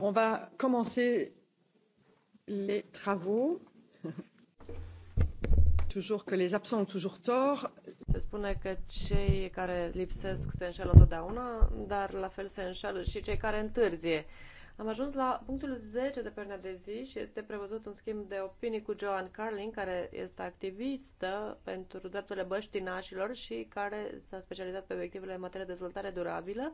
On va commencer les travaux. toujours que les absents ont toujours tort. Se spune că cei care lipsesc se înșală întotdeauna, dar la fel se înșală și cei care întârzie. Uh, am ajuns la punctul 10 de pernă de zi și este prevăzut un schimb de opinii cu Joan Carlin, care este activistă pentru drepturile băștinașilor și care s-a specializat pe obiectivele în materie de dezvoltare durabilă.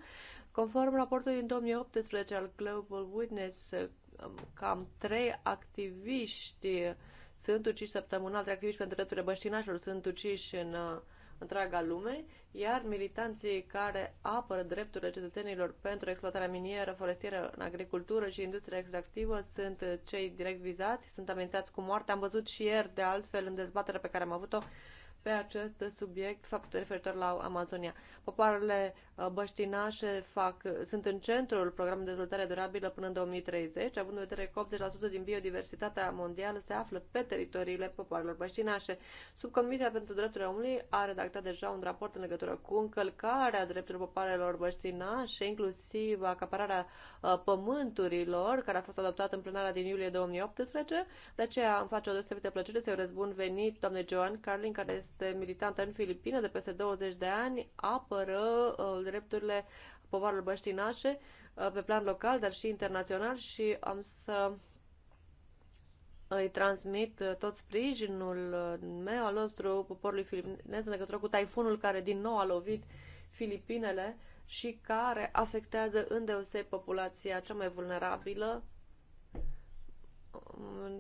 Conform raportului din 2018 al Global Witness, um, cam trei activiști sunt uciși săptămânal, trei activiști pentru drepturile băștinașilor sunt uciși în uh, întreaga lume, iar militanții care apără drepturile cetățenilor pentru exploatarea minieră, forestieră, în agricultură și industria extractivă sunt cei direct vizați, sunt amenințați cu moarte. Am văzut și ieri, de altfel, în dezbaterea pe care am avut-o, pe acest subiect, faptul referitor la Amazonia. Popoarele uh, băștinașe fac, sunt în centrul programului de dezvoltare durabilă până în 2030, având în vedere că 80% din biodiversitatea mondială se află pe teritoriile popoarelor băștinașe. Subcomisia pentru Drepturile Omului a redactat deja un raport în legătură cu încălcarea drepturilor popoarelor băștinașe, inclusiv acapararea uh, pământurilor, care a fost adoptată în plenara din iulie 2018. De aceea îmi face o deosebită plăcere să-i răzbun venit doamne Joan Carlin, care este este militantă în Filipine de peste 20 de ani, apără uh, drepturile povarului băștinașe uh, pe plan local, dar și internațional și am să îi transmit uh, tot sprijinul uh, meu al nostru poporului filipinez în legătură cu taifunul care din nou a lovit Filipinele și care afectează îndeoseb populația cea mai vulnerabilă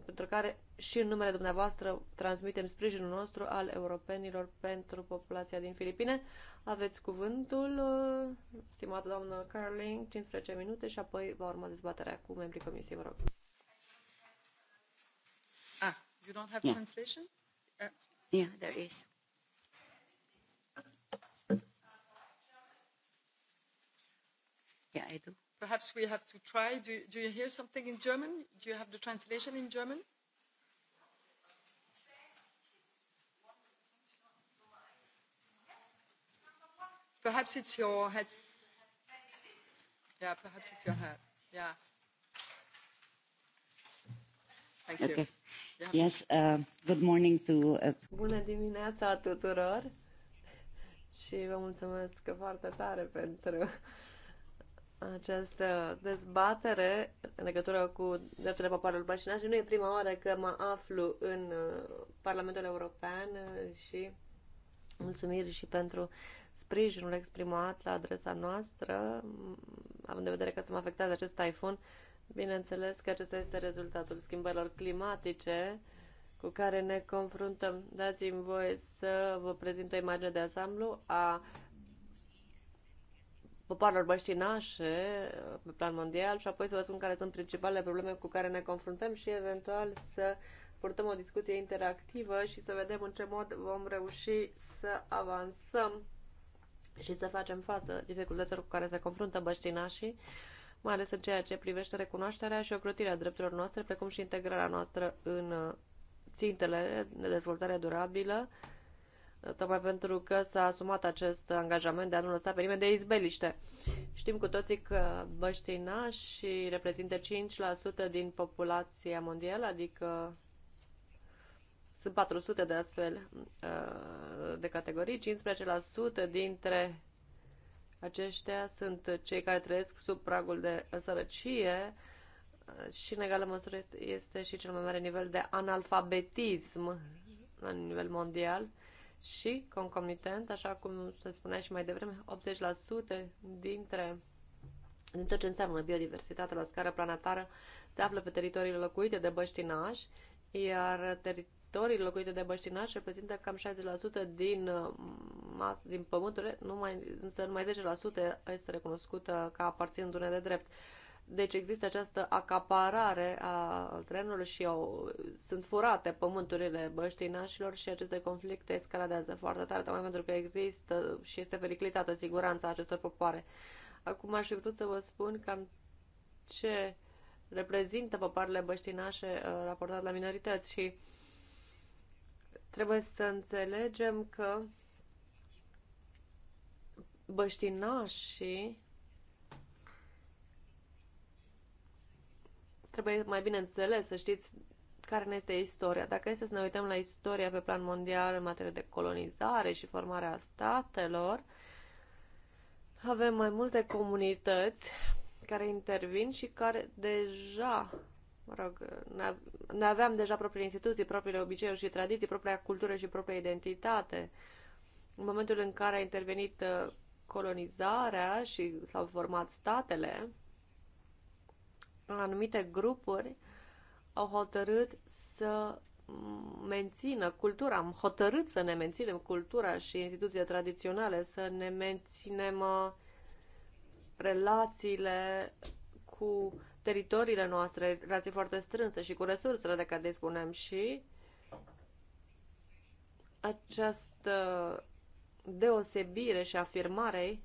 pentru care și în numele dumneavoastră transmitem sprijinul nostru al europenilor pentru populația din Filipine. Aveți cuvântul, uh, stimată doamnă Carling, 15 minute și apoi va urma dezbaterea cu membrii comisiei, vă rog. Ah, you don't have yeah. translation? Uh. Yeah, there is. Yeah, I do. Perhaps we have to try. Do, do you hear something in German? Do you have the translation in German? Perhaps it's your head. Yeah, perhaps it's your head. Yeah. Thank you. Okay. Yeah. Yes, uh, good morning to... Uh... Bună dimineața tuturor și vă mulțumesc foarte tare pentru această dezbatere în legătură cu drepturile popoarelor și Nu e prima oară că mă aflu în uh, Parlamentul European uh, și mulțumiri și pentru sprijinul exprimat la adresa noastră, mm, având în vedere că se mă afectează acest taifun. Bineînțeles că acesta este rezultatul schimbărilor climatice cu care ne confruntăm. Dați-mi voie să vă prezint o imagine de asamblu a popoarelor băștinașe uh, pe plan mondial și apoi să vă spun care sunt principalele probleme cu care ne confruntăm și eventual să purtăm o discuție interactivă și să vedem în ce mod vom reuși să avansăm și să facem față dificultăților cu care se confruntă băștinașii, mai ales în ceea ce privește recunoașterea și ocrotirea drepturilor noastre, precum și integrarea noastră în uh, țintele de dezvoltare durabilă, tocmai pentru că s-a asumat acest angajament de a nu lăsa pe nimeni de izbeliște. Știm cu toții că băștina și reprezintă 5% din populația mondială, adică sunt 400 de astfel uh, de categorii, 15% dintre aceștia sunt cei care trăiesc sub pragul de sărăcie și în egală măsură este și cel mai mare nivel de analfabetism la nivel mondial și concomitent, așa cum se spunea și mai devreme, 80% dintre din tot ce înseamnă biodiversitatea la scară planetară se află pe teritoriile locuite de băștinași, iar teritoriile locuite de băștinași reprezintă cam 60% din, uh, din pământurile, numai, însă numai 10% este recunoscută ca aparținând unei de drept. Uh, deci există această acaparare a terenului și au, sunt furate pământurile băștinașilor și aceste conflicte escaladează foarte tare, tocmai pentru că există și este periclitată siguranța acestor popoare. Acum aș fi vrut să vă spun cam ce reprezintă popoarele băștinașe uh, raportat la minorități și trebuie să înțelegem că băștinașii Trebuie mai bine înțeles să știți care ne este istoria. Dacă este să ne uităm la istoria pe plan mondial în materie de colonizare și formarea statelor, avem mai multe comunități care intervin și care deja mă rog, ne aveam deja propriile instituții, propriile obiceiuri și tradiții, propria cultură și propria identitate. În momentul în care a intervenit uh, colonizarea și s-au format statele, anumite grupuri au hotărât să mențină cultura, am hotărât să ne menținem cultura și instituțiile tradiționale, să ne menținem uh, relațiile cu teritoriile noastre, relații foarte strânse și cu resursele de care dispunem și această deosebire și afirmare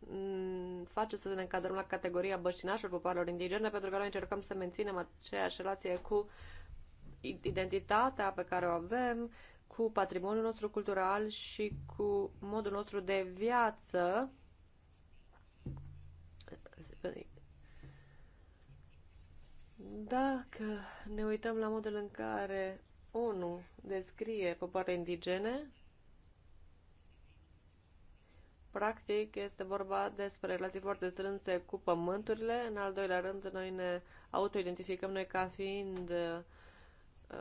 Mm, face să ne încadrăm la categoria băștinașul popoarelor indigene, pentru că noi încercăm să menținem aceeași relație cu identitatea pe care o avem, cu patrimoniul nostru cultural și cu modul nostru de viață. Dacă ne uităm la modul în care ONU descrie popoare indigene, Practic, este vorba despre relații foarte strânse cu pământurile. În al doilea rând, noi ne autoidentificăm noi ca fiind uh,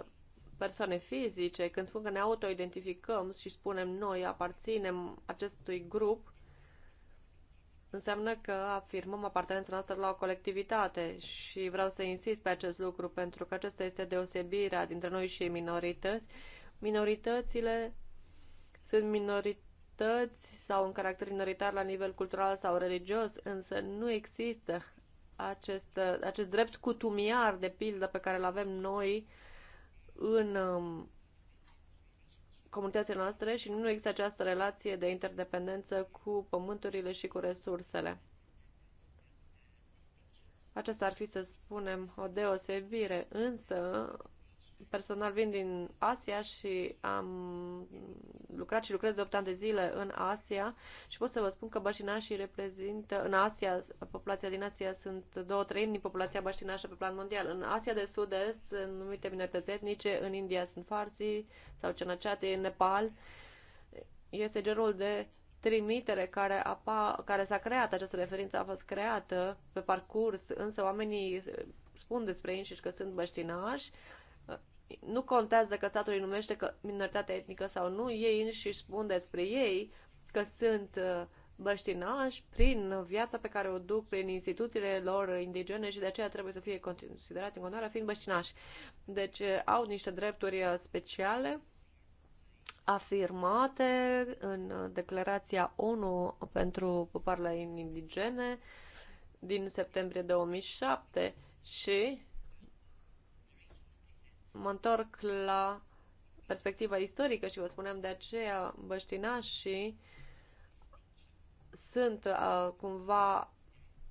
persoane fizice. Când spun că ne autoidentificăm și spunem noi aparținem acestui grup, înseamnă că afirmăm apartenența noastră la o colectivitate și vreau să insist pe acest lucru pentru că acesta este deosebirea dintre noi și minorități. Minoritățile sunt minorități minorități sau un caracter minoritar la nivel cultural sau religios, însă nu există acest, acest drept cutumiar, de pildă, pe care îl avem noi în um, comunitățile noastre și nu există această relație de interdependență cu pământurile și cu resursele. Aceasta ar fi, să spunem, o deosebire, însă personal vin din Asia și am lucrat și lucrez de 8 ani de zile în Asia și pot să vă spun că baștinașii reprezintă, în Asia, populația din Asia sunt două treimi din populația baștinașă pe plan mondial. În Asia de Sud-Est sunt numite minorități etnice, în India sunt farsi sau cenăceate, în Nepal este genul de trimitere care, apa, care s-a creat, această referință a fost creată pe parcurs, însă oamenii spun despre ei înșiși că sunt băștinași nu contează că statul îi numește că minoritatea etnică sau nu, ei își spun despre ei că sunt uh, băștinași prin viața pe care o duc prin instituțiile lor indigene și de aceea trebuie să fie considerați în continuare fiind băștinași. Deci uh, au niște drepturi uh, speciale afirmate în declarația ONU pentru popoarele indigene din septembrie 2007 și mă întorc la perspectiva istorică și vă spuneam de aceea băștinașii sunt uh, cumva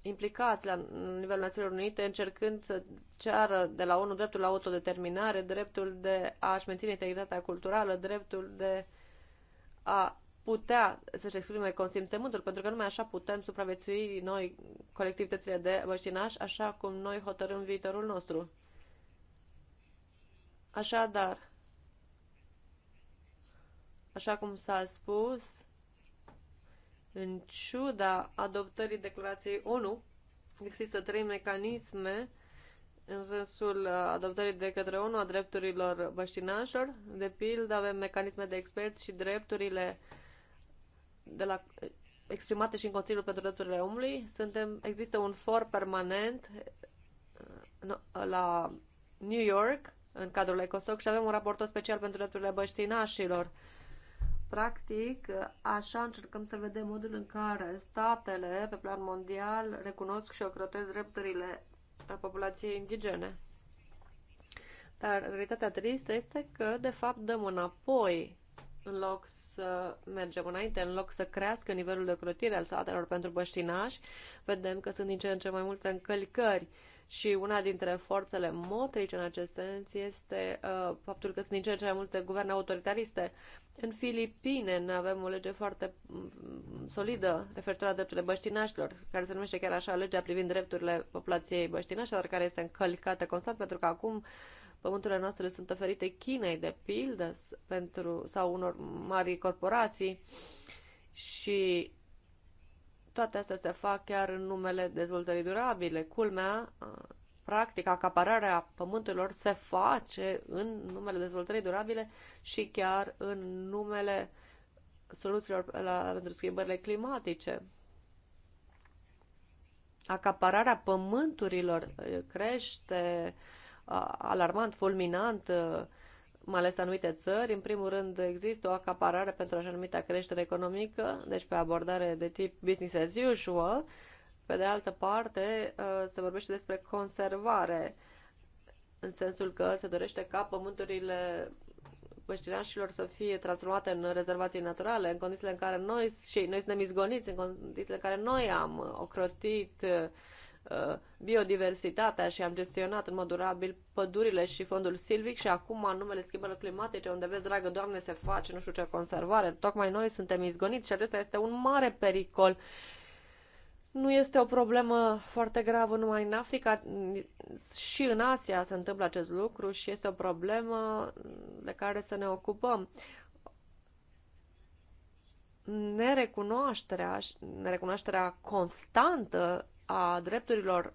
implicați la nivelul Națiunilor Unite încercând să ceară de la ONU dreptul la autodeterminare, dreptul de a-și menține integritatea culturală, dreptul de a putea să-și exprime consimțământul, pentru că numai așa putem supraviețui noi colectivitățile de băștinași, așa cum noi hotărâm viitorul nostru. Așadar, așa cum s-a spus, în ciuda adoptării declarației ONU, există trei mecanisme în sensul uh, adoptării de către ONU a drepturilor băștinașilor. De pildă, avem mecanisme de experți și drepturile de la, exprimate și în Consiliul pentru Drepturile Omului. Suntem, există un for permanent uh, la New York în cadrul ECOSOC și avem un raportor special pentru drepturile băștinașilor. Practic, așa încercăm să vedem modul în care statele pe plan mondial recunosc și ocrotesc drepturile populației indigene. Dar realitatea tristă este că, de fapt, dăm înapoi în loc să mergem înainte, în loc să crească nivelul de crotire al statelor pentru băștinași, vedem că sunt din ce în ce mai multe încălcări și una dintre forțele motrice în acest sens este uh, faptul că sunt din ce în ce mai multe guverne autoritariste. În Filipine ne avem o lege foarte mm, solidă referitoare la drepturile băștinașilor, care se numește chiar așa legea privind drepturile populației băștinașilor, dar care este încălcată constant pentru că acum pământurile noastre sunt oferite Chinei, de pildă, pentru, sau unor mari corporații și toate astea se fac chiar în numele dezvoltării durabile. Culmea, practic, acapararea pământurilor se face în numele dezvoltării durabile și chiar în numele soluțiilor la, pentru schimbările climatice. Acapararea pământurilor crește alarmant, fulminant, mai ales anumite țări. În primul rând, există o acaparare pentru așa numită creștere economică, deci pe abordare de tip business as usual. Pe de altă parte, uh, se vorbește despre conservare, în sensul că se dorește ca pământurile păștinașilor să fie transformate în rezervații naturale, în condițiile în care noi și noi suntem izgoniți, în condițiile în care noi am ocrotit uh, Uh, biodiversitatea și am gestionat în mod durabil pădurile și fondul silvic și acum în numele schimbărilor climatice, unde vezi, dragă Doamne, se face nu știu ce conservare, tocmai noi suntem izgoniți și acesta este un mare pericol nu este o problemă foarte gravă numai în Africa, și în Asia se întâmplă acest lucru și este o problemă de care să ne ocupăm. Nerecunoașterea, nerecunoașterea constantă a drepturilor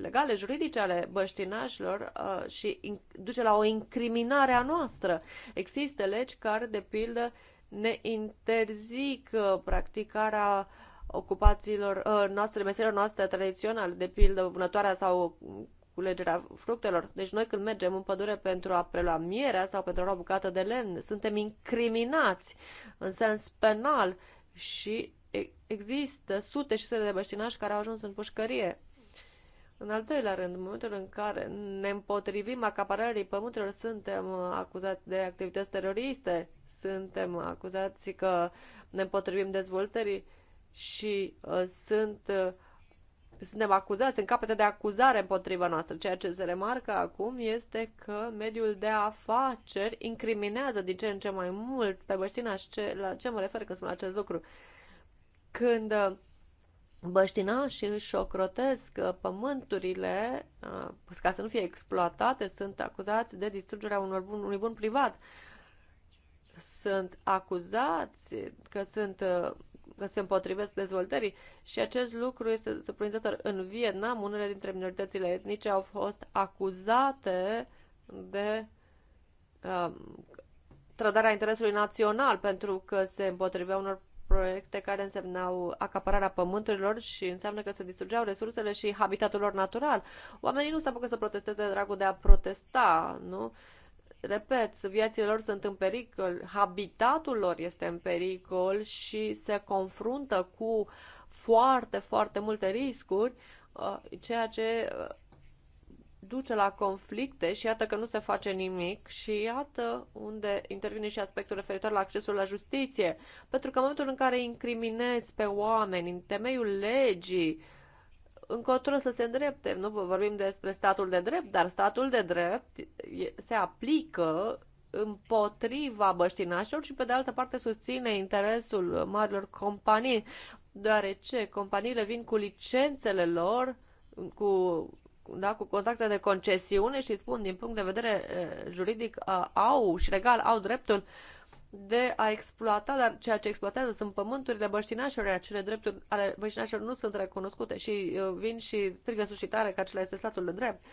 legale, juridice ale băștinașilor uh, și in, duce la o incriminare a noastră. Există legi care, de pildă, ne interzic uh, practicarea ocupațiilor uh, noastre, meserilor noastre tradiționale, de pildă vânătoarea sau culegerea fructelor. Deci noi când mergem în pădure pentru a prelua mierea sau pentru a lua bucată de lemn, suntem incriminați în sens penal și există sute și sute de băștinași care au ajuns în pușcărie. În al doilea rând, în momentul în care ne împotrivim acapararii pământurilor, suntem uh, acuzați de activități teroriste, suntem acuzați că ne împotrivim dezvoltării și uh, sunt uh, suntem acuzați, în capete de acuzare împotriva noastră. Ceea ce se remarcă acum este că mediul de afaceri incriminează din ce în ce mai mult pe băștinași. Ce, la ce mă refer când spun acest lucru? când uh, băștinașii își ocrotesc uh, pământurile uh, ca să nu fie exploatate, sunt acuzați de distrugerea unor bun, unui bun privat. Sunt acuzați că sunt că se împotrivesc dezvoltării și acest lucru este surprinzător. În Vietnam, unele dintre minoritățile etnice au fost acuzate de uh, trădarea interesului național pentru că se împotriveau unor proiecte care însemnau acapararea pământurilor și înseamnă că se distrugeau resursele și habitatul lor natural. Oamenii nu se apucă să protesteze dragul de a protesta, nu? Repet, viețile lor sunt în pericol, habitatul lor este în pericol și se confruntă cu foarte, foarte multe riscuri, uh, ceea ce uh, duce la conflicte și iată că nu se face nimic și iată unde intervine și aspectul referitor la accesul la justiție. Pentru că în momentul în care incriminezi pe oameni în temeiul legii, încotro să se îndrepte. Nu vorbim despre statul de drept, dar statul de drept se aplică împotriva băștinașilor și pe de altă parte susține interesul marilor companii, deoarece companiile vin cu licențele lor, cu da, cu contracte de concesiune și spun, din punct de vedere juridic, au și legal au dreptul de a exploata, dar ceea ce exploatează sunt pământurile băștinașilor, acele drepturi ale băștinașilor nu sunt recunoscute și vin și strigă suscitare că acela este statul de drept.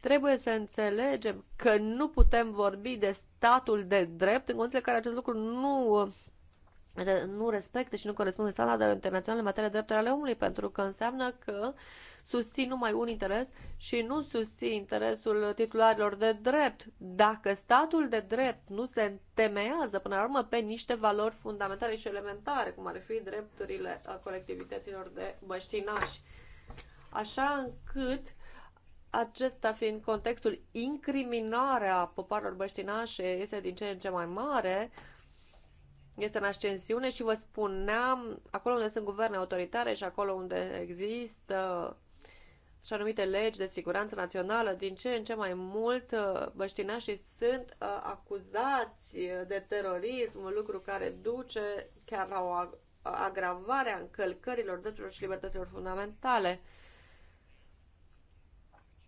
Trebuie să înțelegem că nu putem vorbi de statul de drept în condițiile în care acest lucru nu nu respectă și nu corespunde standardelor internaționale în materie de drepturi ale omului, pentru că înseamnă că susțin numai un interes și nu susțin interesul titularilor de drept. Dacă statul de drept nu se întemeiază până la urmă pe niște valori fundamentale și elementare, cum ar fi drepturile a colectivităților de băștinași, așa încât acesta fiind contextul, incriminarea popoarelor băștinașe este din ce în ce mai mare, uh, este în ascensiune și vă spuneam, acolo unde sunt guverne autoritare și acolo unde există și anumite legi de siguranță națională, din ce în ce mai mult uh, băștinașii sunt uh, acuzați de terorism, un lucru care duce chiar la o agravare a încălcărilor drepturilor și libertăților fundamentale.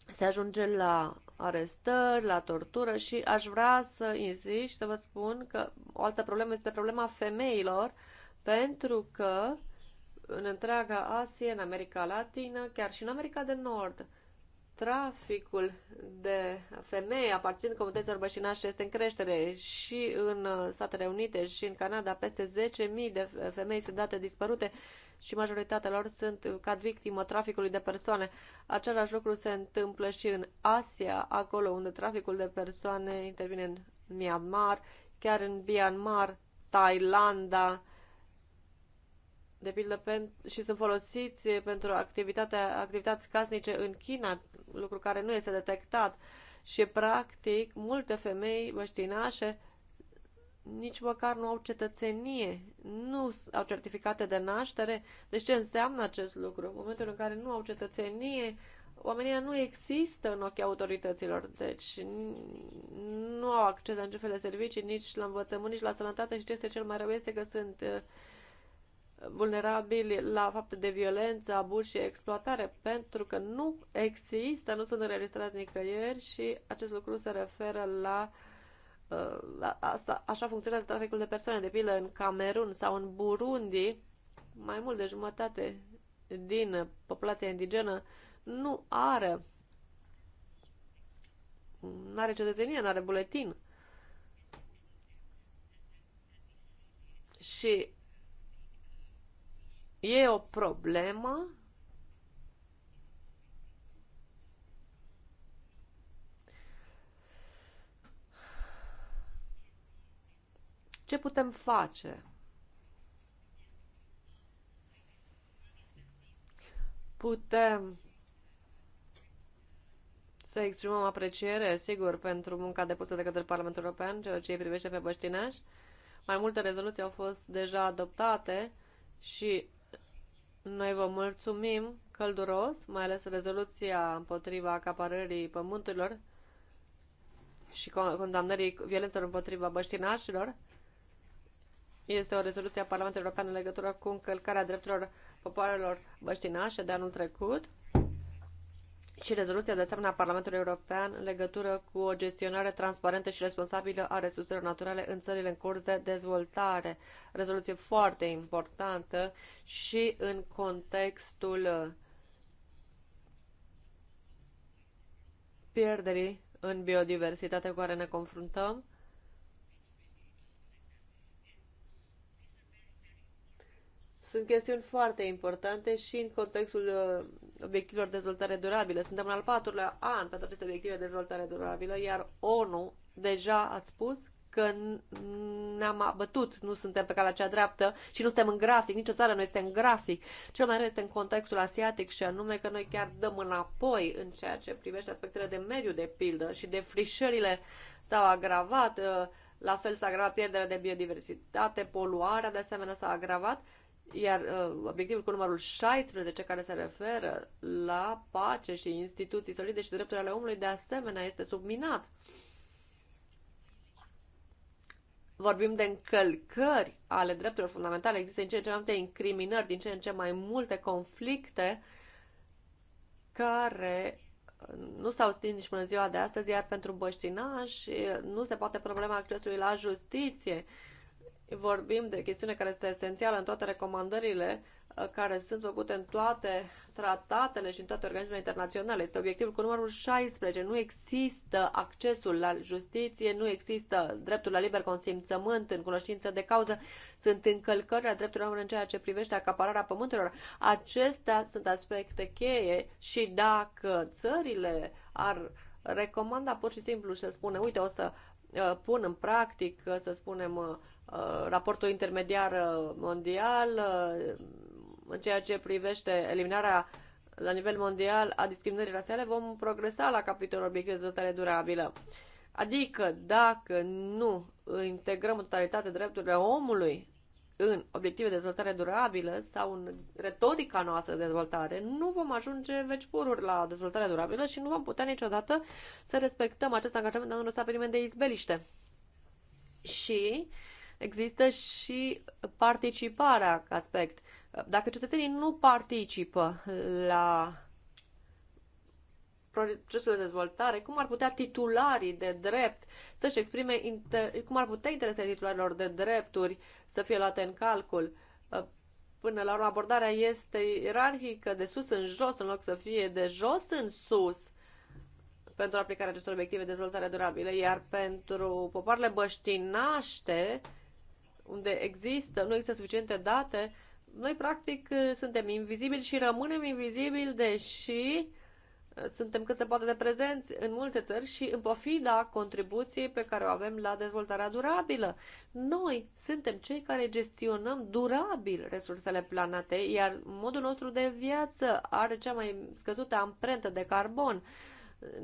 Se ajunge la arestări, la tortură și aș vrea să insist să vă spun că o altă problemă este problema femeilor, pentru că în întreaga Asie, în America Latină, chiar și în America de Nord, traficul de femei aparținând comunităților bășinașe este în creștere și în Statele Unite și în Canada peste 10.000 de femei sunt date dispărute și majoritatea lor sunt cad victimă traficului de persoane. Același lucru se întâmplă și în Asia, acolo unde traficul de persoane intervine în Myanmar, chiar în Myanmar, Thailanda, de pildă și sunt folosiți pentru activitatea, activități casnice în China, lucru care nu este detectat și practic multe femei băștinașe nici măcar nu au cetățenie, nu au certificate de naștere. Deci ce înseamnă acest lucru? În momentul în care nu au cetățenie, oamenii nu există în ochii autorităților, deci nu au acces la niciun fel de servicii, nici la învățământ, nici la sănătate și ce este cel mai rău este că sunt uh, vulnerabili la fapte de violență, abuz și exploatare, pentru că nu există, nu sunt înregistrați nicăieri și acest lucru se referă la uh, Uh, asta, așa funcționează traficul de persoane. De pildă, în Camerun sau în Burundi, mai mult de jumătate din populația indigenă nu are nu are cetățenie, nu are buletin. Și e o problemă Ce putem face? Putem să exprimăm apreciere, sigur, pentru munca depusă de către Parlamentul European, ceea ce îi privește pe băștinași. Mai multe rezoluții au fost deja adoptate și noi vă mulțumim călduros, mai ales rezoluția împotriva acapărării pământurilor și condamnării violențelor împotriva băștinașilor este o rezoluție a Parlamentului European în legătură cu încălcarea drepturilor popoarelor băștinașe de anul trecut și rezoluția de asemenea a Parlamentului European în legătură cu o gestionare transparentă și responsabilă a resurselor naturale în țările în curs de dezvoltare. Rezoluție foarte importantă și în contextul uh, pierderii în biodiversitate cu care ne confruntăm Sunt chestiuni foarte importante și în contextul uh, obiectivelor de dezvoltare durabilă. Suntem în al patrulea an pentru aceste obiective de dezvoltare durabilă, iar ONU deja a spus că ne-am abătut, nu suntem pe calea cea dreaptă și nu suntem în grafic, nicio țară nu este în grafic. Cel mai rău este în contextul asiatic și anume că noi chiar dăm înapoi în ceea ce privește aspectele de mediu, de pildă, și frișările s-au agravat, uh, la fel s-a agravat pierderea de biodiversitate, poluarea de asemenea s-a agravat iar uh, obiectivul cu numărul 16, care se referă la pace și instituții solide și drepturile ale omului, de asemenea, este subminat. Vorbim de încălcări ale drepturilor fundamentale. Există din ce în ce mai multe incriminări, din ce în ce mai multe conflicte care nu s-au stins nici până ziua de astăzi, iar pentru băștinași nu se poate problema accesului la justiție. Uh, vorbim de chestiune care este esențială în toate recomandările uh, care sunt făcute în toate tratatele și în toate organismele internaționale. Este obiectivul cu numărul 16. Nu există accesul la justiție, nu există dreptul la liber consimțământ în cunoștință de cauză. Sunt încălcări a drepturilor omului în ceea ce privește acapararea pământurilor. Acestea sunt aspecte cheie și dacă țările ar recomanda pur și simplu să spune, uite, o să uh, pun în practic, uh, să spunem, Uh, raportul intermediar uh, mondial uh, în ceea ce privește eliminarea la nivel mondial a discriminării rasiale, vom progresa la capitolul obiectiv de dezvoltare durabilă. Adică, dacă nu integrăm în totalitate drepturile omului în obiective de dezvoltare durabilă sau în retorica noastră de dezvoltare, nu vom ajunge veci pururi la dezvoltarea durabilă și nu vom putea niciodată să respectăm acest angajament, dar nu lăsa pe nimeni de izbeliște. Și uh, există și participarea ca aspect. Dacă cetățenii nu participă la procesul de dezvoltare, cum ar putea titularii de drept să-și exprime, inter- cum ar putea interesele titularilor de drepturi să fie luate în calcul. Până la urmă, abordarea este ierarhică, de sus în jos, în loc să fie de jos în sus pentru aplicarea acestor obiective de dezvoltare durabilă, iar pentru popoarele băștinaște, unde există, nu există suficiente date, noi practic suntem invizibili și rămânem invizibili, deși uh, suntem cât se poate de prezenți în multe țări și în pofida contribuției pe care o avem la dezvoltarea durabilă. Noi suntem cei care gestionăm durabil resursele planetei, iar modul nostru de viață are cea mai scăzută amprentă de carbon.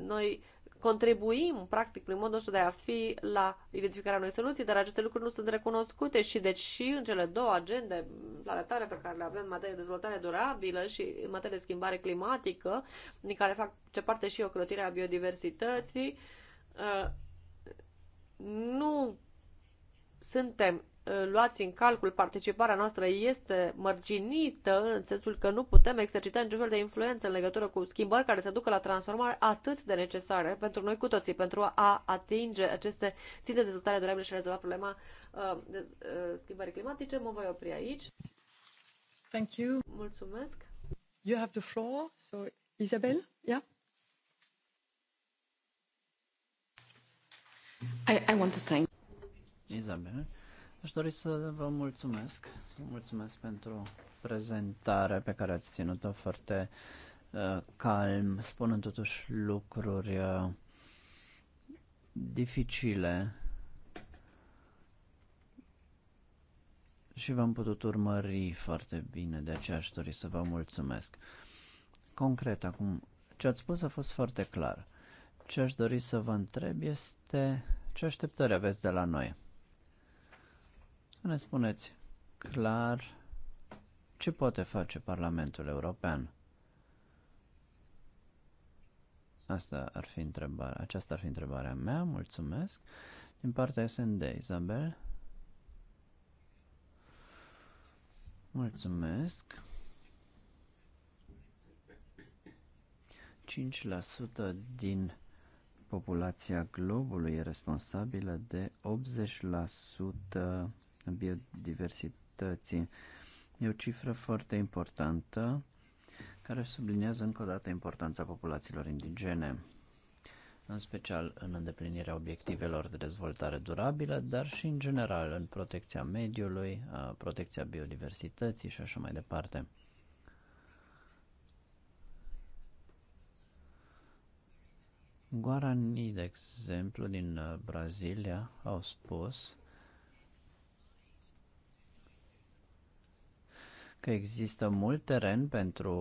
Noi contribuim, practic, prin modul nostru de a fi la identificarea unei soluții, dar aceste lucruri nu sunt recunoscute și deci și în cele două agende planetare pe care le avem în materie de dezvoltare durabilă și în materie de schimbare climatică, din care fac ce parte și eu a biodiversității, uh, nu suntem Uh, luați în calcul, participarea noastră este mărginită în sensul că nu putem exercita niciun fel de influență în legătură cu schimbări care se ducă la transformare atât de necesare pentru noi cu toții, pentru a atinge aceste ținte de dezvoltare durabile și a rezolva problema uh, de, uh, schimbării climatice. Mă voi opri aici. Thank you. Mulțumesc. You have the floor, so Isabel, yeah? I, I want to thank Isabel. Aș dori să vă mulțumesc. Vă mulțumesc pentru prezentare pe care ați ținut-o foarte uh, calm, spunând totuși lucruri uh, dificile și v-am putut urmări foarte bine, de aceea aș dori să vă mulțumesc. Concret, acum, ce ați spus a fost foarte clar. Ce aș dori să vă întreb este ce așteptări aveți de la noi. Ne spuneți clar ce poate face Parlamentul European. Asta ar fi întrebarea, aceasta ar fi întrebarea mea, mulțumesc. Din partea SND, Isabel. Mulțumesc. 5% din populația globului e responsabilă de biodiversității. E o cifră foarte importantă care subliniază încă o dată importanța populațiilor indigene, în special în îndeplinirea obiectivelor de dezvoltare durabilă, dar și în general în protecția mediului, protecția biodiversității și așa mai departe. Guarani, de exemplu, din Brazilia, au spus că există mult teren pentru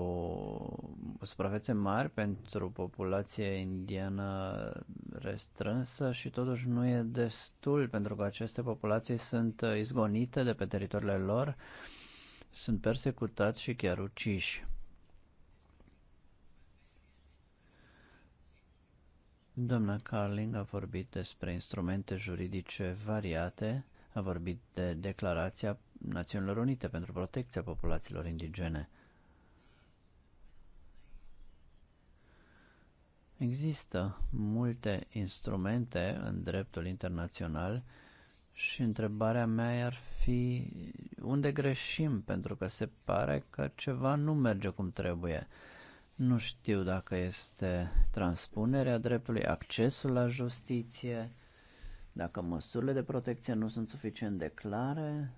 suprafețe mari, pentru populație indiană restrânsă și totuși nu e destul pentru că aceste populații sunt uh, izgonite de pe teritoriile lor, sunt persecutați și chiar uciși. Doamna Carling a vorbit despre instrumente juridice variate a vorbit de Declarația Națiunilor Unite pentru protecția populațiilor indigene. Există multe instrumente în dreptul internațional și întrebarea mea ar fi unde greșim, pentru că se pare că ceva nu merge cum trebuie. Nu știu dacă este transpunerea dreptului, accesul la justiție, dacă măsurile de protecție nu sunt suficient de clare,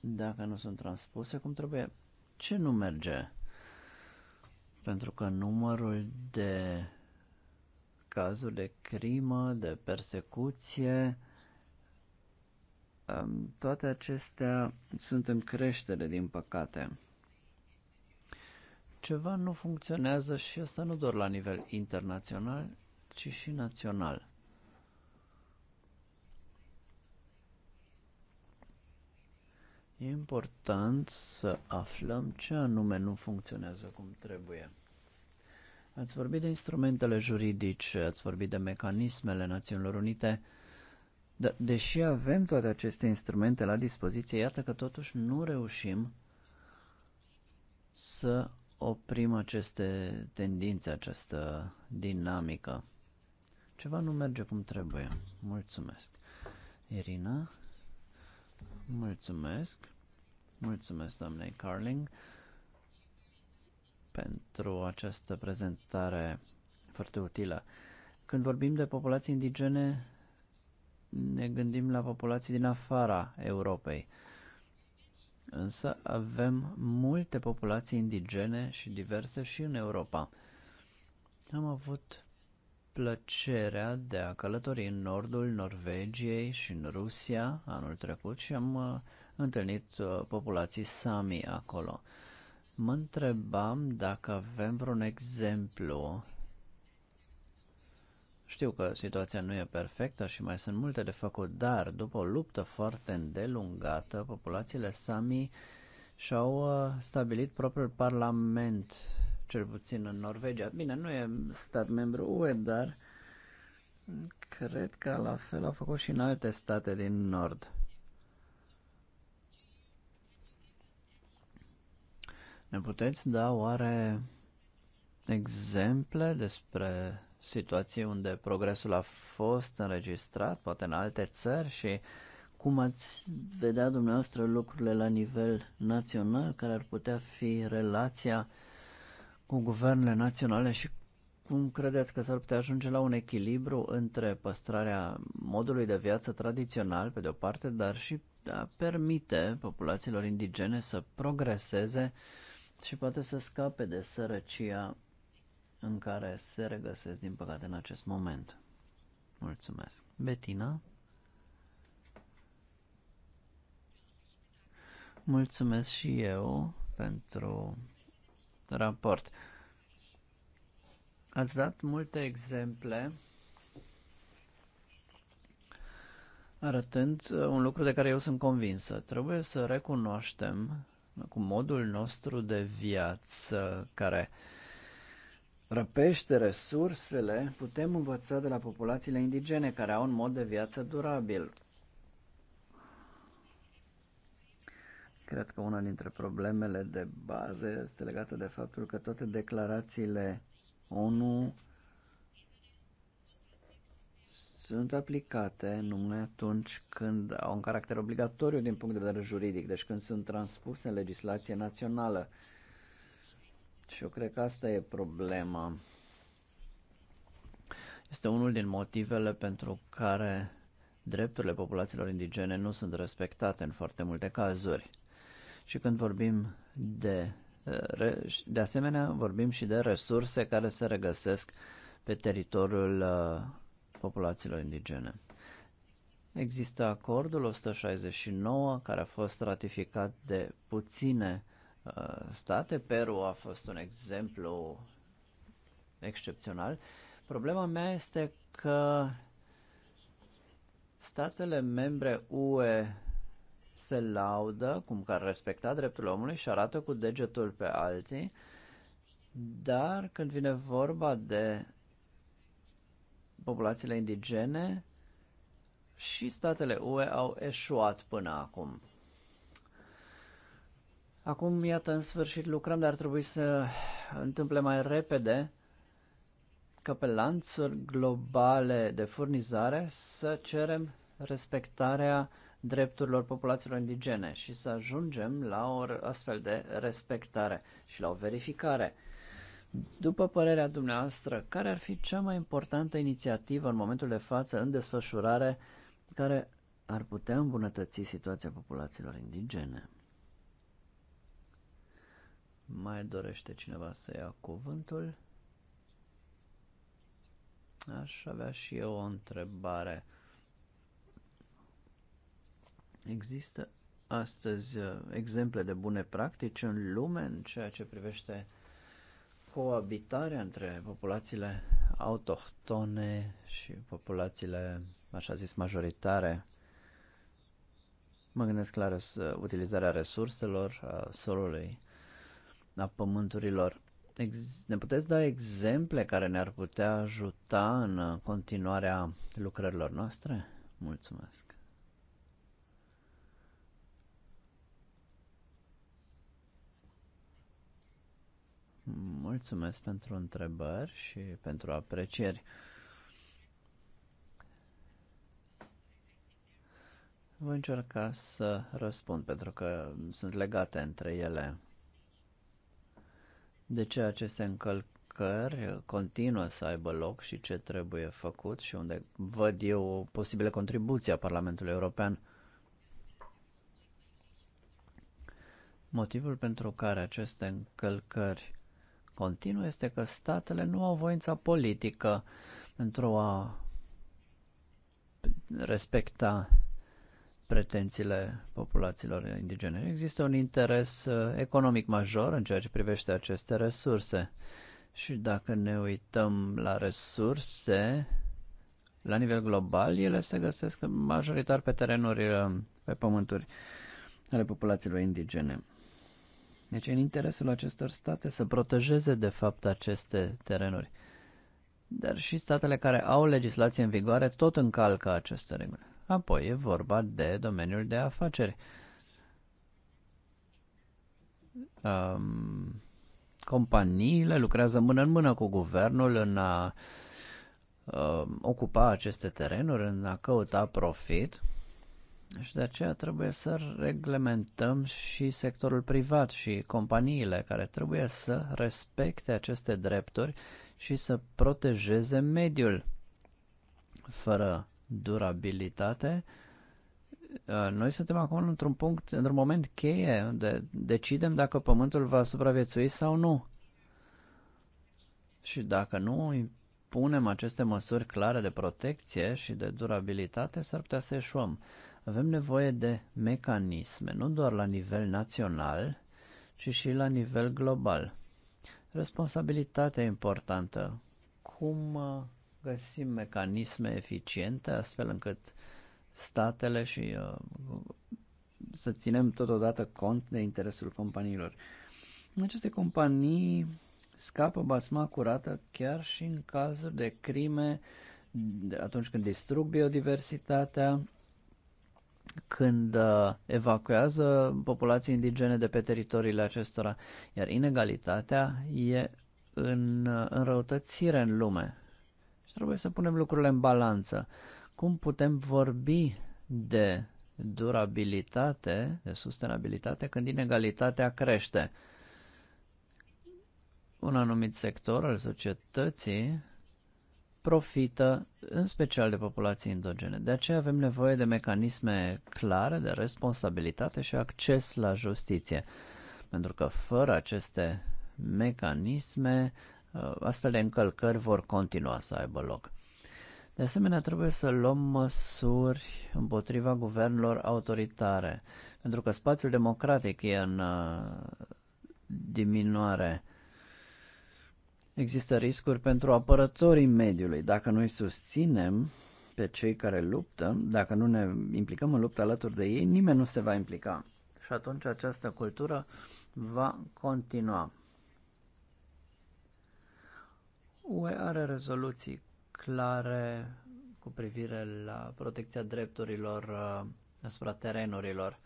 dacă nu sunt transpuse cum trebuie, ce nu merge? Pentru că numărul de cazuri de crimă, de persecuție, toate acestea sunt în creștere, din păcate. Ceva nu funcționează și asta nu doar la nivel internațional, ci și național. E important să aflăm ce anume nu funcționează cum trebuie. Ați vorbit de instrumentele juridice, ați vorbit de mecanismele Națiunilor Unite, dar deși avem toate aceste instrumente la dispoziție, iată că totuși nu reușim să oprim aceste tendințe, această dinamică. Ceva nu merge cum trebuie. Mulțumesc. Irina, mulțumesc. Mulțumesc, doamnei Carling, pentru această prezentare foarte utilă. Când vorbim de populații indigene, ne gândim la populații din afara Europei. Însă avem multe populații indigene și diverse și în Europa. Am avut plăcerea de a călători în nordul Norvegiei și în Rusia anul trecut și am uh, întâlnit uh, populații Sami acolo. Mă întrebam dacă avem vreun exemplu. Știu că situația nu e perfectă și mai sunt multe de făcut, dar după o luptă foarte îndelungată, populațiile Sami și-au uh, stabilit propriul parlament cel puțin în Norvegia. Bine, nu e stat membru UE, dar cred că la fel au făcut și în alte state din Nord. Ne puteți da oare exemple despre situații unde progresul a fost înregistrat, poate în alte țări și cum ați vedea dumneavoastră lucrurile la nivel național, care ar putea fi relația uh, cu guvernele naționale și cum credeți că s-ar putea ajunge la un echilibru între păstrarea modului de viață tradițional, pe de-o parte, dar și a permite populațiilor indigene să progreseze și poate să scape de sărăcia în care se regăsesc, din păcate, în acest moment. Mulțumesc. Betina? Mulțumesc și eu pentru raport. Ați dat multe exemple arătând uh, un lucru de care eu sunt convinsă. Trebuie să recunoaștem cu modul nostru de viață care răpește resursele, putem învăța de la populațiile indigene care au un mod de viață durabil. Cred că una dintre problemele de bază este legată de faptul că toate declarațiile ONU sunt aplicate numai atunci când au un caracter obligatoriu din punct de vedere juridic, deci când sunt transpuse în legislație națională. Și eu cred că asta e problema. Este unul din motivele pentru care drepturile populațiilor indigene nu sunt respectate în foarte multe cazuri. Și când vorbim de, uh, de asemenea, vorbim și de resurse care se regăsesc pe teritoriul uh, populațiilor indigene. Există acordul 169 care a fost ratificat de puține uh, state. Peru a fost un exemplu excepțional. Problema mea este că statele membre UE se laudă cum că ar respecta dreptul omului și arată cu degetul pe alții, dar când vine vorba de populațiile indigene, și statele UE au eșuat până acum. Acum, iată, în sfârșit lucrăm, dar ar trebui să întâmple mai repede ca pe lanțuri globale de furnizare să cerem respectarea drepturilor populațiilor indigene și să ajungem la o astfel de respectare și la o verificare. După părerea dumneavoastră, care ar fi cea mai importantă inițiativă în momentul de față, în desfășurare, care ar putea îmbunătăți situația populațiilor indigene? Mai dorește cineva să ia cuvântul? Aș avea și eu o întrebare. Există astăzi uh, exemple de bune practici în lume în ceea ce privește coabitarea între populațiile autohtone și populațiile, așa zis, majoritare. Mă gândesc la res- utilizarea resurselor, a solului, a pământurilor. Ex- ne puteți da exemple care ne-ar putea ajuta în continuarea lucrărilor noastre? Mulțumesc! Mulțumesc pentru întrebări și pentru aprecieri. Voi încerca să răspund pentru că sunt legate între ele. De ce aceste încălcări continuă să aibă loc și ce trebuie făcut și unde văd eu o posibilă contribuție a Parlamentului European? Motivul pentru care aceste încălcări continuu este că statele nu au voința politică pentru a respecta pretențiile populațiilor indigene. Există un interes uh, economic major în ceea ce privește aceste resurse. Și dacă ne uităm la resurse, la nivel global, ele se găsesc majoritar pe terenuri, uh, pe pământuri ale populațiilor indigene. Deci în interesul acestor state să protejeze de fapt aceste terenuri. Dar și statele care au legislație în vigoare tot încalcă aceste reguli. Apoi e vorba de domeniul de afaceri. Um, companiile lucrează mână în mână cu guvernul în a um, ocupa aceste terenuri, în a căuta profit și de aceea trebuie să reglementăm și sectorul privat și companiile care trebuie să respecte aceste drepturi și să protejeze mediul. Fără durabilitate, uh, noi suntem acum într-un punct, într-un moment cheie, unde decidem dacă pământul va supraviețui sau nu. Și dacă nu punem aceste măsuri clare de protecție și de durabilitate, s-ar putea să eșuăm. Avem nevoie de mecanisme, nu doar la nivel național, ci și la nivel global. Responsabilitatea importantă. Cum uh, găsim mecanisme eficiente astfel încât statele și uh, să ținem totodată cont de interesul companiilor. Aceste companii scapă basma curată chiar și în cazuri de crime atunci când distrug biodiversitatea când uh, evacuează populații indigene de pe teritoriile acestora, iar inegalitatea e în uh, înrăutățire în lume. Și trebuie să punem lucrurile în balanță. Cum putem vorbi de durabilitate, de sustenabilitate, când inegalitatea crește? Un anumit sector al societății profită în special de populații endogene. De aceea avem nevoie de mecanisme clare de responsabilitate și acces la justiție. Pentru că fără aceste mecanisme, uh, astfel de încălcări vor continua să aibă loc. De asemenea, trebuie să luăm măsuri împotriva guvernelor autoritare, pentru că spațiul democratic e în uh, diminuare. Există riscuri pentru apărătorii mediului. Dacă noi susținem pe cei care luptă, dacă nu ne implicăm în luptă alături de ei, nimeni nu se va implica. Și atunci această cultură va continua. UE are rezoluții clare cu privire la protecția drepturilor uh, asupra terenurilor.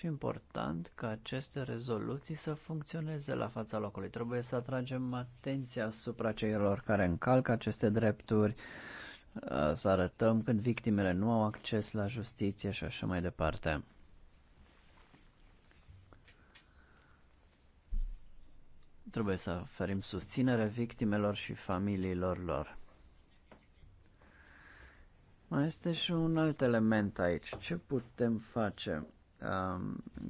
și important ca aceste rezoluții să funcționeze la fața locului. Trebuie să atragem atenția asupra celor care încalcă aceste drepturi, uh, să arătăm când victimele nu au acces la justiție și așa mai departe. Trebuie să oferim susținere victimelor și familiilor lor. Mai este și un alt element aici. Ce putem face?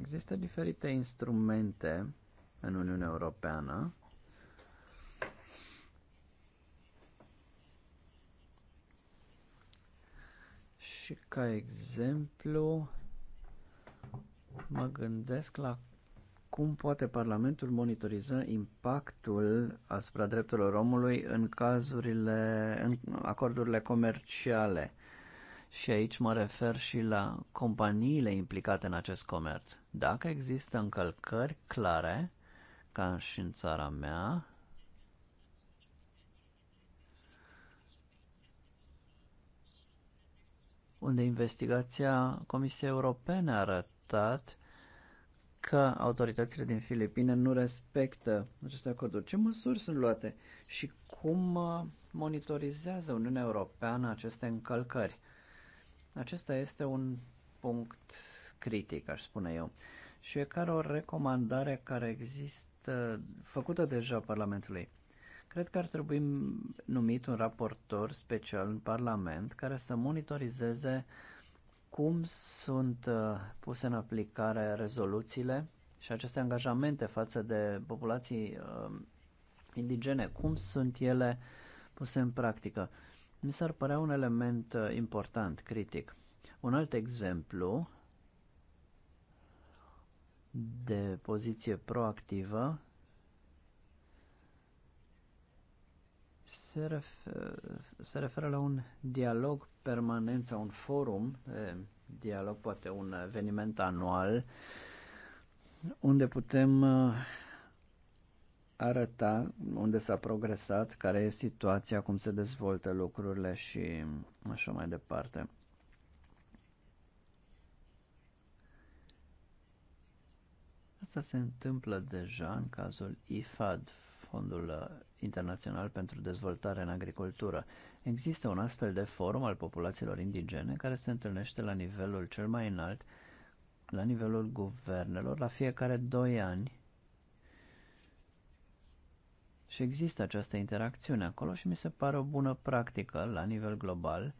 există diferite instrumente în Uniunea Europeană și ca exemplu mă gândesc la cum poate Parlamentul monitoriza impactul asupra drepturilor omului în cazurile, în acordurile comerciale. Și aici mă refer și la companiile implicate în acest comerț. Dacă există încălcări clare, ca și în țara mea, unde investigația Comisiei Europene a arătat că autoritățile din Filipine nu respectă aceste acorduri. Ce măsuri sunt luate și cum monitorizează Uniunea Europeană aceste încălcări? Acesta este un punct critic, aș spune eu. Și e care o recomandare care există, făcută deja Parlamentului. Cred că ar trebui numit un raportor special în Parlament care să monitorizeze cum sunt uh, puse în aplicare rezoluțiile și aceste angajamente față de populații uh, indigene, cum sunt ele puse în practică mi s-ar părea un element uh, important, critic. Un alt exemplu de poziție proactivă se, refer, se referă la un dialog permanent sau un forum, eh, dialog poate un eveniment anual, unde putem eh, arăta unde s-a progresat, care e situația, cum se dezvoltă lucrurile și așa mai departe. Asta se întâmplă deja în cazul IFAD, Fondul Internațional pentru Dezvoltare în Agricultură. Există un astfel de forum al populațiilor indigene care se întâlnește la nivelul cel mai înalt, la nivelul guvernelor, la fiecare doi ani și există această interacțiune acolo și mi se pare o bună practică la nivel global.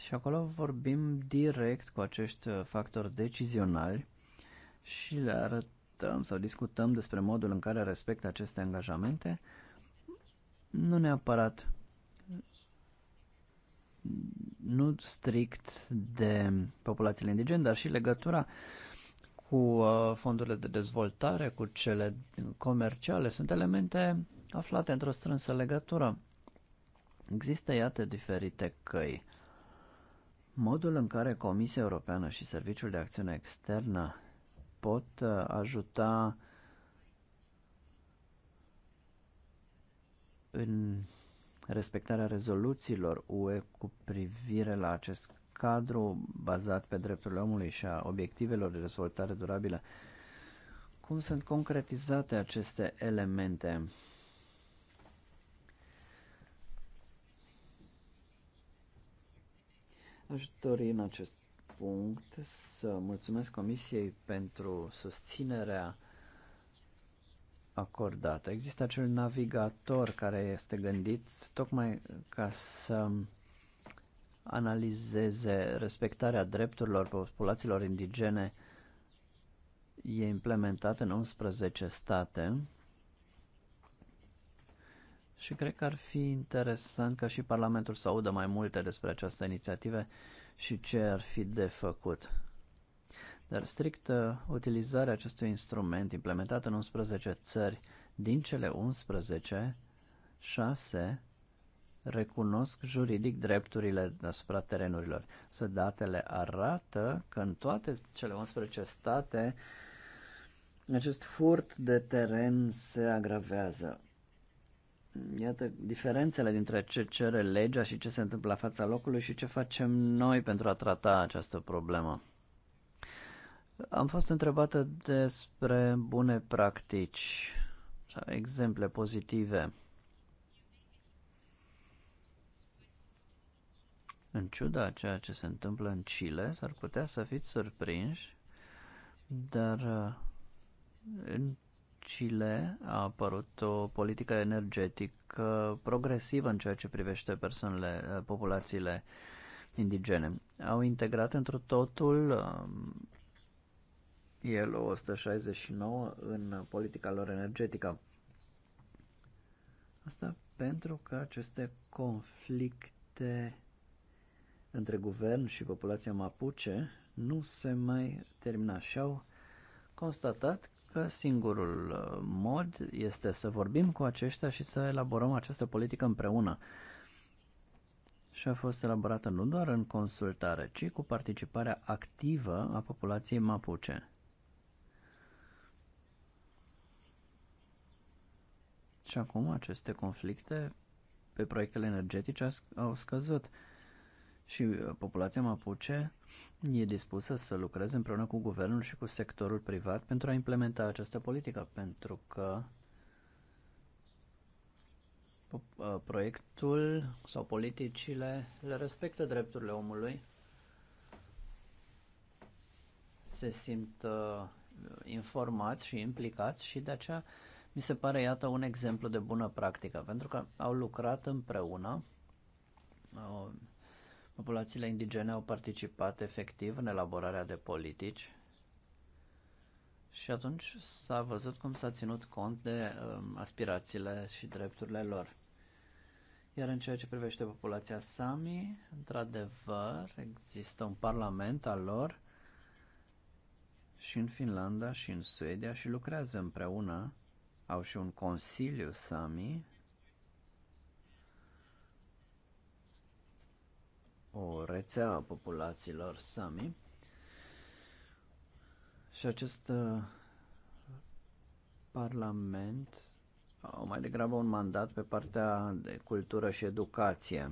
Și acolo vorbim direct cu acești uh, factori decizionali și le arătăm sau discutăm despre modul în care respectă aceste angajamente. Nu neapărat nu strict de populațiile indigene, dar și legătura uh, cu uh, fondurile de dezvoltare, cu cele comerciale, sunt elemente aflate într-o strânsă legătură. Există, iată, diferite căi. Modul în care Comisia Europeană și Serviciul de Acțiune Externă pot uh, ajuta în respectarea rezoluțiilor UE cu privire la acest cadru bazat pe drepturile omului și a obiectivelor de dezvoltare durabilă. Cum sunt concretizate aceste elemente? Aș dori în acest punct să mulțumesc Comisiei pentru susținerea acordată. Există acel navigator care este gândit tocmai ca să analizeze respectarea drepturilor populațiilor indigene e implementată în 11 state și cred că ar fi interesant ca și Parlamentul să audă mai multe despre această inițiativă și ce ar fi de făcut. Dar strict uh, utilizarea acestui instrument implementat în 11 țări, din cele 11, 6 recunosc juridic drepturile asupra terenurilor. Să datele arată că în toate cele 11 state acest furt de teren se agravează. Iată diferențele dintre ce cere legea și ce se întâmplă la fața locului și ce facem noi pentru a trata această problemă. Am fost întrebată despre bune practici exemple pozitive. În ciuda a ceea ce se întâmplă în Chile, s-ar putea să fiți surprinși, dar uh, în Chile a apărut o politică energetică progresivă în ceea ce privește persoanele, uh, populațiile indigene. Au integrat într totul um, el 169 în politica lor energetică. Asta pentru că aceste conflicte între guvern și populația mapuche nu se mai termina și au constatat că singurul uh, mod este să vorbim cu aceștia și să elaborăm această politică împreună. Și a fost elaborată nu doar în consultare, ci cu participarea activă a populației mapuche. Și acum aceste conflicte pe proiectele energetice au scăzut și uh, populația mapuche e dispusă să lucreze împreună cu guvernul și cu sectorul privat pentru a implementa această politică, pentru că uh, proiectul sau politicile le respectă drepturile omului, se simt uh, informați și implicați și de aceea mi se pare, iată, un exemplu de bună practică, pentru că au lucrat împreună, au Populațiile indigene au participat efectiv în elaborarea de politici și atunci s-a văzut cum s-a ținut cont de um, aspirațiile și drepturile lor. Iar în ceea ce privește populația Sami, într-adevăr, există un parlament al lor și în Finlanda și în Suedia și lucrează împreună. Au și un consiliu Sami o rețea a populațiilor Sami. Și acest uh, parlament au mai degrabă un mandat pe partea de cultură și educație.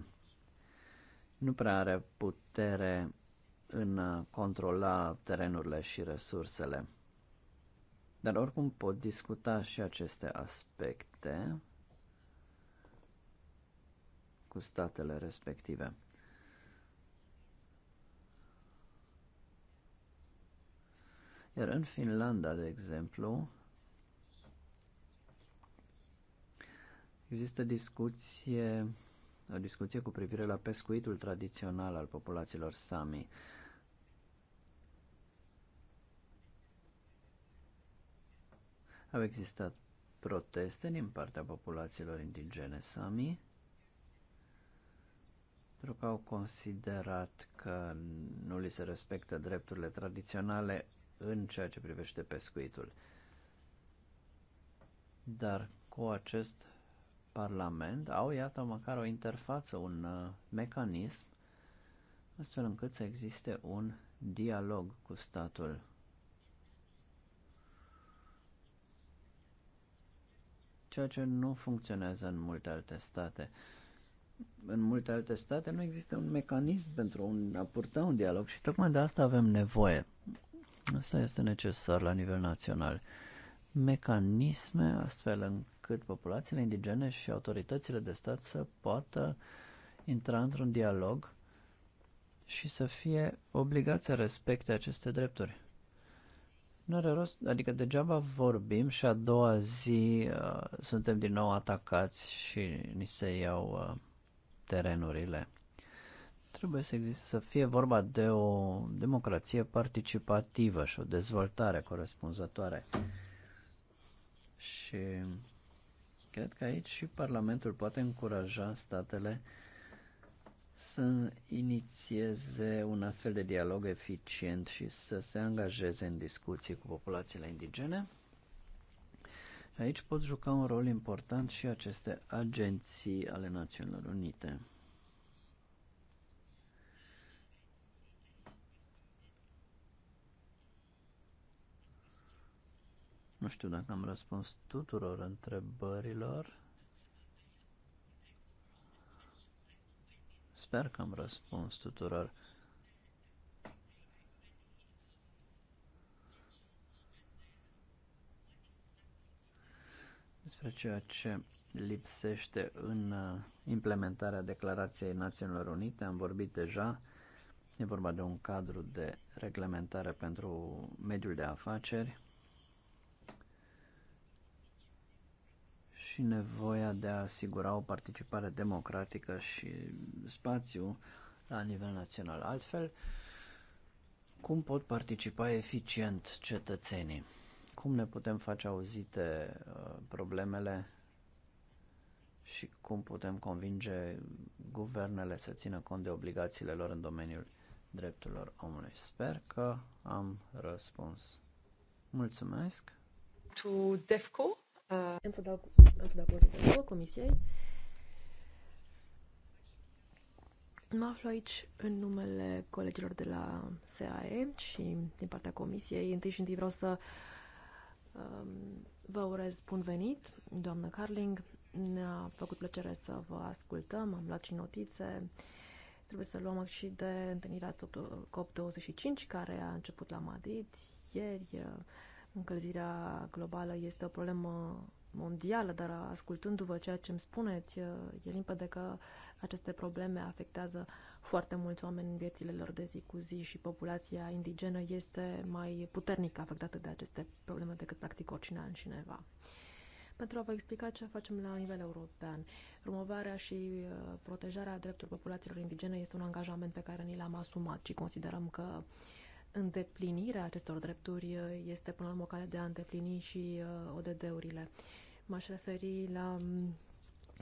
Nu prea are putere în a uh, controla terenurile și resursele. Dar oricum pot discuta și aceste aspecte cu statele respective. Iar în Finlanda, de exemplu, există discuție, o discuție cu privire la pescuitul tradițional al populațiilor Sami. Au existat proteste din partea populațiilor indigene Sami pentru că au considerat că nu li se respectă drepturile tradiționale în ceea ce privește pescuitul. Dar cu acest Parlament au, iată, măcar o interfață, un uh, mecanism, astfel încât să existe un dialog cu statul. Ceea ce nu funcționează în multe alte state. În multe alte state nu există un mecanism pentru un, a purta un dialog și tocmai de asta avem nevoie. Asta este necesar la nivel național. Mecanisme astfel încât populațiile indigene și autoritățile de stat să poată intra într-un dialog și să fie obligați să respecte aceste drepturi. Nu are rost, adică degeaba vorbim și a doua zi uh, suntem din nou atacați și ni se iau uh, terenurile trebuie să existe să fie vorba de o democrație participativă și o dezvoltare corespunzătoare. Și cred că aici și Parlamentul poate încuraja statele să inițieze un astfel de dialog eficient și să se angajeze în discuții cu populațiile indigene. Aici pot juca un rol important și aceste agenții ale Națiunilor Unite. Nu știu dacă am răspuns tuturor întrebărilor. Sper că am răspuns tuturor. Despre ceea ce lipsește în uh, implementarea Declarației Națiunilor Unite, am vorbit deja. E vorba de un cadru de reglementare pentru mediul de afaceri. și nevoia de a asigura o participare democratică și spațiu la nivel național. Altfel, cum pot participa eficient cetățenii? Cum ne putem face auzite uh, problemele și cum putem convinge guvernele să țină cont de obligațiile lor în domeniul drepturilor omului. Sper că am răspuns. Mulțumesc! To DEFCO Uh, am să dau, am să dau cuvântul comisiei. Mă aflu aici în numele colegilor de la SAE și din partea comisiei. Întâi și întâi vreau să um, vă urez bun venit, doamnă Carling. Ne-a făcut plăcere să vă ascultăm, am luat și notițe. Trebuie să luăm și de întâlnirea COP25 care a început la Madrid ieri. Uh, Încălzirea globală este o problemă mondială, dar ascultându-vă ceea ce îmi spuneți, e limpede că aceste probleme afectează foarte mulți oameni în viețile lor de zi cu zi și populația indigenă este mai puternic afectată de aceste probleme decât practic oricine altcineva. Pentru a vă explica ce facem la nivel european, promovarea și protejarea drepturilor populațiilor indigene este un angajament pe care ni l-am asumat și considerăm că uh, îndeplinirea acestor drepturi uh, este până la urmă o cale de a îndeplini și uh, ODD-urile. M-aș referi la mm,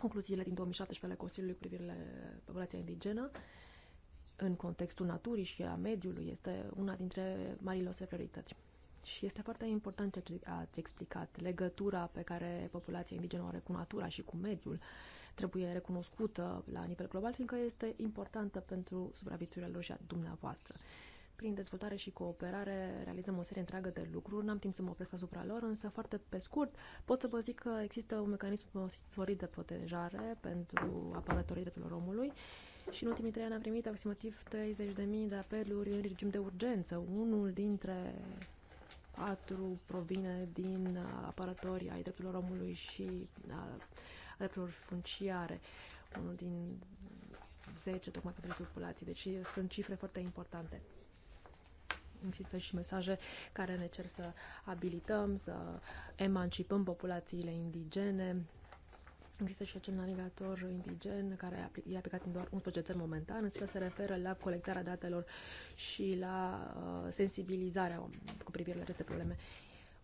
concluziile din 2017 ale Consiliului privire la populația indigenă în contextul naturii și a mediului este una dintre marile noastre priorități. Și este foarte important ce ați explicat, legătura pe care populația indigenă o are cu natura și cu mediul trebuie recunoscută la nivel global, fiindcă este importantă pentru supraviețuirea lor și a dumneavoastră. Uh, prin dezvoltare și cooperare realizăm o serie întreagă de lucruri. N-am timp să mă opresc asupra lor, însă foarte pe scurt pot să vă zic că există un mecanism sporit de protejare pentru apărătorii drepturilor omului și în ultimii trei ani am primit aproximativ 30.000 de apeluri în regim de urgență. Unul dintre patru provine din uh, apărătorii ai drepturilor omului și uh, a drepturilor funciare. Unul din 10 tocmai pentru populații. Deci sunt cifre foarte importante există și mesaje care ne cer să abilităm, să emancipăm populațiile indigene. Există și acel navigator indigen care e aplicat în doar 11 țări momentan, însă se referă la colectarea datelor și la uh, sensibilizarea cu privire la aceste probleme.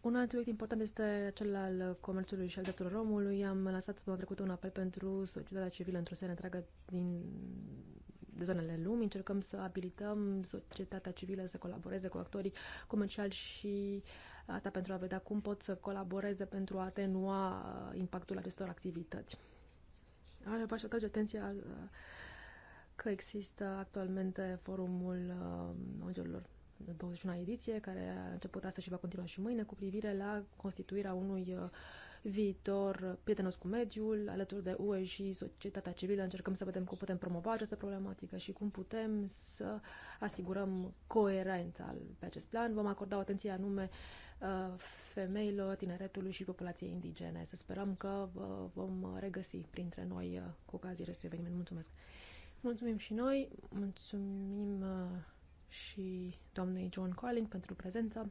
Un alt subiect important este cel al comerțului și al drepturilor omului. Am lansat săptămâna trecută un apel pentru societatea civilă într-o serie întreagă din zonele lumii, încercăm să abilităm societatea civilă să colaboreze cu actorii comerciali și uh, asta pentru a vedea cum pot să colaboreze pentru a atenua uh, impactul acestor activități. V-aș atrage atenția uh, că există actualmente forumul ong 21 ediție, care a început astăzi și va continua și mâine, cu privire la constituirea unui viitor prietenos cu mediul, alături de UE și societatea civilă. Încercăm să vedem cum putem promova această problematică și cum putem să asigurăm coerența pe acest plan. Vom acorda o atenție anume uh, femeilor, tineretului și populației indigene. Să sperăm că uh, vom regăsi printre noi uh, cu ocazia acestui eveniment. Mulțumesc! Mulțumim și noi, mulțumim și doamnei John Colling pentru prezența.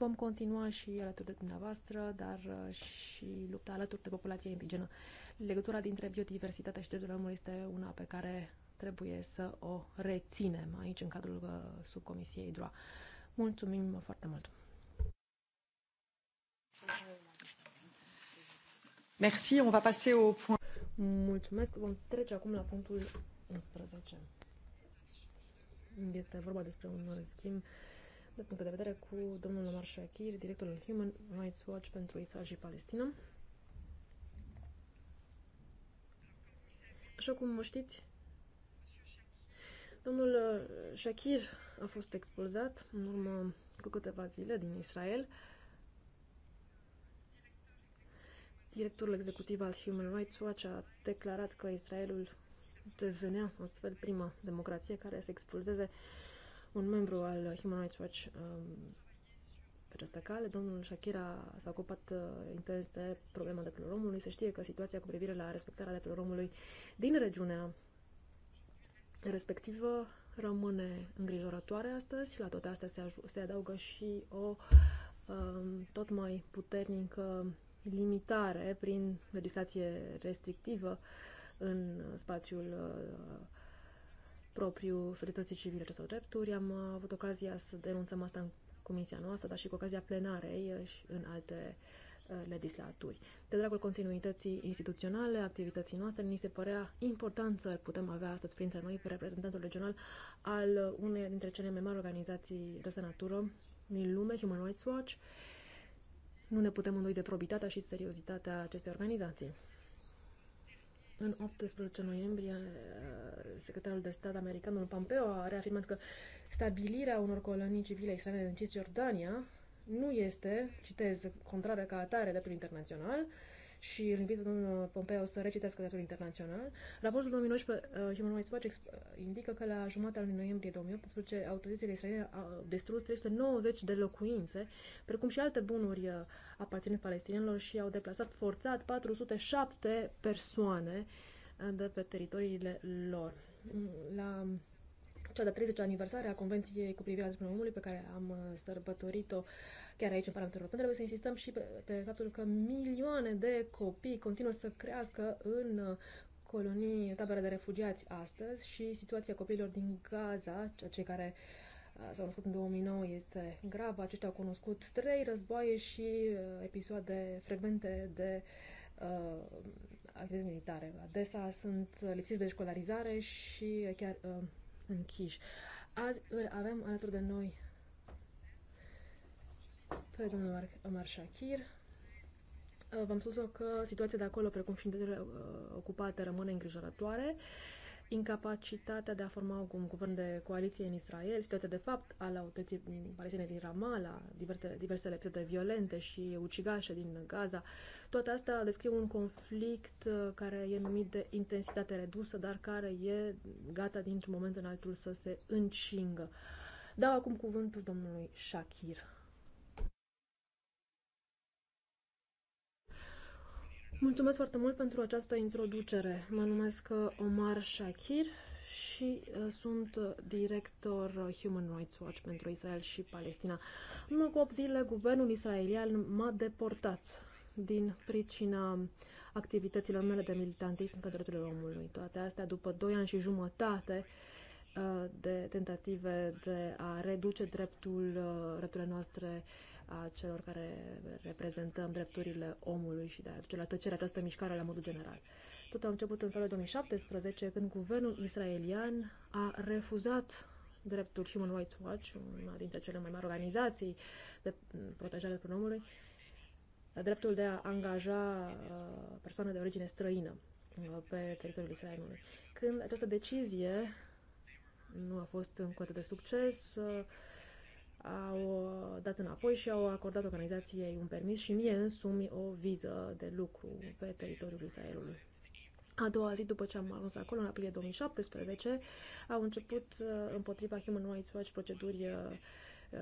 Vom continua și alături de dumneavoastră, dar uh, și lupta alături de populația indigenă. Legătura dintre biodiversitate și drepturile omului este una pe care trebuie să o reținem aici în cadrul uh, subcomisiei DROA. Mulțumim foarte mult! Merci, on va passer au point. Mulțumesc, vom trece acum la punctul 11. Este vorba despre un schimb de punct de vedere cu domnul Omar Shakir, directorul Human Rights Watch pentru Israel și Palestina. Așa cum știți, domnul Shakir a fost expulzat în urmă cu câteva zile din Israel. Directorul executiv al Human Rights Watch a declarat că Israelul devenea astfel prima democrație care să expulzeze uh, un membru al Human Rights Watch um, pe această cale. Domnul Shakira s-a ocupat uh, intens de problema drepturilor omului. Se știe că situația cu privire la respectarea drepturilor omului din regiunea respectivă rămâne îngrijorătoare astăzi. La toate astea se, se adaugă și o um, tot mai puternică limitare prin legislație restrictivă în spațiul uh, propriu societății civile sau drepturi. Am uh, avut ocazia să denunțăm asta în comisia noastră, dar și cu ocazia plenarei uh, și în alte uh, legislaturi. De dragul continuității instituționale, activității noastre, ni se părea important să putem avea astăzi printre noi pe reprezentantul regional al unei dintre cele mai mari organizații de natură din lume, Human Rights Watch. Nu ne putem îndoi de probitatea și seriozitatea acestei organizații. În 18 noiembrie, eh, secretarul de stat american, domnul Pompeo, a reafirmat că stabilirea unor colonii civile israeliene în Cisjordania nu este, citez, contrară ca atare dreptul internațional, și îl invit pe domnul Pompeo să recitească dreptul internațional. Raportul 2019 uh, Human Rights Watch indică că la jumătatea lui noiembrie 2018 autoritățile israeliene au distrus 390 de locuințe, precum și alte bunuri uh, aparținând palestinenilor și au deplasat forțat 407 persoane uh, de pe teritoriile lor. La cea de-a 30 aniversare a Convenției cu privire la drepturile omului pe care am sărbătorit-o Chiar aici, în Parlamentul European, trebuie să insistăm și pe, pe faptul că milioane de copii continuă să crească în uh, colonii, tabere de refugiați astăzi și situația copiilor din Gaza, cei care uh, s-au născut în 2009, este gravă. Aceștia au cunoscut trei războaie și uh, episoade frecvente de uh, activități militare. Adesea sunt lipsiți de școlarizare și chiar uh, închiși. Azi îl avem alături de noi pe domnul Omar Shakir. Uh, v-am spus că situația de acolo, precum și în uh, ocupate, rămâne îngrijorătoare. Incapacitatea de a forma un guvern de coaliție în Israel, situația de fapt a autorității palestine din Ramallah, diverse, diversele episoade violente și ucigașe din Gaza, toate astea descriu un conflict uh, care e numit de intensitate redusă, dar care e gata dintr-un moment în altul să se încingă. Dau acum cuvântul domnului Shakir. Mulțumesc foarte mult pentru această introducere. Mă numesc uh, Omar Shakir și uh, sunt uh, director Human Rights Watch pentru Israel și Palestina. În urmă cu 8 zile, guvernul israelian m-a deportat din pricina activităților mele de militantism pe drepturile omului. Toate astea după 2 ani și jumătate de tentative de a reduce dreptul, drepturile noastre a celor care reprezentăm drepturile omului și de a duce la tăcere această mișcare la modul general. Tot a început în felul 2017, când guvernul israelian a refuzat dreptul Human Rights Watch, una dintre cele mai mari organizații de protejare a omului, dreptul de a angaja uh, persoane de origine străină uh, pe teritoriul Israelului. Când această decizie nu a fost încă de succes, uh, au uh, dat înapoi și au acordat organizației un permis și mie însumi o viză de lucru pe teritoriul Israelului. A doua zi după ce am ajuns acolo, în aprilie 2017, au început uh, împotriva Human Rights Watch proceduri uh,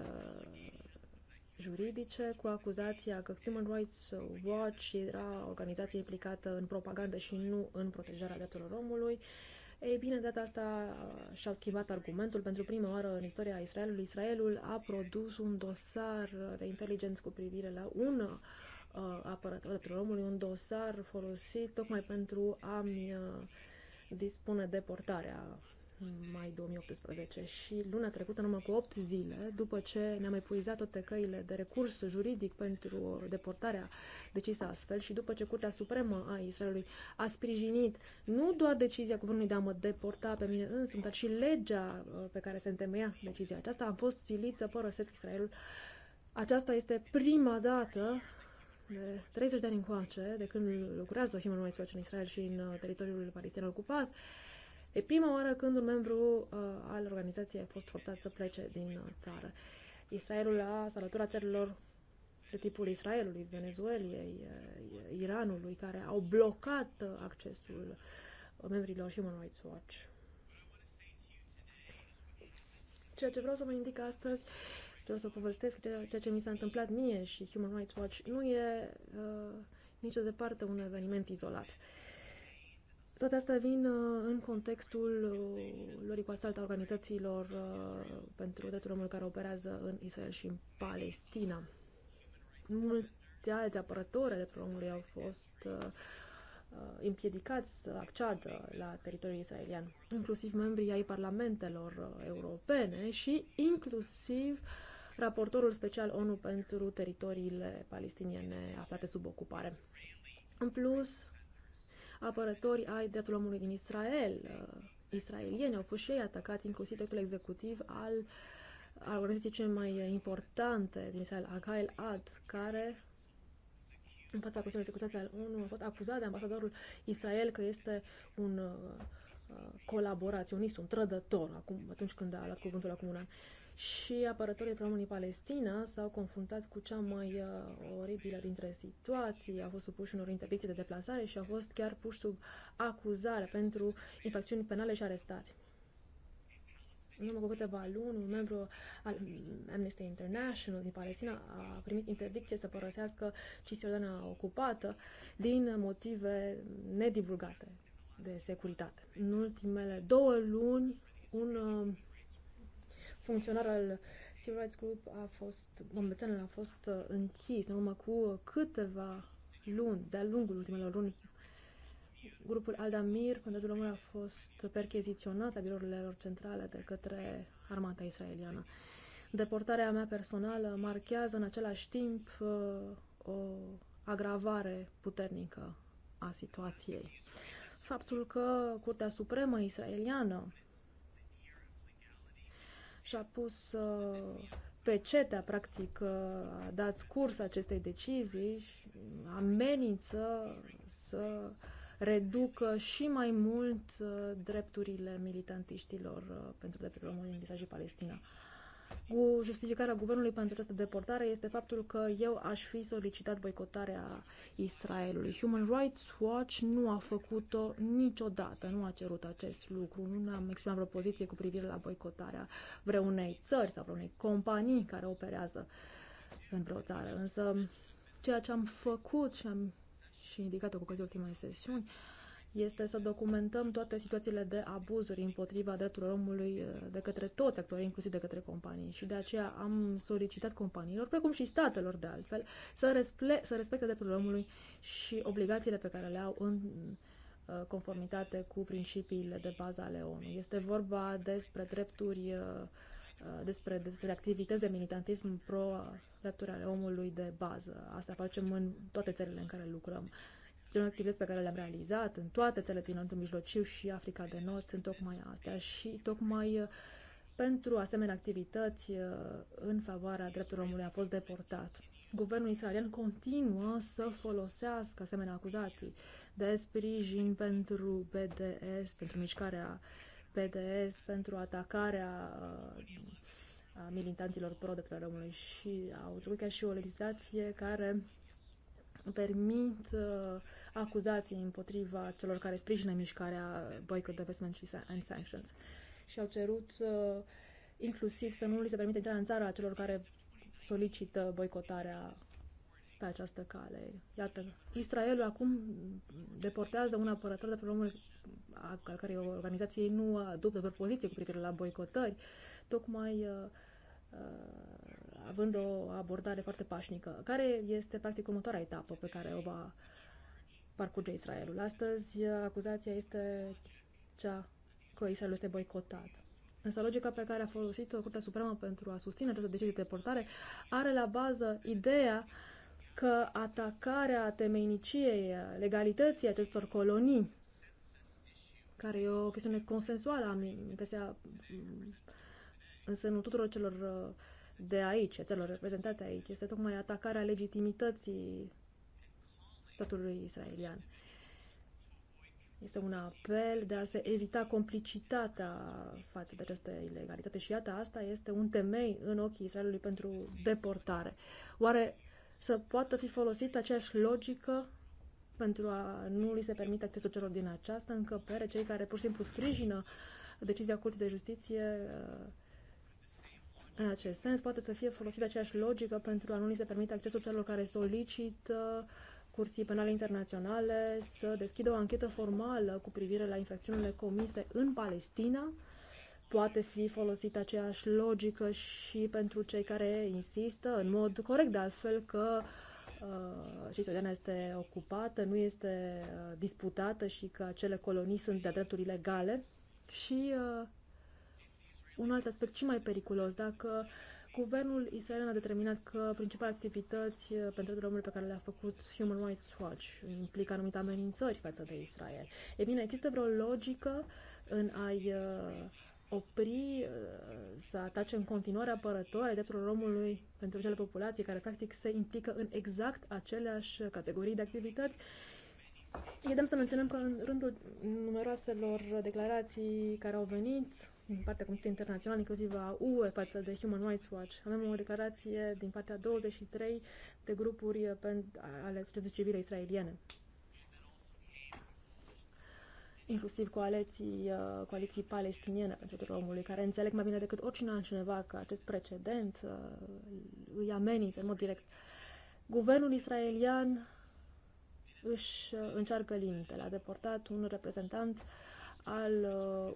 juridice cu acuzația că Human Rights Watch era o organizație implicată în propagandă și nu în protejarea drepturilor omului. Uh, ei bine, data asta uh, și-au schimbat argumentul. Pentru prima oară în istoria Israelului, Israelul a produs un dosar de inteligență cu privire la un uh, apărător de omului, un dosar folosit tocmai pentru a-mi uh, dispune deportarea mai 2018 și luna trecută, numai cu 8 zile, după ce ne-am epuizat toate căile de recurs juridic pentru deportarea decisă astfel și după ce Curtea Supremă a Israelului a sprijinit nu doar decizia guvernului de a mă deporta pe mine însumi, dar și legea uh, pe care se întemeia decizia aceasta, am fost silit să părăsesc Israelul. Aceasta este prima dată de 30 de ani încoace, de când lucrează Human Rights Watch în Israel și în uh, teritoriul palestinian ocupat, E prima oară când un membru uh, al organizației a fost forțat să plece din uh, țară. Israelul a sălăturat țărilor de tipul Israelului, Venezuelei, uh, Iranului, care au blocat uh, accesul uh, membrilor Human Rights Watch. Ceea ce vreau să vă indic astăzi, vreau să povestesc ceea, ceea ce mi s-a întâmplat mie și Human Rights Watch, nu e uh, nici de departe un eveniment izolat. Uh, toate astea vin uh, în contextul uh, lorii cu asalt a organizațiilor uh, pentru drepturile omului care operează în Israel și în Palestina. Mulți alți apărători ale omului au fost împiedicați să acceadă la teritoriul israelian, inclusiv membrii ai parlamentelor europene și inclusiv raportorul special ONU pentru teritoriile palestiniene aflate sub ocupare. În plus, apărători ai drepturilor omului din Israel, uh, israelieni, au fost și ei atacați, inclusiv directul executiv al, al organizației cele mai importante din Israel, Agail Ad, care în fața Consiliului Executiv al ONU a fost acuzat de ambasadorul Israel că este un uh, uh colaboraționist, un trădător acum, atunci când a luat cuvântul acum un an și apărătorii programului Palestina s-au confruntat cu cea mai uh, oribilă dintre situații, au fost supuși unor interdicții de deplasare și au fost chiar puși sub acuzare pentru infracțiuni penale și arestați. În urmă cu câteva luni, un membru al Amnesty International din Palestina a primit interdicție să părăsească Cisjordania ocupată din motive nedivulgate de securitate. În ultimele două luni, un uh, funcționar al Civil Rights Group a fost, Bombețanul a fost uh, închis în urmă cu câteva luni, de-a lungul ultimelor luni. Grupul Aldamir, fondatul Român, a fost percheziționat la birourile lor centrale de către armata israeliană. Deportarea mea personală marchează în același timp uh, o agravare puternică a situației. Faptul că Curtea Supremă israeliană și a pus uh, pe practic, uh, a dat curs acestei decizii și amenință să reducă și mai mult uh, drepturile militantiștilor pentru drepturile omului în Israel și Palestina. Cu justificarea guvernului pentru această deportare este faptul că eu aș fi solicitat boicotarea Israelului. Human Rights Watch nu a făcut-o niciodată, nu a cerut acest lucru, nu am exprimat vreo poziție cu privire la boicotarea vreunei țări sau vreunei companii care operează în vreo țară. Însă ceea ce am făcut și am și indicat-o cu ocazia ultimei sesiuni, uh, este să documentăm toate situațiile de abuzuri împotriva drepturilor omului uh, de către toți actorii, inclusiv de către companii. Și de aceea am solicitat companiilor, precum și statelor de altfel, să, resple- să respecte drepturile omului și obligațiile pe care le au în uh, conformitate cu principiile de bază ale ONU. Este vorba despre drepturi, uh, despre, despre activități de militantism pro drepturi ale omului de bază. Asta facem în toate țările în care lucrăm genul de activități pe care le-am realizat în toate țările din Orientul Mijlociu și Africa de Nord sunt tocmai astea și tocmai uh, pentru asemenea activități uh, în favoarea drepturilor omului a fost deportat. Guvernul israelian continuă să folosească asemenea acuzații de sprijin pentru BDS, pentru mișcarea BDS, pentru atacarea uh, militanților pro-drepturile omului și au trecut chiar și o legislație care permit uh, acuzații împotriva celor care sprijină mișcarea Boycott, Divestment and Sanctions. Și au cerut uh, inclusiv să nu li se permite intrarea în țara a celor care solicită boicotarea pe această cale. Iată, Israelul acum deportează un apărător de problemul al cărei organizație nu adoptă propoziție cu privire la boicotări, tocmai uh, uh, având o abordare foarte pașnică, care este practic următoarea etapă pe care o va parcurge Israelul. Astăzi, acuzația este cea că Israelul este boicotat. Însă logica pe care a folosit-o Curtea Supremă pentru a susține această decizie de deportare are la bază ideea că atacarea temeiniciei, legalității acestor colonii, care e o chestiune consensuală, am impresia, în sânul tuturor celor uh, de aici, țărilor reprezentate aici, este tocmai atacarea legitimității statului israelian. Este un apel de a se evita complicitatea față de această ilegalitate și iată asta este un temei în ochii Israelului pentru deportare. Oare să poată fi folosită aceeași logică pentru a nu li se permite accesul celor din această încăpere, cei care pur și simplu sprijină decizia Curții de Justiție uh, în acest sens, poate să fie folosită aceeași logică pentru a nu li se permite accesul celor care solicită curții penale internaționale să deschidă o anchetă formală cu privire la infracțiunile comise în Palestina. Poate fi folosită aceeași logică și pentru cei care insistă, în mod corect de altfel, că uh, Cisjordania este ocupată, nu este uh, disputată și că acele colonii sunt de dreptul ilegale. Și uh, un alt aspect și mai periculos. Dacă guvernul israelian a determinat că principalele activități eh, pentru drumul pe care le-a făcut Human Rights Watch implică anumite amenințări față de Israel, e bine, există vreo logică în a-i eh, opri eh, să atace în continuare apărători ai drepturilor omului pentru cele populații care practic se implică în exact aceleași categorii de activități. E să menționăm că în rândul numeroaselor declarații care au venit din partea Comisiei Internaționale, inclusiv a UE, față de Human Rights Watch. Avem o declarație din partea 23 de grupuri ale societății civile israeliene inclusiv coaliții, uh, coaliții palestiniene pentru drepturile omului, care înțeleg mai bine decât oricine altcineva că acest precedent uh, îi amenință în mod direct. Guvernul israelian își uh, încearcă limitele. A deportat un reprezentant uh, al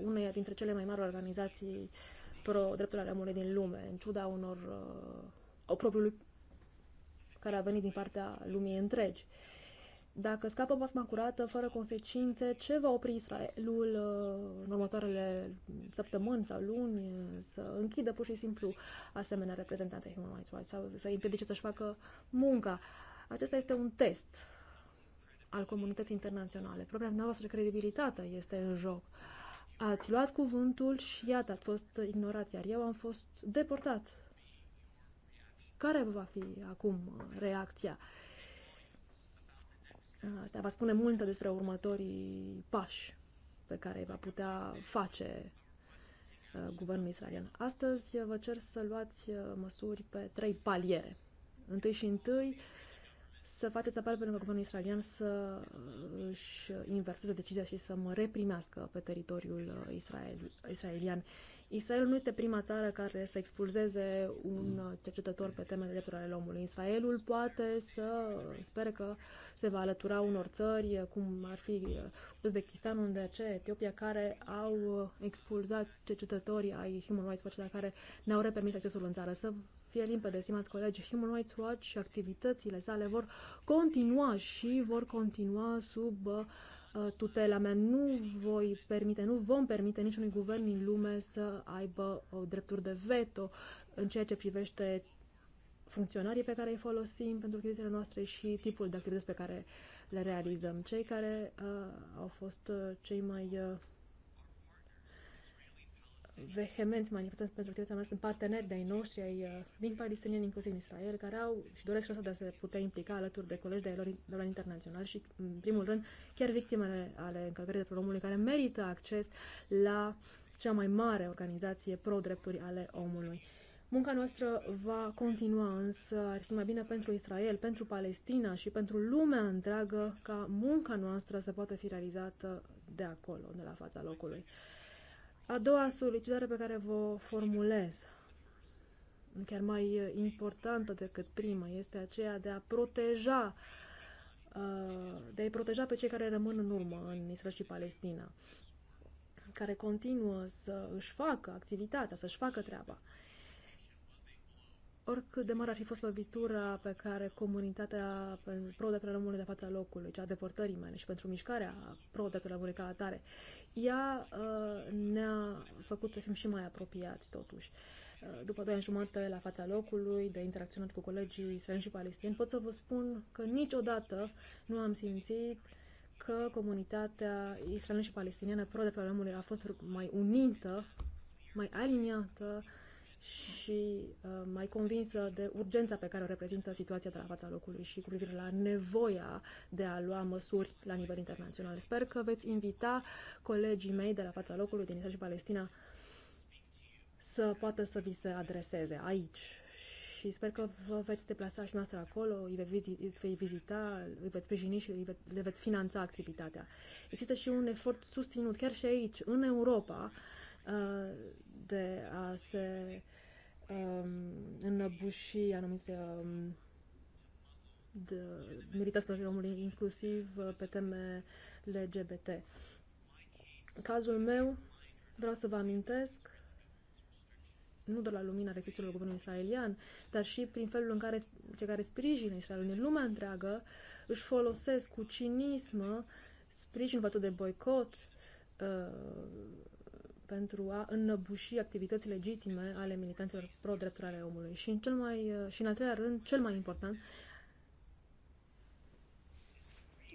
uh, uneia dintre cele mai mari organizații pro drepturile omului din lume, în ciuda unor uh, propriului care a venit din partea lumii întregi. Dacă scapă basma curată, fără consecințe, ce va opri Israelul uh, în următoarele săptămâni sau luni uh, să închidă pur și simplu asemenea reprezentanțe Human Rights Watch sau să împiedice să-și facă munca? Acesta este un test al comunității internaționale. Propria noastră credibilitate este în joc. Ați luat cuvântul și iată, ați fost ignorat, iar eu am fost deportat. Care va fi acum uh, reacția? Asta va spune multe despre următorii pași pe care îi va putea face uh, guvernul israelian. Astăzi uh, vă cer să luați măsuri pe trei paliere. Întâi și întâi, uh, să faceți apel pentru guvernul israelian să uh, își inverseze decizia și să mă reprimească pe teritoriul uh, israel, israelian. Israelul nu este prima țară care să expulzeze un uh, cercetător pe teme de drepturi ale omului. Israelul poate să spere că se va alătura unor țări, cum ar fi Uzbekistan unde ce Etiopia, care au expulzat cercetătorii ai Human Rights Watch, care ne-au repermis accesul în țară. Să fie limpede, stimați colegi, Human Rights Watch și activitățile sale vor continua și vor continua sub uh, tutela mea. Nu voi permite, nu vom permite niciunui guvern din lume să aibă uh, drepturi de veto în ceea ce privește funcționarii pe care îi folosim pentru chestiile noastre și tipul de activități pe care le realizăm. Cei care uh, au fost uh, cei mai uh, vehemenți manifestăm pentru activitatea mea sunt parteneri de-ai noștri, ai, uh, din palestinieni, inclusiv în Israel, care au și doresc asta de a se putea implica alături de colegi de-ai lor de la internațional și, în primul rând, chiar victimele ale încălcării de omului care merită acces la cea mai mare organizație pro-drepturi ale omului. Munca noastră va continua, însă ar fi mai bine pentru Israel, pentru Palestina și pentru lumea întreagă ca munca noastră să poată fi realizată de acolo, de la fața locului. A doua solicitare pe care vă formulez, chiar mai uh, importantă decât prima, este aceea de a proteja uh, de a-i proteja pe cei care rămân în urmă în Israel și Palestina, care continuă să își facă activitatea, să-și facă treaba oricât de mare ar fi fost lovitura pe care comunitatea pro drepturile omului de fața locului, cea deportării mele și pentru mișcarea pro drepturile omului ca atare, ea uh, ne-a făcut să fim și mai apropiați totuși. Uh, după doi ani jumate la fața locului, de interacționat cu colegii israeli și palestini, pot să vă spun că niciodată nu am simțit că comunitatea israeliană și palestiniană pro declarămului a fost mai unită, mai aliniată, și uh, mai convinsă de urgența pe care o reprezintă situația de la fața locului și cu privire la nevoia de a lua măsuri la nivel internațional. Sper că veți invita colegii mei de la fața locului din Israel și Palestina să poată să vi se adreseze aici și sper că vă veți deplasa și noastră acolo, îi veți, îi vizita, îi veți sprijini și îi veți, le veți finanța activitatea. Există și un efort susținut chiar și aici, în Europa, uh, de a se um, înăbuși anumite um, de militați pentru omului, inclusiv uh, pe teme LGBT. În cazul meu, vreau să vă amintesc nu doar la lumina restricțiilor guvernului israelian, dar și prin felul în care cei care sprijină Israelul în lumea întreagă își folosesc cu cinism sprijin față de boicot uh, pentru a înnăbuși activități legitime ale militanților pro-drepturi ale omului. Și în, cel mai, și în al treilea rând, cel mai important,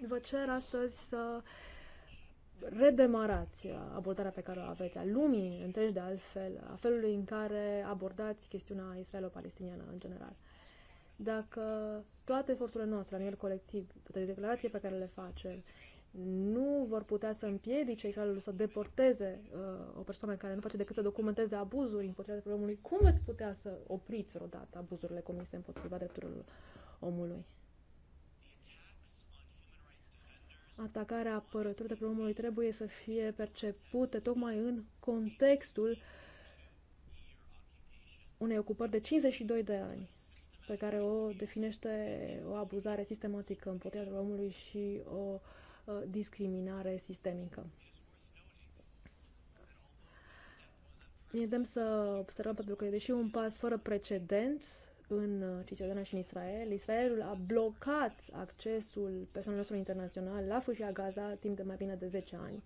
vă cer astăzi să redemarați abordarea pe care o aveți, a lumii întregi de altfel, a felului în care abordați chestiunea israelo-palestiniană în general dacă toate eforturile noastre la nivel colectiv, toate declarații pe care le facem, nu vor putea să împiedice Israelul să deporteze uh, o persoană care nu face decât să documenteze abuzuri împotriva omului. cum veți putea să opriți vreodată abuzurile comise împotriva drepturilor omului? Atacarea apărătorilor omului trebuie să fie percepută tocmai în contextul unei ocupări de 52 de ani pe care o definește o abuzare sistematică împotriva omului și o uh, Uh, discriminare sistemică. Ne dăm să observăm pentru că, deși un pas fără precedent în uh, Cisjordania și în Israel, Israelul a blocat accesul persoanelor internaționale la fâșia Gaza timp de mai bine de 10 ani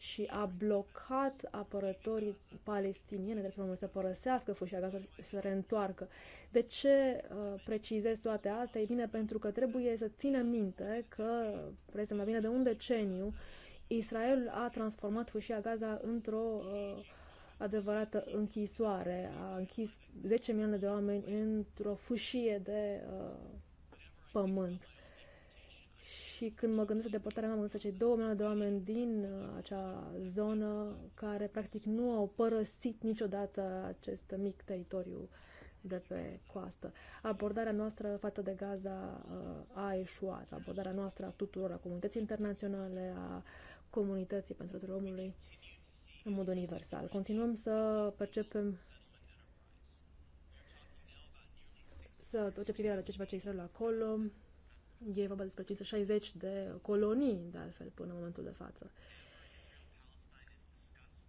și a blocat apărătorii palestinieni de frumos să părăsească fâșia Gaza și să reîntoarcă. De ce uh, precizez toate astea? E bine pentru că trebuie să ținem minte că, peste mai bine de un deceniu, Israel a transformat fâșia Gaza într-o uh, adevărată închisoare. A închis 10 milioane de oameni într-o fâșie de uh, pământ și când mă gândesc la deportarea, mă gândesc la cei 2 milioane de oameni din uh, acea zonă care practic nu au părăsit niciodată acest mic teritoriu de pe coastă. Abordarea noastră față de Gaza uh, a eșuat, abordarea noastră a tuturor, a comunității internaționale, a comunității pentru drepturile omului în mod universal. Continuăm să percepem să tot ce privire la ce face Israelul acolo, E vorba despre 560 de colonii, de altfel, până în momentul de față.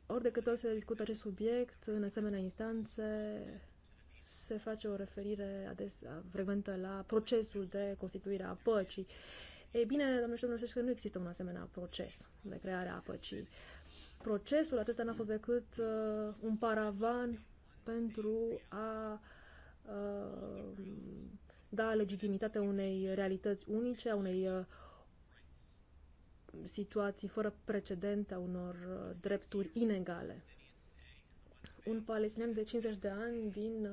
Ori de câte ori se discută acest subiect, în asemenea instanțe, se face o referire adesea frecventă la procesul de constituire a păcii. Ei bine, domnule domnule, că nu există un asemenea proces de creare a păcii. Procesul acesta n-a fost decât uh, un paravan pentru a uh, da legitimitate unei realități unice, a unei uh, situații fără precedent, a unor uh, drepturi inegale. Un palestinian de 50 de ani din uh,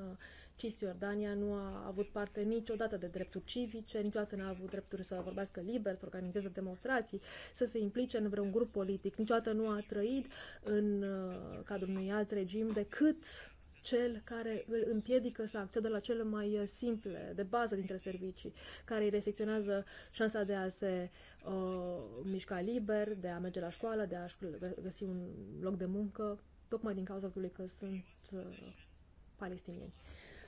Cisjordania nu a avut parte niciodată de drepturi civice, niciodată n-a avut drepturi să vorbească liber, să organizeze demonstrații, să se implice în vreun grup politic, niciodată nu a trăit în cadrul unui alt regim decât cel care îl împiedică să accede la cele mai uh, simple, de bază dintre servicii, care îi restricționează șansa de a se uh, mișca liber, de a merge la școală, de a-și găsi un loc de muncă, tocmai din cauza faptului că sunt uh, palestinieni.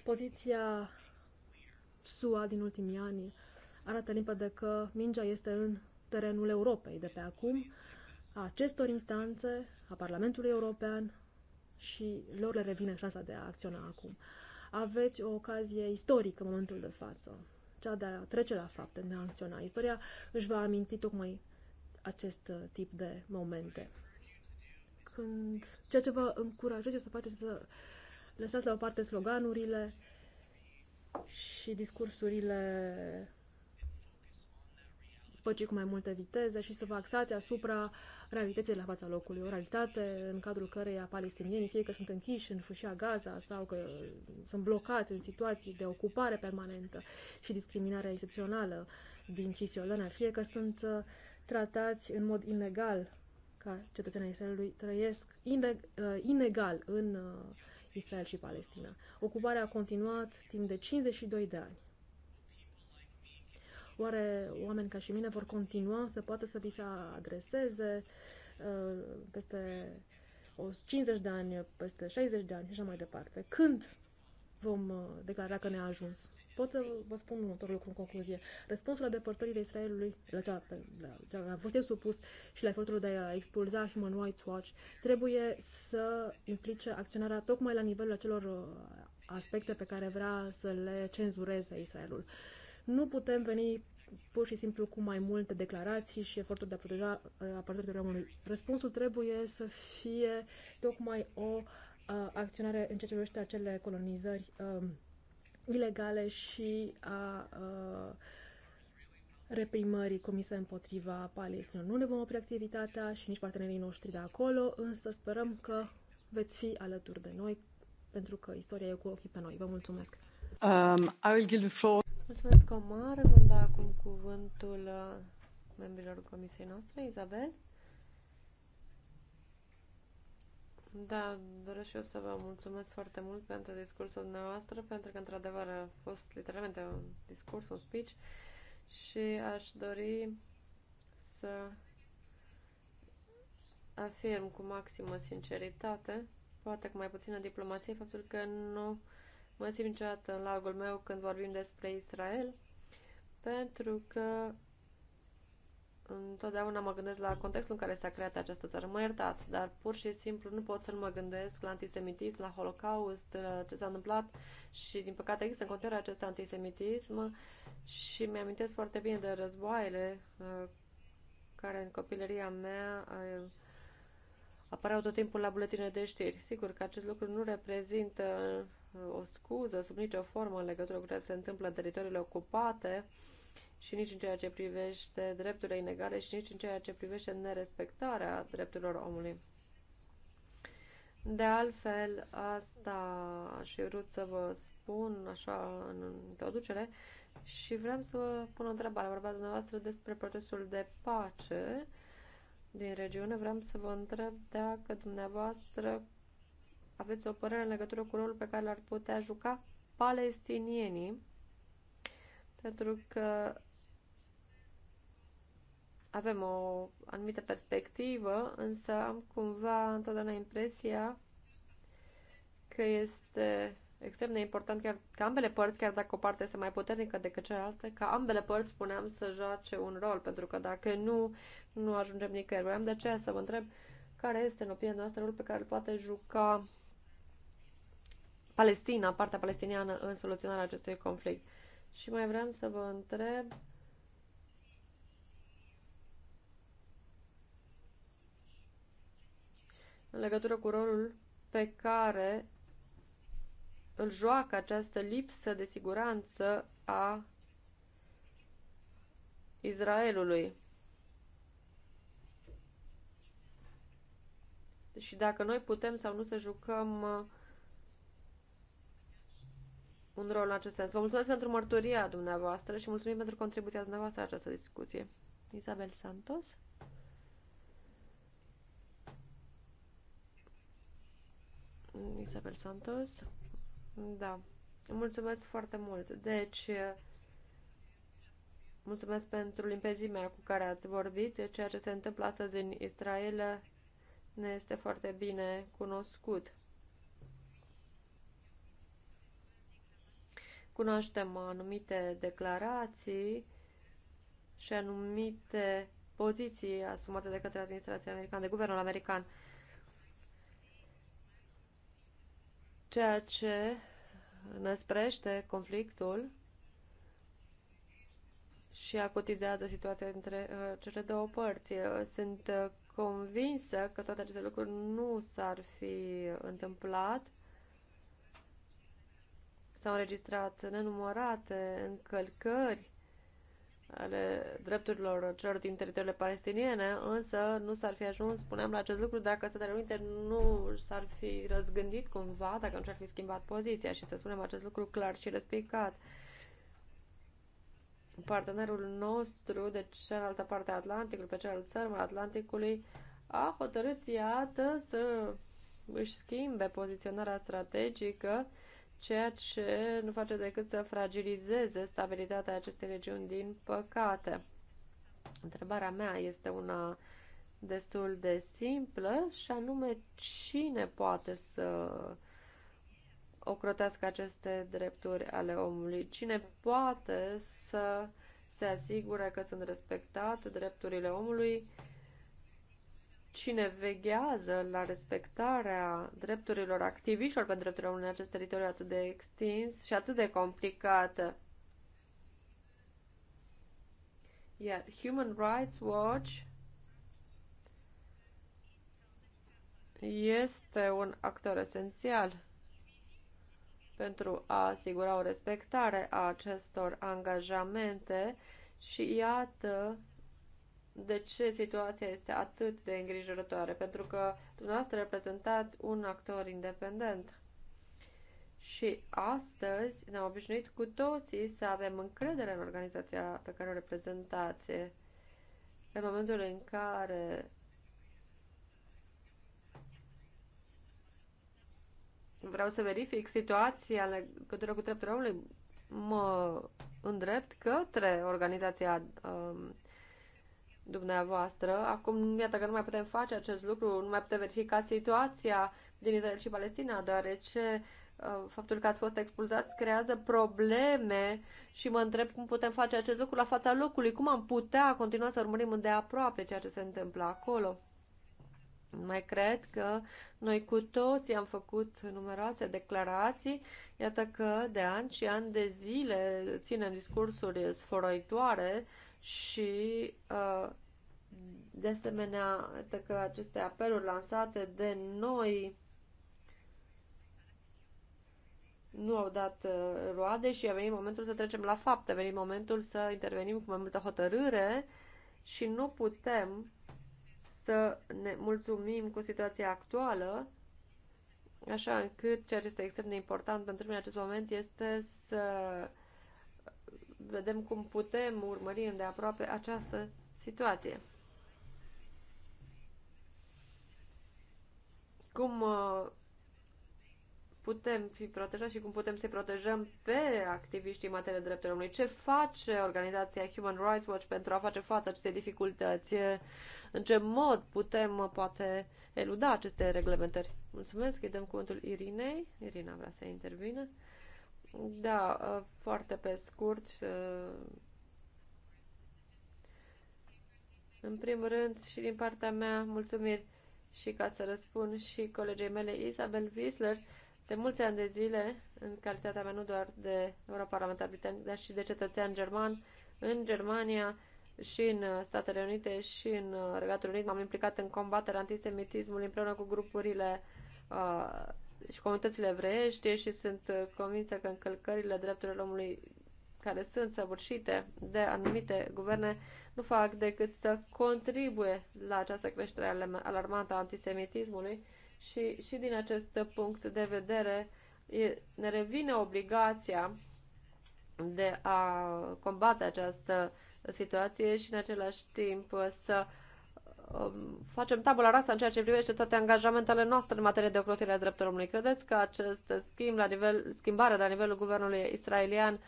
Poziția SUA din ultimii ani arată limpede că mingea este în terenul Europei de pe acum, a acestor instanțe, a Parlamentului European, și lor le revine șansa de a acționa acum. Aveți o ocazie istorică în momentul de față, cea de a trece la fapte, de a acționa. Istoria își va aminti tocmai acest uh, tip de momente. Când ceea ce vă încurajez să faceți să lăsați la o parte sloganurile și discursurile păcii cu mai multă viteză și să vă axați asupra realității la fața locului. O realitate în cadrul căreia palestinienii, fie că sunt închiși în fâșia Gaza sau că sunt blocați în situații de ocupare permanentă și discriminare excepțională din Cisiolana, fie că sunt uh, tratați în mod ilegal ca cetățenii Israelului trăiesc uh, inegal în uh, Israel și Palestina. Ocuparea a continuat timp de 52 de ani. Oare oameni ca și mine vor continua să poată să vi se adreseze uh, peste 50 de ani, peste 60 de ani și așa mai departe? Când vom uh, declara că ne-a ajuns? Pot să vă spun următorul lucru în concluzie. Răspunsul la depărtările Israelului, la cea, la cea care a fost supus și la efortul de a expulza Human Rights Watch, trebuie să implice acționarea tocmai la nivelul acelor uh, aspecte pe care vrea să le cenzureze Israelul. Nu putem veni pur și simplu cu mai multe declarații și eforturi de a proteja uh, apărarea terorismului. Răspunsul trebuie să fie tocmai o uh, acționare în ceea ce privește acele colonizări uh, ilegale și a, uh, reprimării comise împotriva Palestinei. Nu ne vom opri activitatea și nici partenerii noștri de acolo, însă sperăm că veți fi alături de noi pentru că istoria e cu ochii pe noi. Vă mulțumesc! Um, I will give the floor Mulțumesc, Omar. Vom da acum cuvântul uh, membrilor comisiei noastre. Izabel? Da, doresc și eu să vă mulțumesc foarte mult pentru discursul dumneavoastră, pentru că, într-adevăr, a fost literalmente un discurs, un speech și aș dori să afirm cu maximă sinceritate, poate cu mai puțină diplomație, faptul că nu mă simt niciodată în largul meu când vorbim despre Israel, pentru că întotdeauna mă gândesc la contextul în care s-a creat această țară. Mă iertați, dar pur și simplu nu pot să nu mă gândesc la antisemitism, la holocaust, la ce s-a întâmplat și, din păcate, există în continuare acest antisemitism și mi-amintesc foarte bine de războaiele uh, care în copilăria mea uh, apăreau tot timpul la buletine de știri. Sigur că acest lucru nu reprezintă o scuză sub nicio formă în legătură cu ce se întâmplă în teritoriile ocupate și nici în ceea ce privește drepturile inegale și nici în ceea ce privește nerespectarea drepturilor omului. De altfel, asta aș fi vrut să vă spun așa în introducere și vrem să vă pun o întrebare. Vorba dumneavoastră despre procesul de pace din regiune. Vrem să vă întreb dacă dumneavoastră aveți o părere în legătură cu rolul pe care l-ar putea juca palestinienii, pentru că avem o anumită perspectivă, însă am cumva întotdeauna impresia că este extrem de important chiar că ambele părți, chiar dacă o parte este mai puternică decât cealaltă, ca ambele părți, spuneam, să joace un rol, pentru că dacă nu, nu ajungem nicăieri. Vreau de aceea să vă întreb care este, în opinia noastră, rolul pe care îl poate juca Palestina, partea palestiniană în soluționarea acestui conflict. Și mai vreau să vă întreb în legătură cu rolul pe care îl joacă această lipsă de siguranță a Israelului. Și dacă noi putem sau nu să jucăm uh, un rol în acest sens. Vă mulțumesc pentru mărturia dumneavoastră și mulțumim pentru contribuția dumneavoastră la această discuție. Isabel Santos. Isabel Santos. Da. Mulțumesc foarte mult. Deci, mulțumesc pentru limpezimea cu care ați vorbit. Ceea ce se întâmplă astăzi în Israel ne este foarte bine cunoscut. cunoaștem anumite declarații și anumite poziții asumate de către administrația americană, de guvernul american. Ceea ce năsprește conflictul și acotizează situația dintre uh, cele două părți. Uh, sunt convinsă că toate aceste lucruri nu s-ar fi întâmplat S-au înregistrat nenumărate încălcări ale drepturilor celor din teritoriile palestiniene, însă nu s-ar fi ajuns, spuneam, la acest lucru dacă Statele Unite nu s-ar fi răzgândit cumva, dacă nu și-ar fi schimbat poziția și să spunem acest lucru clar și răspicat. Partenerul nostru de cealaltă parte a Atlanticului, pe cealaltă țărmă al Atlanticului, a hotărât, iată, să își schimbe poziționarea strategică ceea ce nu face decât să fragilizeze stabilitatea acestei regiuni, din păcate. Întrebarea mea este una destul de simplă și anume cine poate să ocrotească aceste drepturi ale omului, cine poate să se asigure că sunt respectate drepturile omului cine veghează la respectarea drepturilor activiștilor pentru drepturile omului în acest teritoriu atât de extins și atât de complicat. Iar Human Rights Watch este un actor esențial pentru a asigura o respectare a acestor angajamente și iată de ce situația este atât de îngrijorătoare, pentru că dumneavoastră reprezentați un actor independent. Și astăzi ne-am obișnuit cu toții să avem încredere în organizația pe care o reprezentați. În momentul în care vreau să verific situația în legătură cu drepturile omului, mă îndrept către organizația um, dumneavoastră. Acum, iată că nu mai putem face acest lucru, nu mai putem verifica situația din Israel și Palestina, deoarece uh, faptul că ați fost expulzați creează probleme și mă întreb cum putem face acest lucru la fața locului, cum am putea continua să urmărim îndeaproape ceea ce se întâmplă acolo. Mai cred că noi cu toții am făcut numeroase declarații, iată că de ani și ani de zile ținem discursuri sfărăitoare și uh, de asemenea, că aceste apeluri lansate de noi nu au dat uh, roade și a venit momentul să trecem la fapte, a venit momentul să intervenim cu mai multă hotărâre și nu putem să ne mulțumim cu situația actuală, așa încât ceea ce este extrem de important pentru mine în acest moment este să vedem cum putem urmări îndeaproape această situație. cum uh, putem fi protejați și cum putem să-i protejăm pe activiștii în materie de drepturile omului. Ce face organizația Human Rights Watch pentru a face față acestei dificultăți? În ce mod putem, uh, poate, eluda aceste reglementări? Mulțumesc, îi dăm cuvântul Irinei. Irina vrea să intervină. Da, uh, foarte pe scurt. În primul rând și din partea mea, mulțumiri și ca să răspund și colegei mele Isabel Wiesler, de mulți ani de zile, în calitatea mea nu doar de europarlamentar britanic, dar și de cetățean german, în Germania și în Statele Unite și în Regatul Unit, m-am implicat în combaterea antisemitismului împreună cu grupurile uh, și comunitățile evreiești și sunt convinsă că încălcările drepturilor omului care sunt săvârșite de anumite guverne nu fac decât să contribuie la această creștere alarmantă a antisemitismului și, și din acest punct de vedere e, ne revine obligația de a combate această situație și în același timp să um, facem tabula rasa în ceea ce privește toate angajamentele noastre în materie de ocrotire a drepturilor omului. Credeți că acest schimb la nivel, schimbare de la nivelul guvernului israelian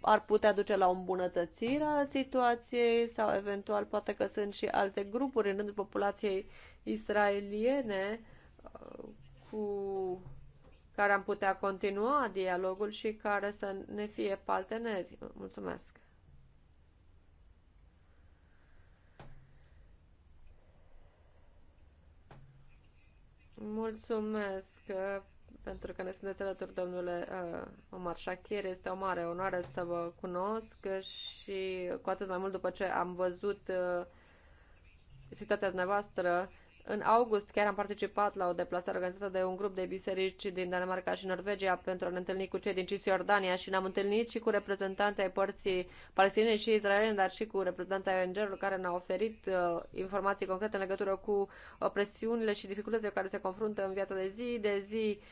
ar putea duce la o îmbunătățire a situației sau eventual poate că sunt și alte grupuri în rândul populației israeliene uh, cu care am putea continua dialogul și care să ne fie parteneri. Mulțumesc! Mulțumesc! pentru că ne sunteți alături, domnule uh, Omar Shakir. Este o mare onoare să vă cunosc și cu atât mai mult după ce am văzut uh, situația dumneavoastră. În august chiar am participat la o deplasare organizată de un grup de biserici din Danemarca și Norvegia pentru a ne întâlni cu cei din Cisjordania și ne-am întâlnit și cu reprezentanții ai părții palestiniene și israeliene, dar și cu reprezentanții ONG-urilor care ne-au oferit uh, informații concrete în legătură cu uh, presiunile și dificultățile care se confruntă în viața de zi de zi uh,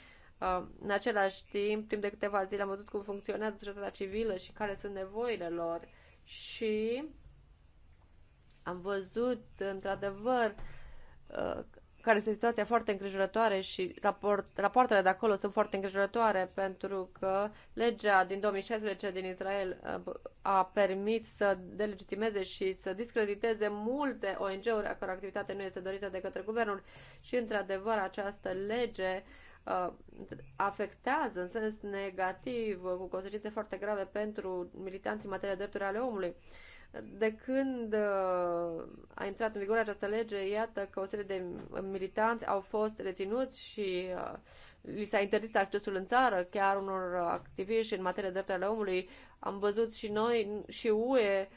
Uh, în același timp, timp de câteva zile am văzut cum funcționează societatea civilă și care sunt nevoile lor și am văzut, într-adevăr, uh, care este situația foarte îngrijorătoare și raport, rapoartele de acolo sunt foarte îngrijorătoare pentru că legea din 2016 din Israel uh, a permis să delegitimeze și să discrediteze multe ONG-uri a căror activitate nu este dorită de către guvernul și într-adevăr această lege uh, Uh, afectează în sens negativ, uh, cu consecințe foarte grave pentru militanții în materie de drepturi ale omului. De când uh, a intrat în vigoare această lege, iată că o serie de militanți au fost reținuți și li s-a interzis accesul în țară, chiar unor activiști în materie de drepturi ale omului. Am văzut și noi, și UE,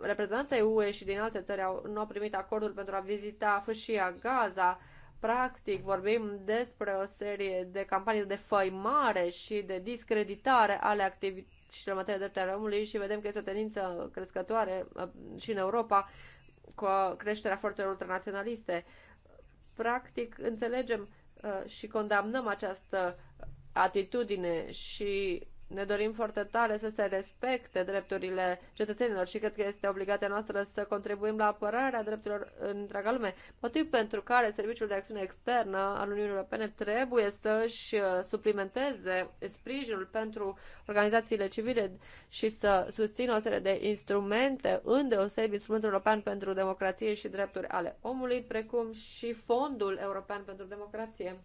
reprezentanța UE și din alte țări au, nu au primit acordul pentru a vizita fâșia Gaza, Practic, vorbim despre o serie de campanii de făimare și de discreditare ale activității și în materie de drepturi omului și vedem că este o tendință crescătoare uh, și în Europa cu creșterea forțelor ultranaționaliste. Practic, înțelegem uh, și condamnăm această atitudine și ne dorim foarte tare să se respecte drepturile cetățenilor și cred că este obligația noastră să contribuim la apărarea drepturilor în întreaga lume. Motiv pentru care Serviciul de Acțiune Externă al Uniunii Europene trebuie să-și uh, suplimenteze sprijinul pentru organizațiile civile și să susțină o serie de instrumente, îndeosebi instrumentul european pentru democrație și drepturi ale omului, precum și Fondul European pentru Democrație.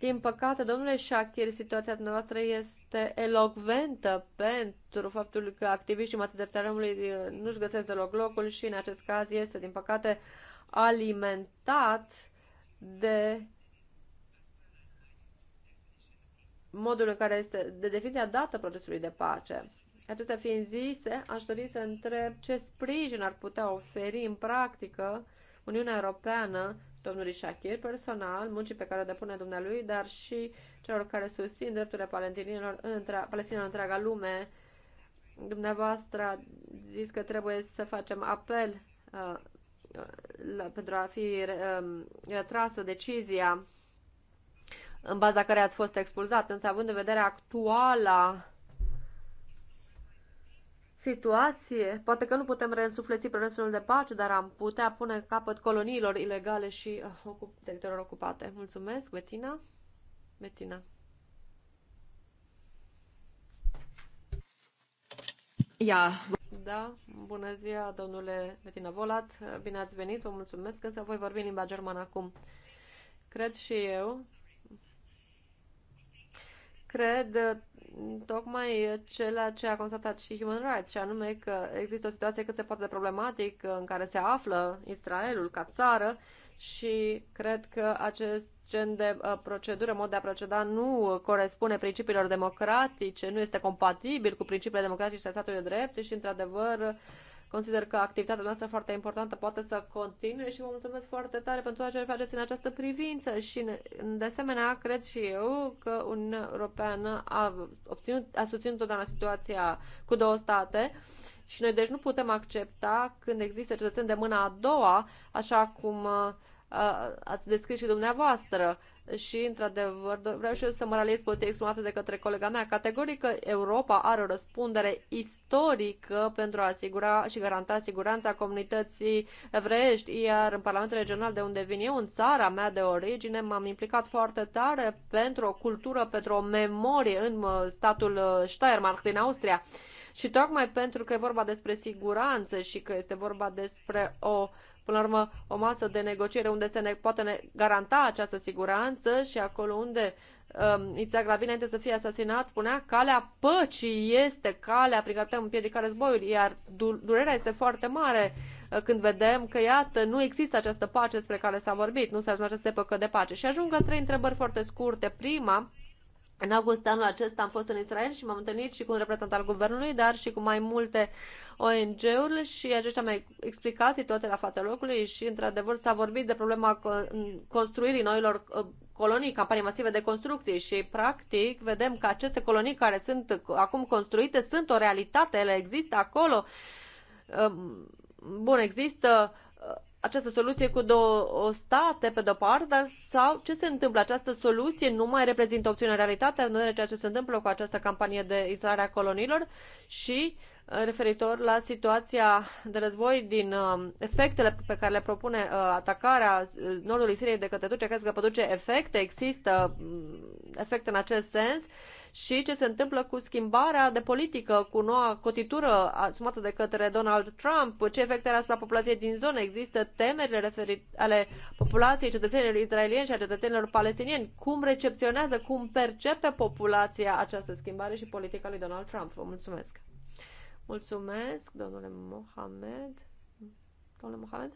Din păcate, domnule Shakir, situația dumneavoastră este elocventă pentru faptul că activiștii mate dreptare omului eh, nu-și găsesc deloc locul și în acest caz este, din păcate, alimentat de modul în care este de definiția dată procesului de pace. Acestea fiind zise, aș dori să întreb ce sprijin ar putea oferi în practică Uniunea Europeană domnului Shakir personal, muncii pe care o depune dumnealui, dar și celor care susțin drepturile palestinilor între, palestinilor întreaga lume. Dumneavoastră a zis că trebuie să facem apel uh, la, pentru a fi uh, retrasă decizia în baza care ați fost expulzat, însă având în vedere actuala situație. Poate că nu putem reînsufleți procesul de pace, dar am putea pune capăt coloniilor ilegale și uh, teritoriilor ocupate. Mulțumesc, Betina. Betina. Ia. Da, bună ziua, domnule Betina Volat. Bine ați venit, vă mulțumesc, însă voi vorbi în limba germană acum. Cred și eu. Cred tocmai ceea ce a constatat și Human Rights, și anume că există o situație cât se poate de problematic în care se află Israelul ca țară și cred că acest gen de uh, procedură, mod de a proceda nu corespune principiilor democratice, nu este compatibil cu principiile democratice a statului de drept și, într-adevăr, uh, Consider că activitatea noastră foarte importantă poate să continue și vă mulțumesc foarte tare pentru ce faceți în această privință și, de asemenea, cred și eu că Uniunea Europeană a, obținut, a susținut totdeauna situația cu două state și noi deci nu putem accepta când există cetățeni de mâna a doua, așa cum uh, uh, ați descris și dumneavoastră și, într-adevăr, vreau și eu să mă realiz poziția exprimată de către colega mea. Categoric Europa are o răspundere istorică pentru a asigura și garanta siguranța comunității evreiești, iar în Parlamentul Regional de unde vin eu, în țara mea de origine, m-am implicat foarte tare pentru o cultură, pentru o memorie în statul uh, Steiermark din Austria. Și tocmai pentru că e vorba despre siguranță și că este vorba despre o uh, până la urmă, o masă de negociere unde se ne poate ne garanta această siguranță și acolo unde um, Itzhak Rabin, înainte să fie asasinat, spunea calea păcii este calea prin care putem împiedica războiul, iar durerea este foarte mare uh, când vedem că, iată, nu există această pace despre care s-a vorbit, nu se ajunge se păcă de pace. Și ajung la trei întrebări foarte scurte. Prima, în august anul acesta am fost în Israel și m-am întâlnit și cu un reprezentant al guvernului, dar și cu mai multe ONG-uri și aceștia mi-au explicat situația la fața locului și, într-adevăr, s-a vorbit de problema construirii noilor uh, colonii, campanii masive de construcții și, practic, vedem că aceste colonii care sunt acum construite sunt o realitate, ele există acolo. Um, bun, există uh, această soluție cu două state, pe de-o parte, dar sau ce se întâmplă? Această soluție nu mai reprezintă opțiunea realitate în ceea ce se întâmplă cu această campanie de izolare a colonilor și uh, referitor la situația de război din uh, efectele pe care le propune uh, atacarea uh, nordului Siriei de către Turcia, crezi că produce efecte? Există uh, efecte în acest sens? Uh, și ce se întâmplă cu schimbarea de politică, cu noua cotitură asumată de către Donald Trump, ce efecte are asupra populației din zonă. Există temerile referit ale populației cetățenilor israelieni și a cetățenilor palestinieni. Cum recepționează, cum percepe populația această schimbare și politica lui Donald Trump? Vă mulțumesc! Mulțumesc, domnule Mohamed. Domnule Mohamed?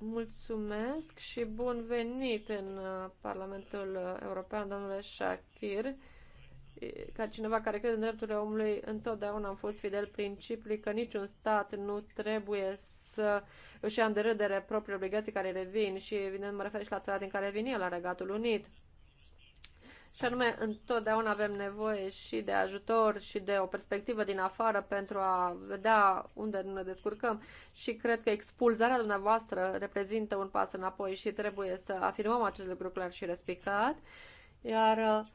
Mulțumesc și bun venit în uh, Parlamentul European, domnule Shakir. Ca cineva care crede în drepturile omului, întotdeauna am fost fidel principiului că niciun stat nu trebuie să își ia în derâdere propriile obligații care le vin și, evident, mă refer și la țara din care vin el, la Regatul Unit. Și anume, întotdeauna avem nevoie și de ajutor și de o perspectivă din afară pentru a vedea unde nu ne descurcăm și cred că expulzarea dumneavoastră reprezintă un pas înapoi și trebuie să afirmăm acest lucru clar și respicat. Iar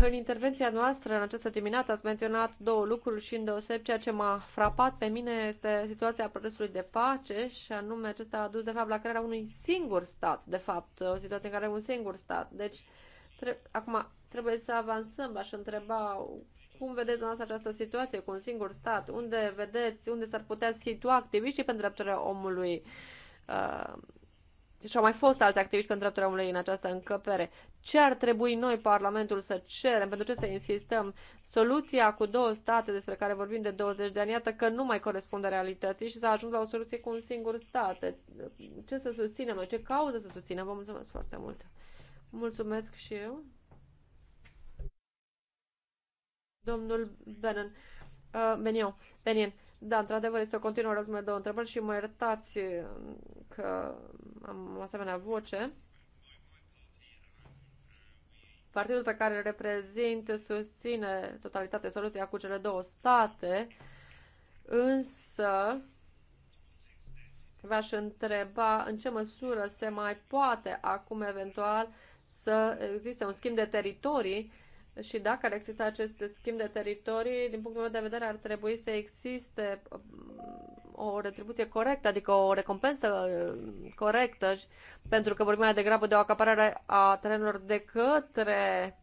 în intervenția noastră în această dimineață ați menționat două lucruri și deoseb ceea ce m-a frapat pe mine este situația procesului de pace și anume acesta a dus de fapt la crearea unui singur stat, de fapt, o situație în care un singur stat. Deci, Tre- Acum, trebuie să avansăm, aș întreba cum vedeți dumneavoastră această situație cu un singur stat? Unde vedeți, unde s-ar putea situa activiștii pentru drepturile omului? Uh, și au mai fost alți activiști pentru drepturile omului în această încăpere. Ce ar trebui noi, Parlamentul, să cerem? Pentru ce să insistăm? Soluția cu două state despre care vorbim de 20 de ani, iată că nu mai corespunde realității și s-a ajuns la o soluție cu un singur stat. Ce să susținem noi? Ce cauză să susținem? Vă mulțumesc foarte mult! Mulțumesc și eu. Domnul Benen. Uh, Benion. Benien. Da, într-adevăr, este o continuă răzmă două întrebări și mă iertați uh, că am o asemenea voce. Partidul pe care îl reprezint susține totalitatea soluția cu cele două state, însă v-aș întreba în ce măsură se mai poate acum eventual să existe un schimb de teritorii și dacă ar exista acest schimb de teritorii, din punctul meu de vedere ar trebui să existe um, o retribuție corectă, adică o recompensă um, corectă, pentru că vorbim mai degrabă de o acaparare a terenurilor de către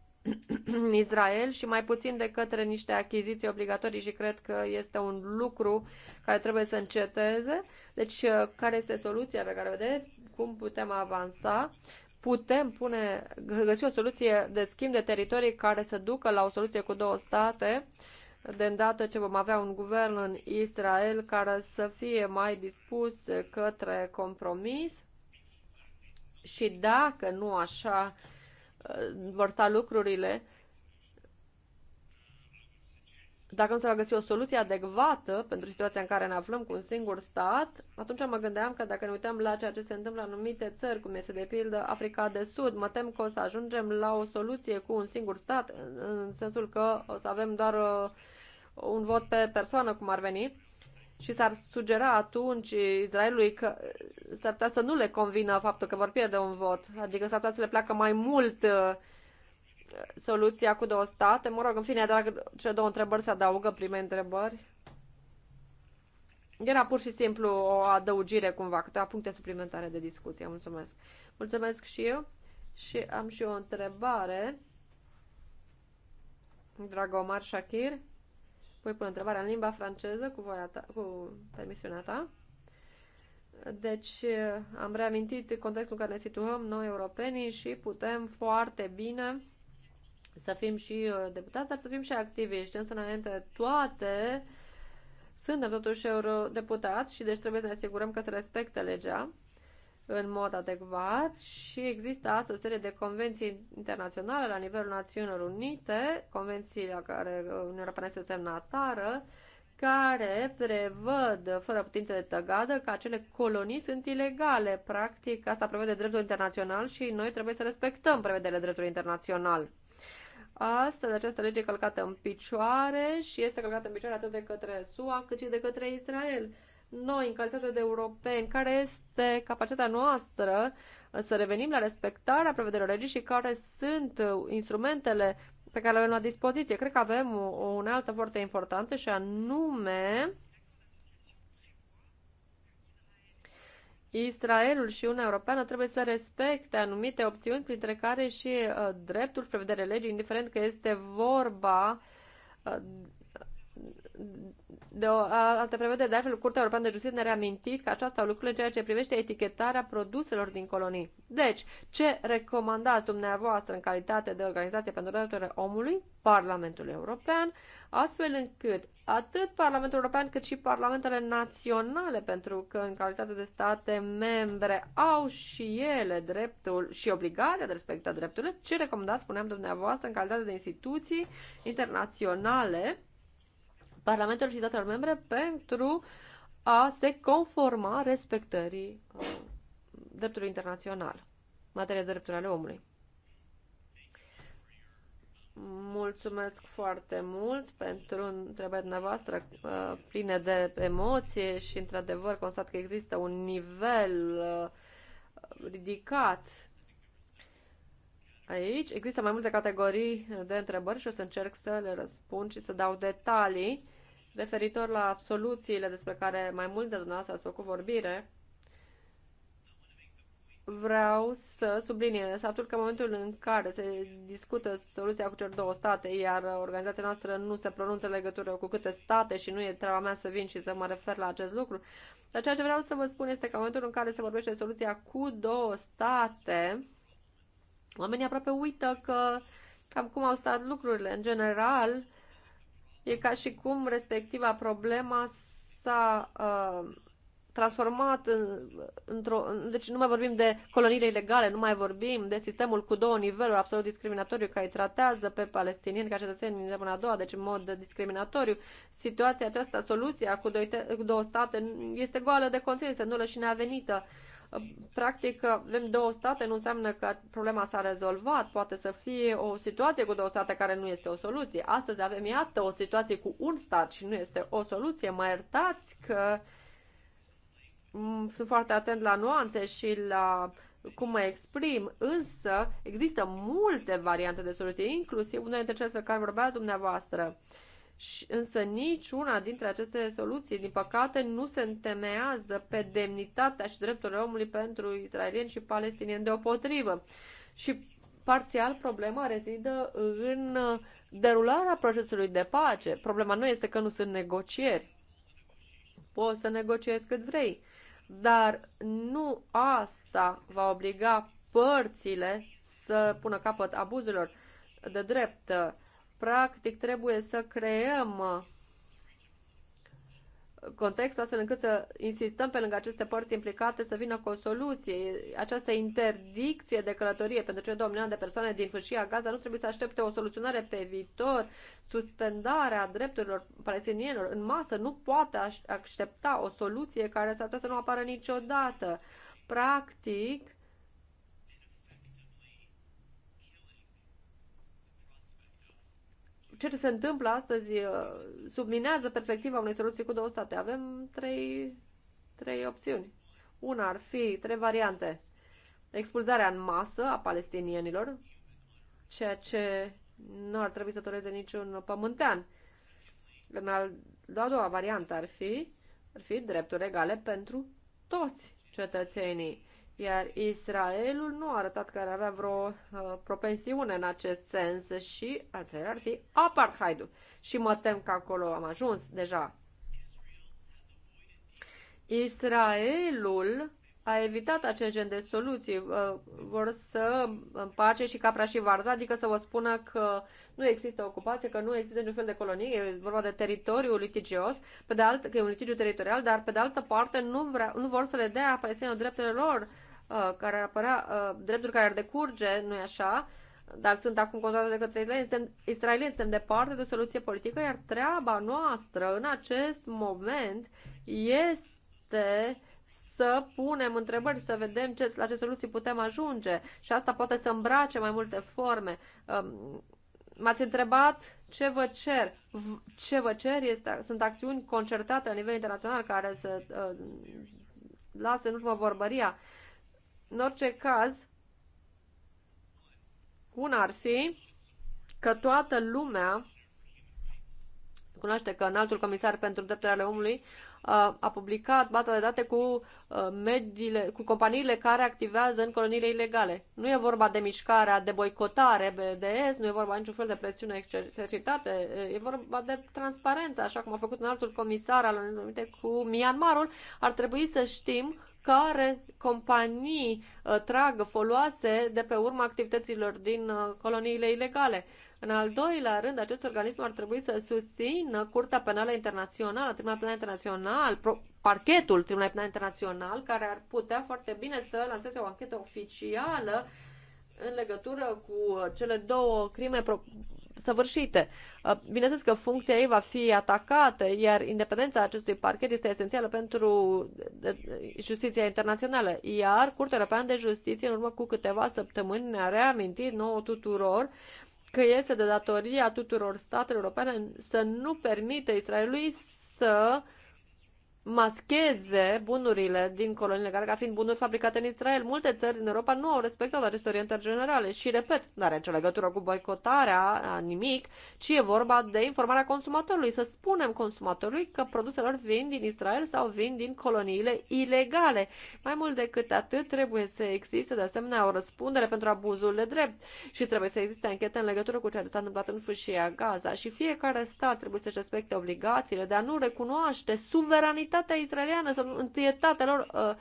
Israel și mai puțin de către niște achiziții obligatorii și cred că este un lucru care trebuie să înceteze. Deci, uh, care este soluția pe care o vedeți? Cum putem avansa? putem pune, găsi o soluție de schimb de teritorii care să ducă la o soluție cu două state, de îndată ce vom avea un guvern în Israel care să fie mai dispus către compromis și dacă nu așa vor sta lucrurile, dacă nu se va găsi o soluție adecvată pentru situația în care ne aflăm cu un singur stat, atunci mă gândeam că dacă ne uităm la ceea ce se întâmplă în anumite țări, cum este de pildă Africa de Sud, mă tem că o să ajungem la o soluție cu un singur stat, în sensul că o să avem doar uh, un vot pe persoană, cum ar veni, și s-ar sugera atunci Israelului că s-ar putea să nu le convină faptul că vor pierde un vot, adică s-ar putea să le placă mai mult uh, soluția cu două state. Mă rog, în fine, dacă cele două întrebări se adaugă prime întrebări. Era pur și simplu o adăugire cumva, câteva puncte suplimentare de discuție. Mulțumesc. Mulțumesc și eu. Și am și o întrebare. Dragomar Shakir, pui până întrebarea în limba franceză cu, voia ta, cu permisiunea ta. Deci am reamintit contextul în care ne situăm noi europenii și putem foarte bine să fim și uh, deputați, dar să fim și activiști. Însă, înainte, toate suntem totuși eurodeputați și deci trebuie să ne asigurăm că se respectă legea în mod adecvat și există astăzi o serie de convenții internaționale la nivelul Națiunilor Unite, convenții la care uh, Uniunea Europeană este semnatară, care prevăd, fără putință de tăgadă, că acele colonii sunt ilegale. Practic, asta prevede dreptul internațional și noi trebuie să respectăm prevederile dreptului internațional. Astăzi această lege e călcată în picioare și este călcată în picioare atât de către SUA cât și de către Israel. Noi, în calitate de europeni, care este capacitatea noastră să revenim la respectarea prevederilor legii și care sunt instrumentele pe care le avem la dispoziție. Cred că avem o, o unealtă foarte importantă și anume Israelul și Uniunea Europeană trebuie să respecte anumite opțiuni, printre care și uh, dreptul prevedere legii, indiferent că este vorba uh, de o altă prevedere, de altfel, Curtea Europeană de Justiție ne-a reamintit că aceasta au lucrurile în ceea ce privește etichetarea produselor din colonii. Deci, ce recomandați dumneavoastră în calitate de organizație pentru drepturile omului Parlamentul European, astfel încât atât Parlamentul European cât și parlamentele naționale, pentru că în calitate de state membre au și ele dreptul și obligația de respecta drepturile, ce recomandați, spuneam dumneavoastră, în calitate de instituții internaționale, Parlamentul și statelor membre pentru a se conforma respectării uh, dreptului internațional în materie de drepturi ale omului. Mulțumesc foarte mult pentru întrebarea dumneavoastră uh, pline de emoție și, într-adevăr, constat că există un nivel uh, ridicat aici. Există mai multe categorii de întrebări și o să încerc să le răspund și să dau detalii referitor la soluțiile despre care mai mulți de dumneavoastră ați făcut vorbire. Vreau să subliniez faptul că în momentul în care se discută soluția cu cele două state, iar organizația noastră nu se pronunță în legătură cu câte state și nu e treaba mea să vin și să mă refer la acest lucru, dar ceea ce vreau să vă spun este că în momentul în care se vorbește de soluția cu două state, Oamenii aproape uită că cam cum au stat lucrurile. În general, e ca și cum respectiva problema s-a uh, transformat în, într-o... Deci nu mai vorbim de coloniile ilegale, nu mai vorbim de sistemul cu două niveluri absolut discriminatoriu care îi tratează pe palestinieni ca cetățeni din zona a doua, deci în mod discriminatoriu. Situația aceasta, soluția cu, doi, cu două state, este goală de conținut, este nulă și neavenită. Uh, practic avem două state nu înseamnă că problema s-a rezolvat. Poate să fie o situație cu două state care nu este o soluție. Astăzi avem, iată, o situație cu un stat și nu este o soluție. Mă iertați că mm, sunt foarte atent la nuanțe și la cum mă exprim, însă există multe variante de soluții, inclusiv unele dintre cele pe care vorbeați dumneavoastră. Uh, și, însă niciuna dintre aceste soluții, din păcate, nu se întemeiază pe demnitatea și drepturile omului pentru israelieni și palestinieni deopotrivă. Și parțial problema rezidă în derularea procesului de pace. Problema nu este că nu sunt negocieri. Poți să negociezi cât vrei, dar nu asta va obliga părțile să pună capăt abuzurilor de drept practic trebuie să creăm uh, contextul astfel încât să insistăm pe lângă aceste părți implicate să vină cu o soluție. Această interdicție de călătorie pentru cei 2 milioane de persoane din fâșia Gaza nu trebuie să aștepte o soluționare pe viitor. Suspendarea drepturilor palestinienilor în masă nu poate aștepta o soluție care s-ar putea să nu apară niciodată. Practic, ce se întâmplă astăzi uh, subminează perspectiva unei soluții cu două state. Avem trei, trei opțiuni. Una ar fi trei variante. Expulzarea în masă a palestinienilor, ceea ce nu ar trebui să toreze niciun pământean. În al, a doua variantă ar fi, ar fi drepturi egale pentru toți cetățenii. Iar Israelul nu a arătat că ar avea vreo uh, propensiune în acest sens și al treilea ar fi apartheidul. Și mă tem că acolo am ajuns deja. Israelul a evitat acest gen de soluții. Uh, vor să împace și capra și varza, adică să vă spună că nu există ocupație, că nu există niciun fel de colonie, e vorba de teritoriu litigios, pe de alt, că e un litigiu teritorial, dar pe de altă parte nu, vrea, nu vor să le dea palestinilor dreptelor lor Uh, care ar apărea, uh, drepturi care ar decurge, nu-i așa, dar sunt acum controlate de către israelieni, suntem, israelieni, suntem departe de o soluție politică, iar treaba noastră în acest moment este să punem întrebări, să vedem ce, la ce soluții putem ajunge și asta poate să îmbrace mai multe forme. Um, m-ați întrebat ce vă cer. Ce vă cer este, sunt acțiuni concertate la nivel internațional care să uh, lasă în urmă vorbăria. Uh, în orice caz, una ar fi că toată lumea cunoaște că înaltul comisar pentru drepturile omului a publicat baza de date cu, uh, mediile, cu companiile care activează în coloniile ilegale. Nu e vorba de mișcarea de boicotare BDS, nu e vorba niciun fel de presiune exercitate, e vorba de transparență, așa cum a făcut un altul comisar al unui Unite cu Myanmarul. Ar trebui să știm care companii uh, trag foloase de pe urma activităților din uh, coloniile ilegale. În al doilea rând, acest organism ar trebui să susțină Curtea Penală Internațională, Tribunalul Penal Internațional, parchetul Tribunalului Penal Internațional, care ar putea foarte bine să lanseze o anchetă oficială în legătură cu cele două crime pro- săvârșite. Uh, bineînțeles că funcția ei va fi atacată, iar independența acestui parchet este esențială pentru justiția internațională. Iar Curtea Europeană de Justiție, în urmă cu câteva săptămâni, ne-a reamintit nouă tuturor că este de datoria tuturor statelor europene să nu permită Israelului să mascheze bunurile din coloniile care ca fiind bunuri fabricate în Israel. Multe țări din Europa nu au respectat aceste orientări generale și, repet, nu are nicio legătură cu boicotarea, a nimic, ci e vorba de informarea consumatorului. Să spunem consumatorului că produsele lor vin din Israel sau vin din coloniile ilegale. Mai mult decât atât, trebuie să existe de asemenea o răspundere pentru abuzul de drept și trebuie să existe anchete în legătură cu ce s-a întâmplat în fâșia Gaza și fiecare stat trebuie să-și respecte obligațiile de a nu recunoaște suveranitatea identitatea israeliană sau întâietatea lor uh,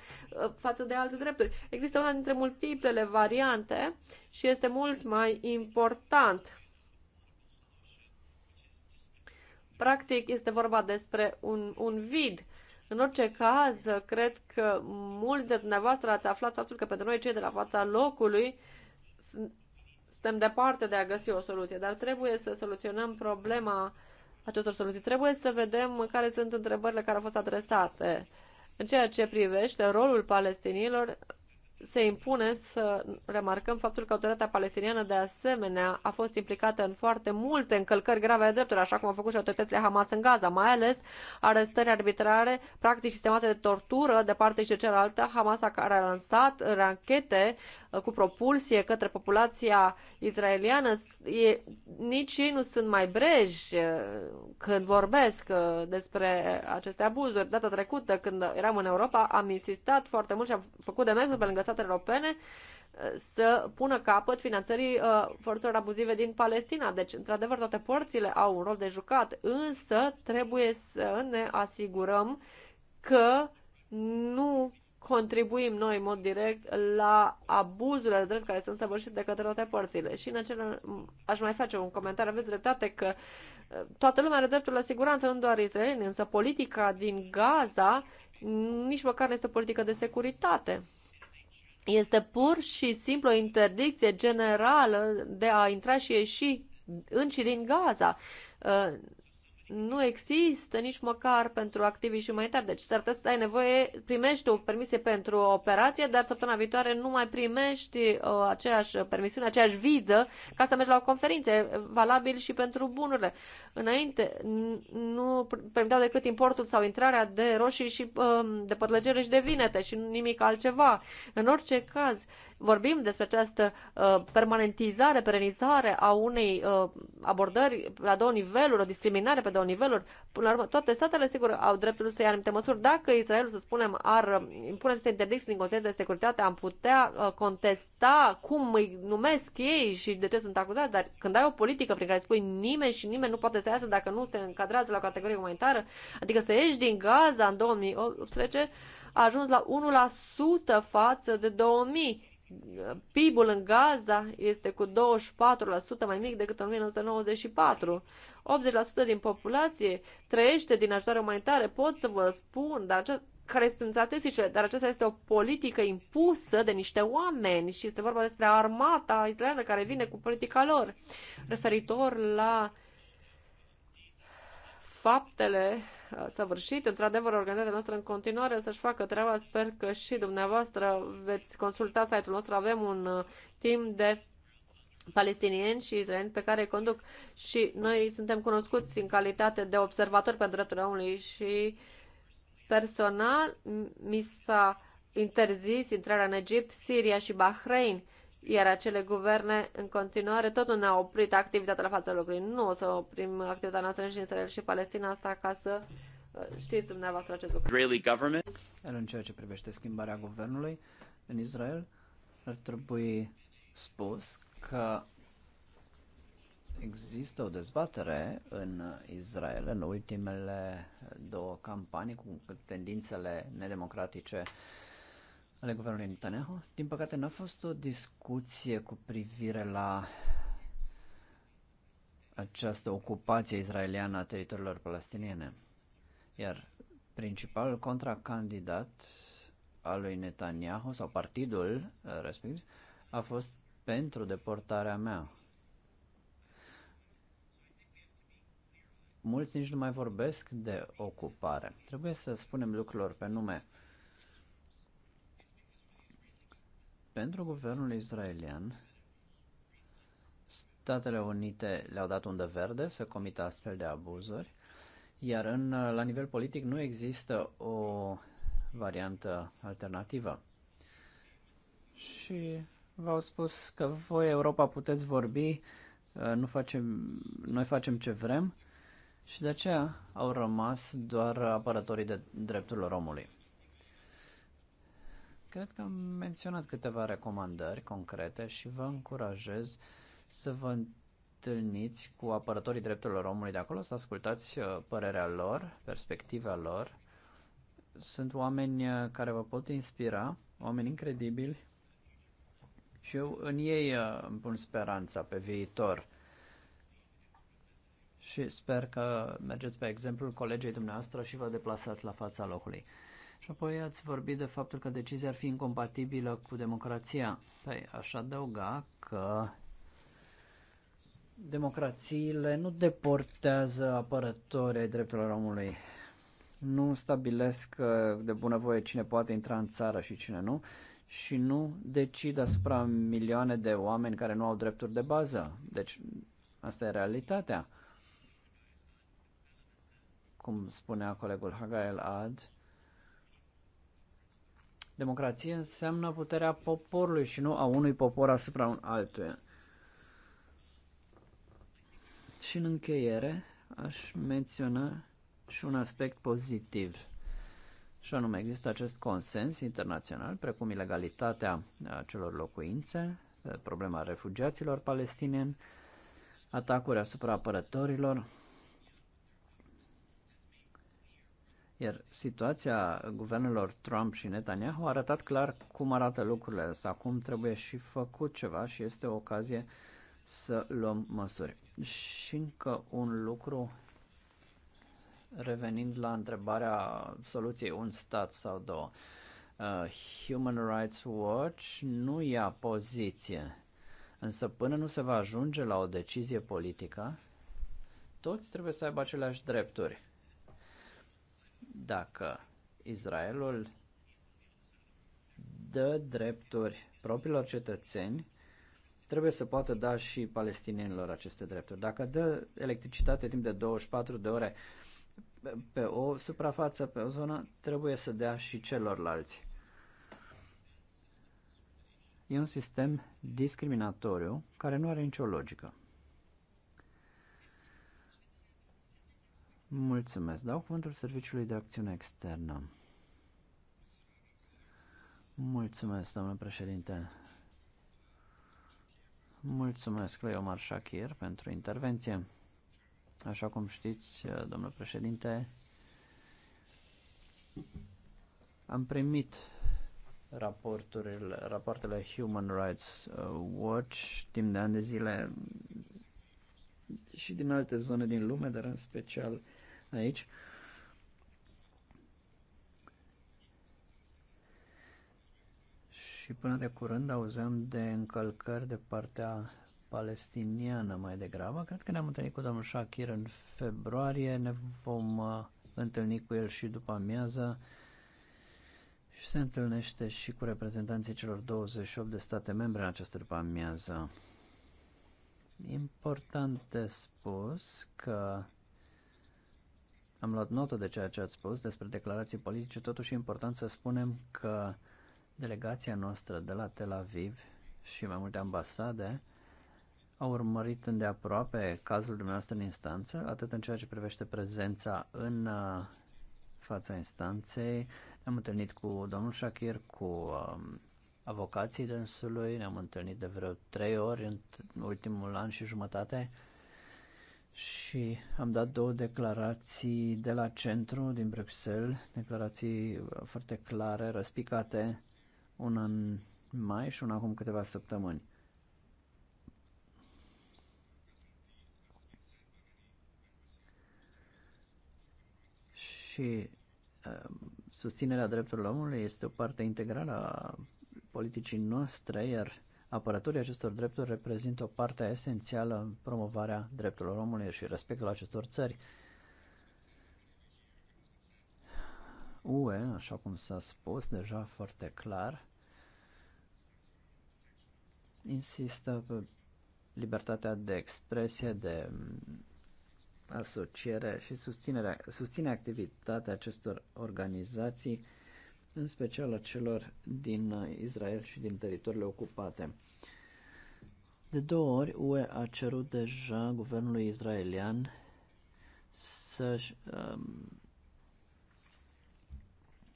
uh, față de alte drepturi. Există una dintre multiplele variante și este mult mai important. Practic, este vorba despre un, un vid în orice caz, cred că mulți de dumneavoastră ați aflat faptul că pentru noi cei de la fața locului suntem departe de a găsi o soluție, dar trebuie să soluționăm problema acestor soluții. Trebuie să vedem care sunt întrebările care au fost adresate. În ceea ce privește rolul palestinilor, se impune să remarcăm faptul că autoritatea palestiniană de asemenea a fost implicată în foarte multe încălcări grave ale drepturilor, așa cum au făcut și autoritățile Hamas în Gaza, mai ales arestări arbitrare, practici sistemate de tortură de parte și de cealaltă, Hamas a care a lansat rachete uh, cu propulsie către populația israeliană. E, nici ei nu sunt mai breji uh, când vorbesc uh, despre aceste abuzuri. Data trecută, când eram în Europa, am insistat foarte mult și am făcut demersul pe lângă statele europene eh, să pună capăt finanțării eh, forțelor abuzive din Palestina. Deci, într-adevăr, toate părțile au un rol de jucat, însă trebuie să ne asigurăm că nu contribuim noi în mod direct la abuzurile de drept care sunt săvârșite de către toate părțile. Și în acel aș mai face un comentariu, aveți dreptate că eh, toată lumea are dreptul la siguranță, nu doar israelieni, însă politica din Gaza nici măcar nu este o politică de securitate. Este pur și simplu o interdicție generală de a intra și ieși în și din Gaza. Uh, nu există nici măcar pentru activiști umanitari. Deci s-ar să ai nevoie, primești o permisie pentru o operație, dar săptămâna viitoare nu mai primești uh, aceeași permisiune, aceeași viză ca să mergi la o conferință, valabil și pentru bunurile. Înainte nu permiteau decât importul sau intrarea de roșii și uh, de pătlăgere și de vinete și nimic altceva. În orice caz, vorbim despre această uh, permanentizare, perenizare a unei uh, abordări la două niveluri, o discriminare pe două niveluri, până la urmă, toate statele, sigur, au dreptul să ia anumite măsuri. Dacă Israelul, să spunem, ar impune aceste interdicții din Consiliul de Securitate, am putea uh, contesta cum îi numesc ei și de ce sunt acuzați, dar când ai o politică prin care spui nimeni și nimeni nu poate să iasă dacă nu se încadrează la o categorie umanitară, adică să ieși din Gaza în 2018, a ajuns la 1% față de 2000 PIB-ul în Gaza este cu 24% mai mic decât în 1994. 80% din populație trăiește din ajutoare umanitare, pot să vă spun, dar acest, care sunt statistice, dar aceasta este o politică impusă de niște oameni și este vorba despre armata israeliană care vine cu politica lor. Referitor la uh, faptele uh, săvârșite. Într-adevăr, organizația noastră în continuare să-și facă treaba. Sper că și dumneavoastră veți consulta site-ul nostru. Avem un uh, timp de palestinieni și israeli pe care îi conduc și noi suntem cunoscuți în calitate de observatori pentru drepturile omului și personal mi s-a interzis intrarea în Egipt, Siria și Bahrain iar acele guverne în continuare tot nu ne-au oprit activitatea la fața locului. Nu o să oprim activitatea noastră în Israel și Palestina asta ca să uh, știți dumneavoastră acest lucru. Israeli government. Iar în ceea ce privește schimbarea guvernului în Israel, ar trebui spus că există o dezbatere în Israel în ultimele două campanii cu tendințele nedemocratice uh, ale guvernului Netanyahu. Din păcate n-a fost o discuție cu privire la această ocupație israeliană a teritoriilor palestiniene. Iar principalul contracandidat al lui Netanyahu sau partidul uh, respectiv a fost pentru deportarea mea. Mulți nici nu mai vorbesc de ocupare. Trebuie să spunem lucrurilor pe nume. Pentru guvernul israelian, Statele Unite le-au dat undă verde să comită astfel de abuzuri, iar în, la nivel politic nu există o variantă alternativă. Și v-au spus că voi, Europa, puteți vorbi, nu facem, noi facem ce vrem și de aceea au rămas doar apărătorii de drepturilor omului. Cred că am menționat câteva recomandări concrete și vă încurajez să vă întâlniți cu apărătorii drepturilor omului de acolo, să ascultați uh, părerea lor, perspectiva lor. Sunt oameni uh, care vă pot inspira, oameni incredibili și eu în ei uh, îmi pun speranța pe viitor. Și sper că mergeți pe exemplul colegei dumneavoastră și vă deplasați la fața locului. Și apoi ați vorbit de faptul că decizia ar fi incompatibilă cu democrația. Păi aș adăuga că democrațiile nu deportează apărători ai drepturilor omului. Nu stabilesc uh, de bunăvoie cine poate intra în țară și cine nu și nu decid asupra milioane de oameni care nu au drepturi de bază. Deci asta e realitatea. Cum spunea colegul Hagael Ad, Democrație înseamnă puterea poporului și nu a unui popor asupra un altuia. Și în încheiere aș menționa și un aspect pozitiv. Și anume, există acest consens internațional, precum ilegalitatea celor locuințe, problema refugiaților palestinieni, atacuri asupra apărătorilor, Iar situația guvernelor Trump și Netanyahu a arătat clar cum arată lucrurile. Să acum trebuie și făcut ceva și este o ocazie să luăm măsuri. Și încă un lucru, revenind la întrebarea soluției un stat sau două. Uh, Human Rights Watch nu ia poziție, însă până nu se va ajunge la o decizie politică, toți trebuie să aibă aceleași drepturi. Dacă Israelul dă drepturi propriilor cetățeni, trebuie să poată da și palestinienilor aceste drepturi. Dacă dă electricitate timp de 24 de ore pe o suprafață, pe o zonă, trebuie să dea și celorlalți. E un sistem discriminatoriu care nu are nicio logică. Mulțumesc. Dau cuvântul Serviciului de Acțiune Externă. Mulțumesc, domnule președinte. Mulțumesc lui Omar Shakir pentru intervenție. Așa cum știți, domnule președinte, am primit raporturile, rapoartele Human Rights uh, Watch timp de ani de zile și din alte zone din lume, dar în special aici. Și până de curând auzeam de încălcări de partea palestiniană mai degrabă. Cred că ne-am întâlnit cu domnul Shakir în februarie, ne vom uh, întâlni cu el și după amiază și se întâlnește și cu reprezentanții celor 28 de state membre în această după amiază. Important de spus că am luat notă de ceea ce ați spus despre declarații politice, totuși e important să spunem că delegația noastră de la Tel Aviv și mai multe ambasade au urmărit îndeaproape cazul dumneavoastră în instanță, atât în ceea ce privește prezența în uh, fața instanței. Ne-am întâlnit cu domnul Shakir, cu um, avocații dânsului, ne-am întâlnit de vreo trei ori în ultimul an și jumătate și am dat două declarații de la centru din Bruxelles, declarații foarte clare, răspicate, una în mai și una acum câteva săptămâni. Și uh, susținerea drepturilor omului este o parte integrală a politicii noastre, iar Apărătorii acestor drepturi reprezintă o parte esențială în promovarea drepturilor omului și respectul acestor țări. UE, așa cum s-a spus deja foarte clar, insistă pe libertatea de expresie, de asociere și susține susține activitatea acestor organizații în special a celor din Israel și din teritoriile ocupate. De două ori, UE a cerut deja guvernului israelian să um,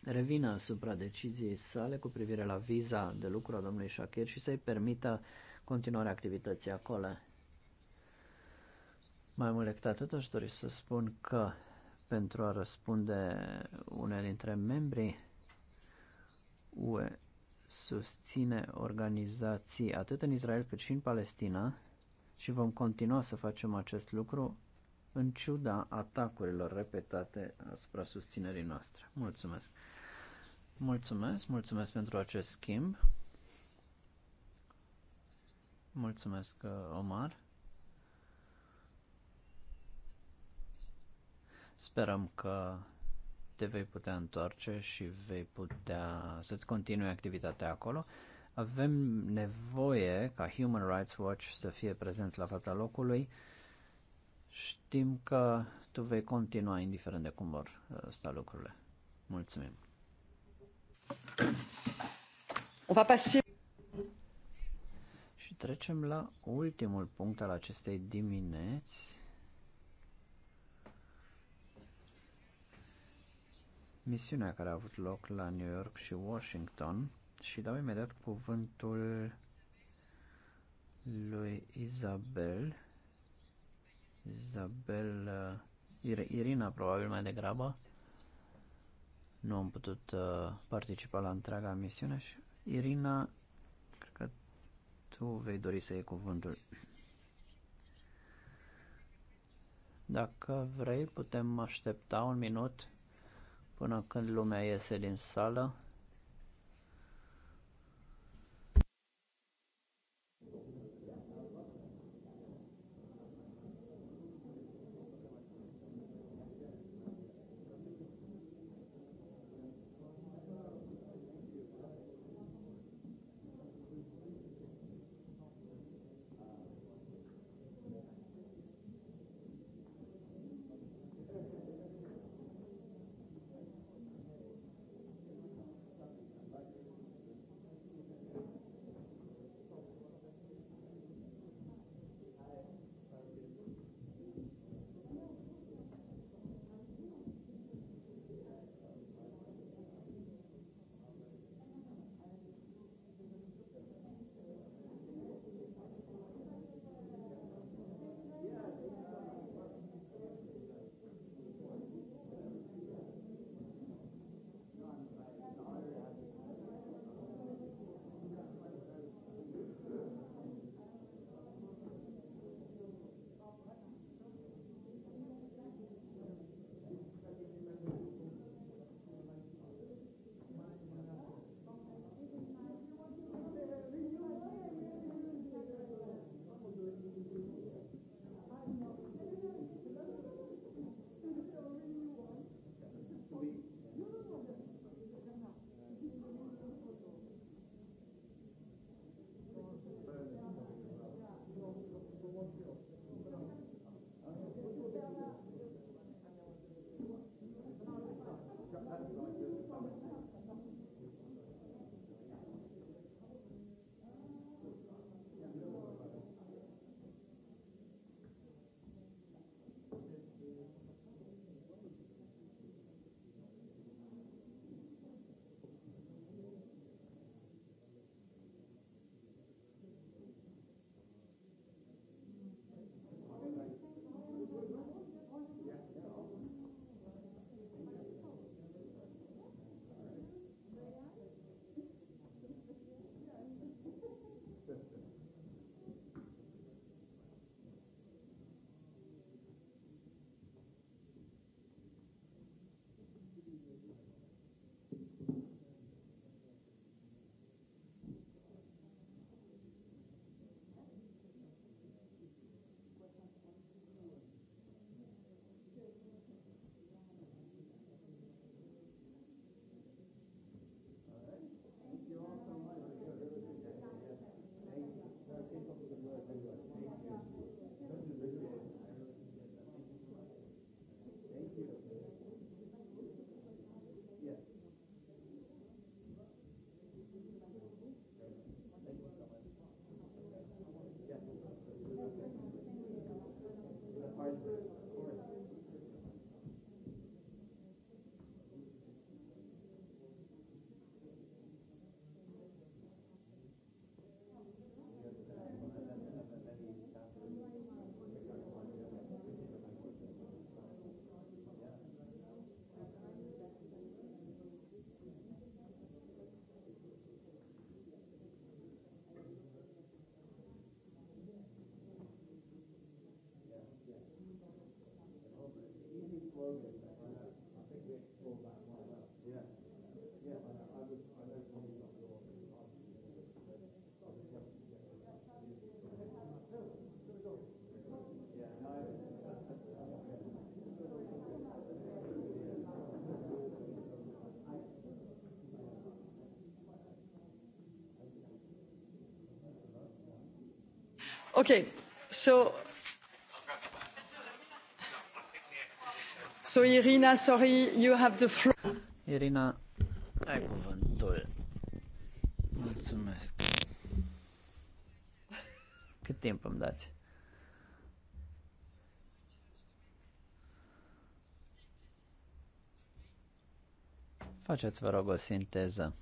revină asupra deciziei sale cu privire la viza de lucru a domnului Shakir și să-i permită continuarea activității acolo. Mai mult decât atât, aș dori să spun că pentru a răspunde unei dintre membrii UE susține organizații atât în Israel cât și în Palestina și vom continua să facem acest lucru în ciuda atacurilor repetate asupra susținerii noastre. Mulțumesc! Mulțumesc, mulțumesc pentru acest schimb. Mulțumesc, uh, Omar. Sperăm că te vei putea întoarce și vei putea să-ți continui activitatea acolo. Avem nevoie ca Human Rights Watch să fie prezenți la fața locului. Știm că tu vei continua indiferent de cum vor uh, sta lucrurile. Mulțumim. On va passer și trecem la ultimul punct al acestei dimineți. misiunea care a avut loc la New York și Washington și dau imediat cuvântul lui Isabel. Isabel, uh, Irina probabil mai degrabă. Nu am putut uh, participa la întreaga misiune și Irina, cred că tu vei dori să iei cuvântul. Dacă vrei, putem aștepta un minut până când lumea iese din sală. Okay, so so Irina, sorry, you have the floor. Irina, ai cuvântul. Mulțumesc. Cât timp îmi dați? Faceți, vă rog, o sinteză.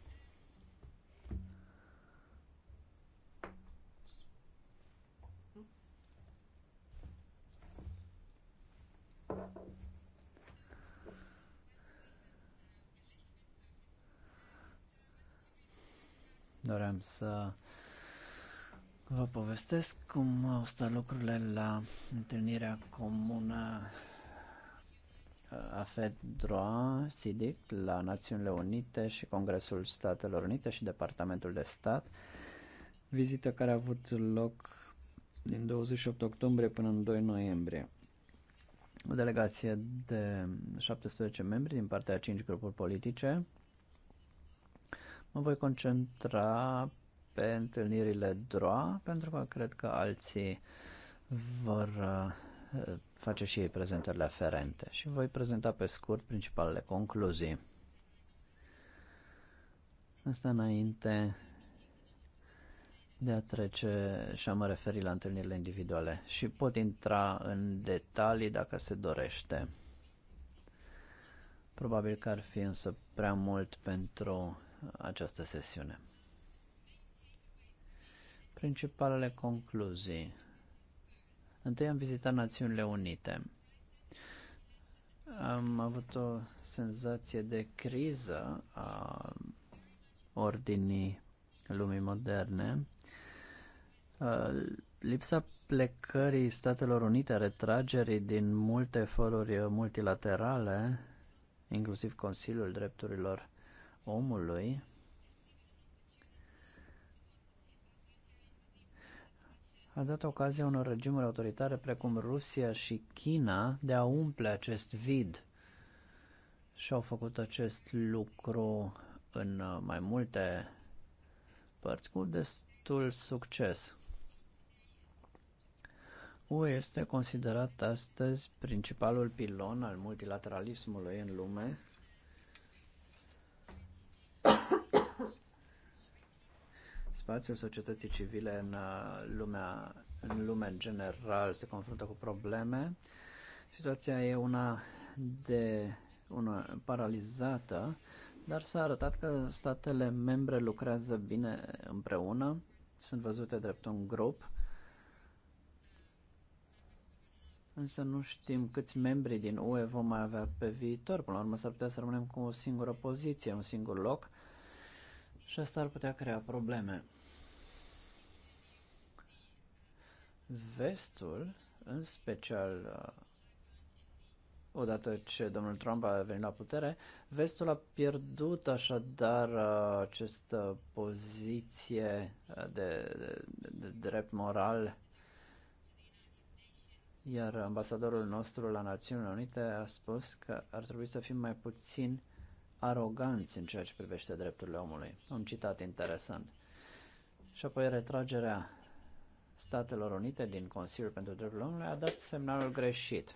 doream să vă povestesc cum au stat lucrurile la întâlnirea comună uh, a FEDROA, SIDIC, la Națiunile Unite și Congresul Statelor Unite și Departamentul de Stat, vizită care a avut loc din 28 octombrie până în 2 noiembrie. O delegație de 17 membri din partea 5 grupuri politice, Mă voi concentra pe întâlnirile DROA, pentru că cred că alții vor uh, face și ei prezentările aferente și voi prezenta pe scurt principalele concluzii. Asta înainte de a trece și a mă referi la întâlnirile individuale și pot intra în detalii dacă se dorește. Probabil că ar fi însă prea mult pentru această sesiune. Principalele concluzii. Întâi am vizitat Națiunile Unite. Am avut o senzație de criză a ordinii lumii moderne. Lipsa plecării Statelor Unite, retragerii din multe foruri multilaterale, inclusiv Consiliul Drepturilor omului a dat ocazia unor regimuri autoritare precum Rusia și China de a umple acest vid și au făcut acest lucru în mai multe părți cu destul succes. UE este considerat astăzi principalul pilon al multilateralismului în lume Spațiul societății civile în uh, lumea, în lumea în general se confruntă cu probleme. Situația e una de una paralizată, dar s-a arătat că statele membre lucrează bine împreună, sunt văzute drept un grup, însă nu știm câți membri din UE vom mai avea pe viitor. Până la urmă s-ar putea să rămânem cu o singură poziție, un singur loc și asta ar putea crea probleme. Vestul, în special uh, odată ce domnul Trump a venit la putere, vestul a pierdut așadar uh, această poziție uh, de, de, de drept moral iar ambasadorul nostru la Națiunile Unite a spus că ar trebui să fim mai puțin aroganți în ceea ce privește drepturile omului. Un citat interesant. Și apoi retragerea Statelor Unite din Consiliul pentru Drepturile Omului a dat semnalul greșit.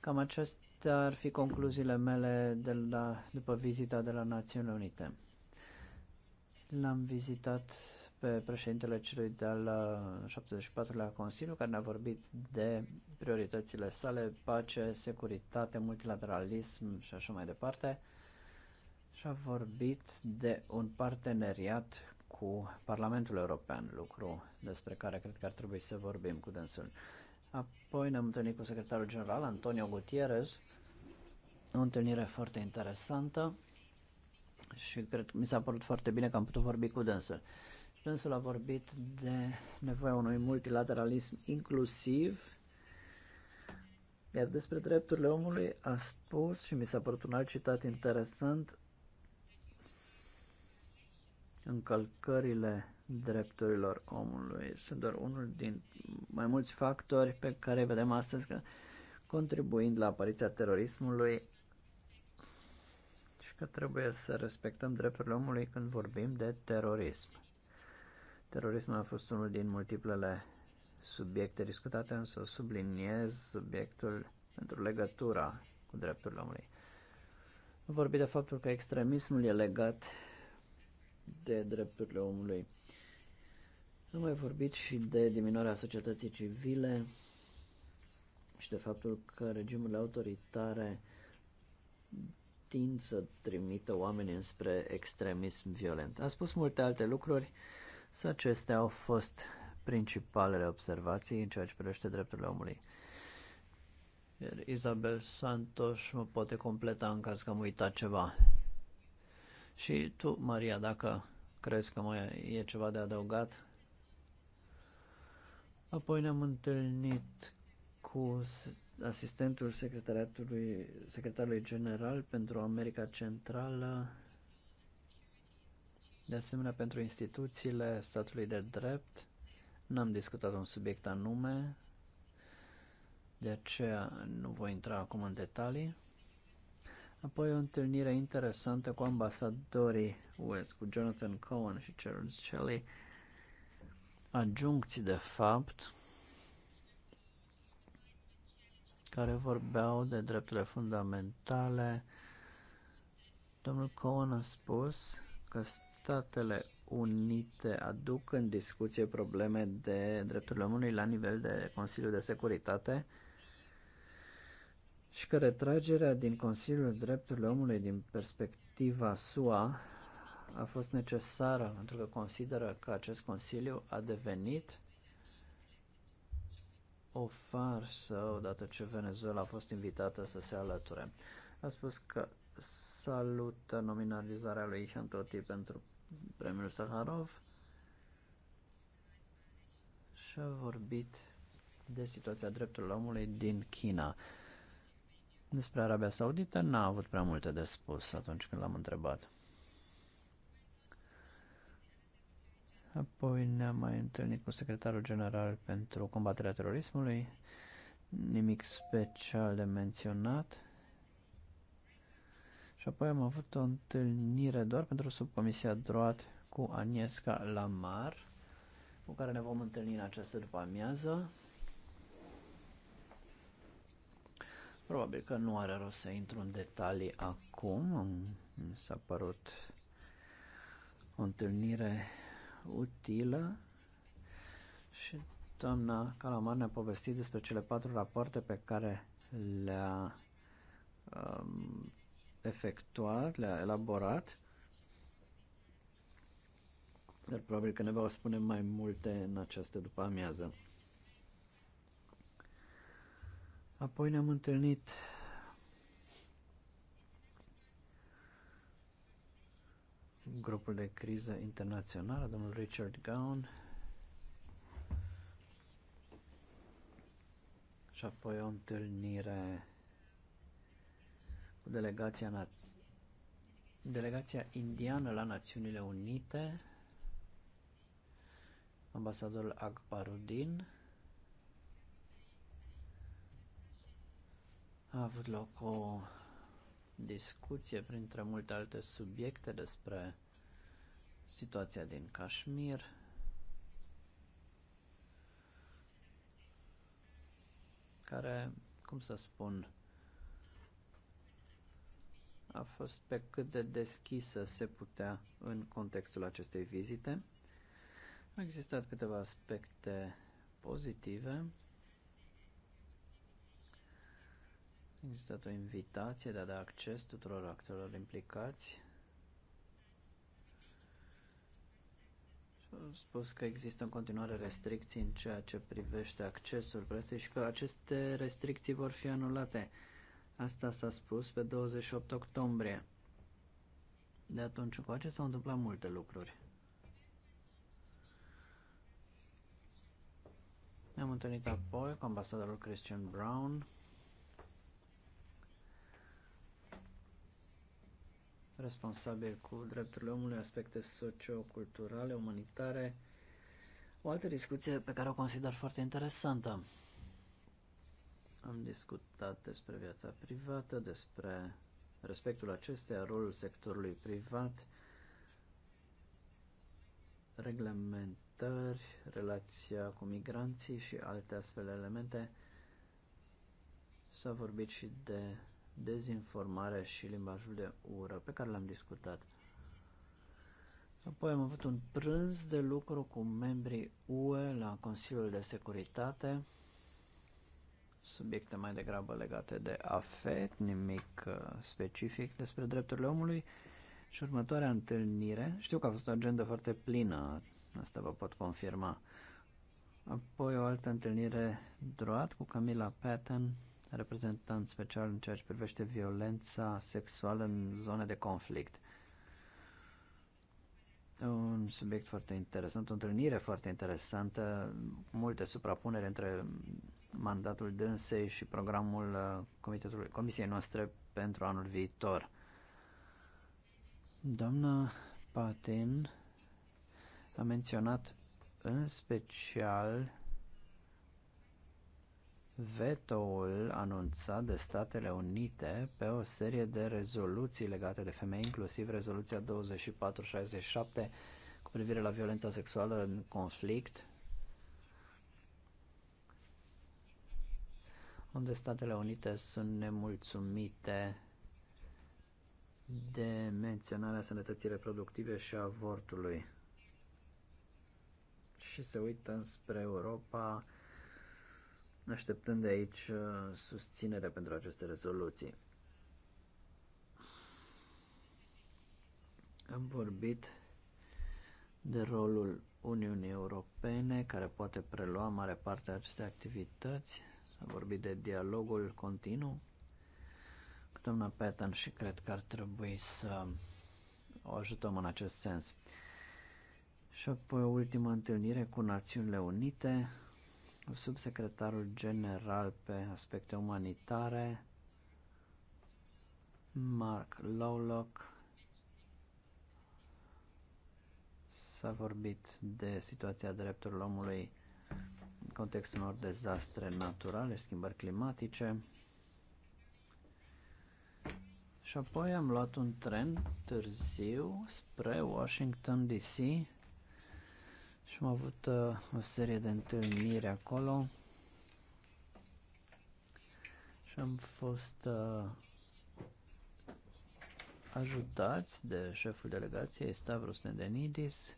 Cam acestea ar fi concluziile mele de la, după vizita de la Națiunile Unite. L-am vizitat pe președintele celui de-al 74-lea uh, Consiliu, care ne-a vorbit de prioritățile sale, pace, securitate, multilateralism și așa mai departe, și a vorbit de un parteneriat cu Parlamentul European, lucru despre care cred că ar trebui să vorbim cu dânsul. Apoi ne-am întâlnit cu secretarul general Antonio Gutierrez, o întâlnire foarte interesantă și cred că mi s-a părut foarte bine că am putut vorbi cu dânsul. Dânsul a vorbit de nevoia unui multilateralism inclusiv, iar despre drepturile omului a spus și mi s-a părut un alt citat interesant încălcările drepturilor omului sunt doar unul din mai mulți factori pe care vedem astăzi că contribuind la apariția terorismului și că trebuie să respectăm drepturile omului când vorbim de terorism. Terorismul a fost unul din multiplele subiecte discutate, însă subliniez subiectul pentru legătura cu drepturile omului. Am vorbit de faptul că extremismul e legat de drepturile omului. Am mai vorbit și de diminuarea societății civile și de faptul că regimurile autoritare tind să trimită oamenii înspre extremism violent. A spus multe alte lucruri, să acestea au fost principalele observații în ceea ce privește drepturile omului. Iar Isabel Santos mă poate completa în caz că am uitat ceva. Și tu, Maria, dacă crezi că mai e ceva de adăugat? Apoi ne-am întâlnit cu asistentul secretariatului, secretarului general pentru America Centrală, de asemenea pentru instituțiile statului de drept. N-am discutat un subiect anume, de aceea nu voi intra acum în detalii. Apoi o întâlnire interesantă cu ambasadorii U.S. cu Jonathan Cohen și Charles Shelley, adjuncți de fapt, care vorbeau de drepturile fundamentale. Domnul Cohen a spus că Statele Unite aduc în discuție probleme de drepturile omului la nivel de Consiliul de Securitate și că retragerea din Consiliul Drepturilor Omului din perspectiva SUA a fost necesară pentru că consideră că acest Consiliu a devenit o farsă odată ce Venezuela a fost invitată să se alăture. A spus că salută nominalizarea lui Hantoti pentru premiul Saharov și a vorbit de situația drepturilor omului din China. Despre Arabia Saudită n-a avut prea multe de spus atunci când l-am întrebat. Apoi ne-am mai întâlnit cu secretarul general pentru combaterea terorismului. Nimic special de menționat. Și apoi am avut o întâlnire doar pentru subcomisia droat cu Agnieszka Lamar, cu care ne vom întâlni în această după amiază. Probabil că nu are rost să intru în detalii acum. Mi s-a părut o întâlnire utilă și doamna Calamar ne-a povestit despre cele patru rapoarte pe care le-a um, efectuat, le-a elaborat. Dar probabil că ne va spune mai multe în această după amiază. Apoi ne-am întâlnit grupul de criză internațională, domnul Richard Gown, și apoi o întâlnire cu delegația, na- delegația indiană la Națiunile Unite, ambasadorul Akbaruddin, A avut loc o discuție printre multe alte subiecte despre situația din Kashmir. care, cum să spun, a fost pe cât de deschisă se putea în contextul acestei vizite. Au existat câteva aspecte pozitive, existat o invitație de a da acces tuturor actorilor implicați. Am spus că există în continuare restricții în ceea ce privește accesul presei și că aceste restricții vor fi anulate. Asta s-a spus pe 28 octombrie. De atunci acest s-au întâmplat multe lucruri. Ne-am întâlnit apoi cu ambasadorul Christian Brown, responsabil cu drepturile omului, aspecte socioculturale, umanitare. O altă discuție pe care o consider foarte interesantă. Am discutat despre viața privată, despre respectul acesteia, rolul sectorului privat, reglementări, relația cu migranții și alte astfel de elemente. S-a vorbit și de dezinformarea și limbajul de ură pe care l-am discutat. Apoi am avut un prânz de lucru cu membrii UE la Consiliul de Securitate, subiecte mai degrabă legate de AFET, nimic uh, specific despre drepturile omului. Și următoarea întâlnire, știu că a fost o agendă foarte plină, asta vă pot confirma. Apoi o altă întâlnire droat cu Camila Patton, reprezentant special în ceea ce privește violența sexuală în zone de conflict. Un subiect foarte interesant, o întâlnire foarte interesantă, multe suprapuneri între mandatul dânsei și programul uh, comitetului, comisiei noastre pentru anul viitor. Doamna Patin a menționat în special vetoul anunțat de Statele Unite pe o serie de rezoluții legate de femei, inclusiv rezoluția 2467 cu privire la violența sexuală în conflict, unde Statele Unite sunt nemulțumite de menționarea sănătății reproductive și a avortului și se uită înspre Europa așteptând de aici uh, susținere pentru aceste rezoluții. Am vorbit de rolul Uniunii Europene care poate prelua mare parte a acestei activități. S-a vorbit de dialogul continuu cu doamna Patton și cred că ar trebui să o ajutăm în acest sens. Și apoi o ultimă întâlnire cu Națiunile Unite, subsecretarul general pe aspecte umanitare, Mark Lowlock, s-a vorbit de situația drepturilor omului în contextul unor dezastre naturale, schimbări climatice. Și apoi am luat un tren târziu spre Washington DC și am avut uh, o serie de întâlniri acolo și am fost uh, ajutați de șeful delegației Stavros Nedenidis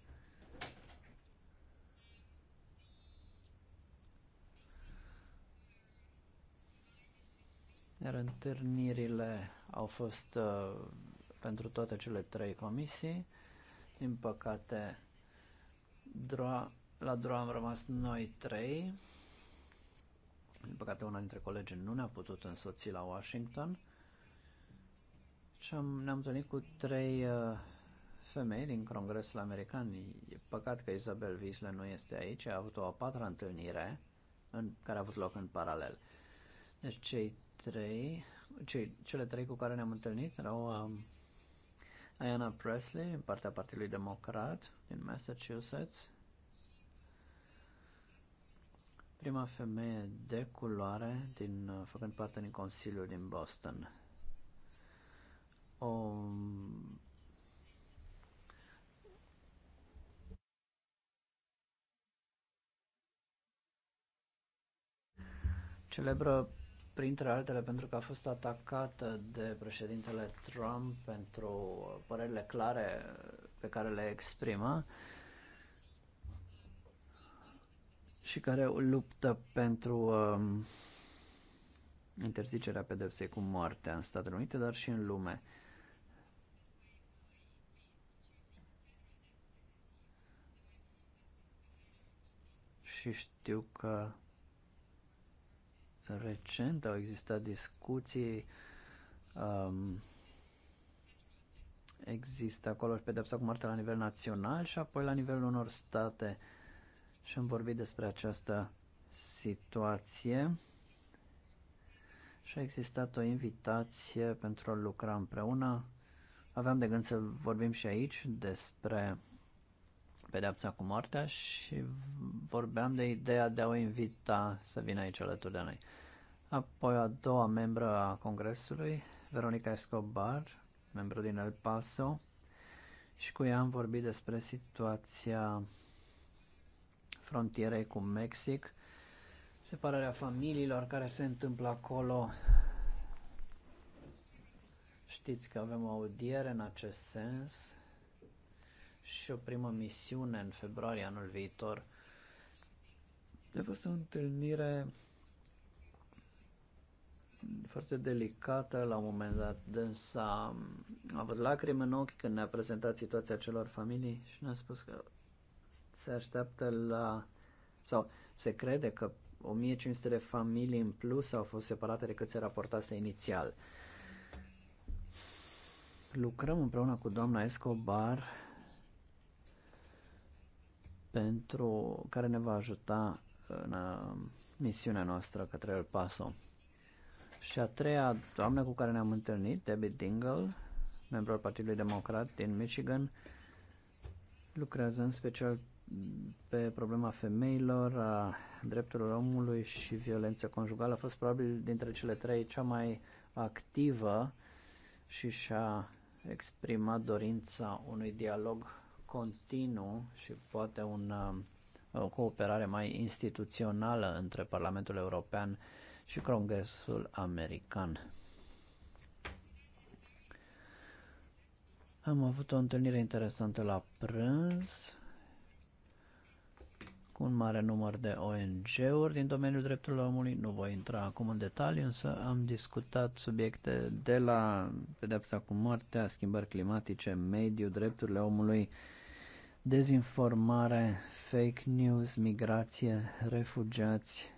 iar întâlnirile au fost uh, pentru toate cele trei comisii. Din păcate, Droa, la Droa am rămas noi trei. Din păcate, una dintre colegi nu ne-a putut însoți la Washington. Și am, ne-am întâlnit cu trei uh, femei din Congresul American. E păcat că Isabel Wiesler nu este aici. A avut o a patra întâlnire în, care a avut loc în paralel. Deci cei trei, cei, cele trei cu care ne-am întâlnit erau uh, Ayanna Presley, din partea Partidului Democrat din Massachusetts, prima femeie de culoare din, făcând parte din Consiliul din Boston. O celebră printre altele pentru că a fost atacată de președintele Trump pentru părerile clare pe care le exprimă și care luptă pentru um, interzicerea pedepsei cu moartea în Statele Unite, dar și în lume. Și știu că recent au existat discuții. Um, există acolo și pedepsa cu moartea la nivel național și apoi la nivelul unor state. Și am vorbit despre această situație și a existat o invitație pentru a lucra împreună. Aveam de gând să vorbim și aici despre pedeapsa cu moartea și vorbeam de ideea de a o invita să vină aici alături de noi. Apoi a doua membră a Congresului, Veronica Escobar, membru din El Paso, și cu ea am vorbit despre situația frontierei cu Mexic, separarea familiilor care se întâmplă acolo. Știți că avem o audiere în acest sens și o primă misiune în februarie anul viitor. A fost o întâlnire foarte delicată. La un moment dat, însă a avut lacrimi în ochi când ne-a prezentat situația celor familii și ne-a spus că se așteaptă la... sau se crede că 1500 de familii în plus au fost separate decât se raportase inițial. Lucrăm împreună cu doamna Escobar pentru care ne va ajuta în uh, misiunea noastră către El Paso. Și a treia doamnă cu care ne-am întâlnit, Debbie Dingle, membru al Partidului Democrat din Michigan, lucrează în special pe problema femeilor, a drepturilor omului și violență conjugală. A fost probabil dintre cele trei cea mai activă și și-a exprimat dorința unui dialog continuu și poate un, uh, o cooperare mai instituțională între Parlamentul European și Congresul American. Am avut o întâlnire interesantă la prânz cu un mare număr de ONG-uri din domeniul drepturilor omului. Nu voi intra acum în detalii, însă am discutat subiecte de la pedepsa cu moartea, schimbări climatice, mediu, drepturile omului, dezinformare, fake news, migrație, refugiați,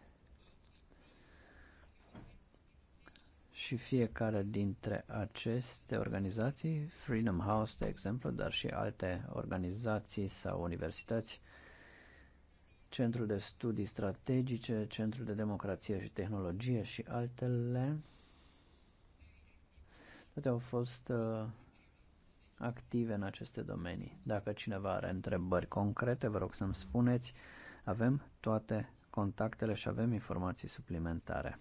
și fiecare dintre aceste organizații, Freedom House, de exemplu, dar și alte organizații sau universități, Centrul de Studii Strategice, Centrul de Democrație și Tehnologie și altele, toate au fost uh, active în aceste domenii. Dacă cineva are întrebări concrete, vă rog să-mi spuneți. Avem toate contactele și avem informații suplimentare.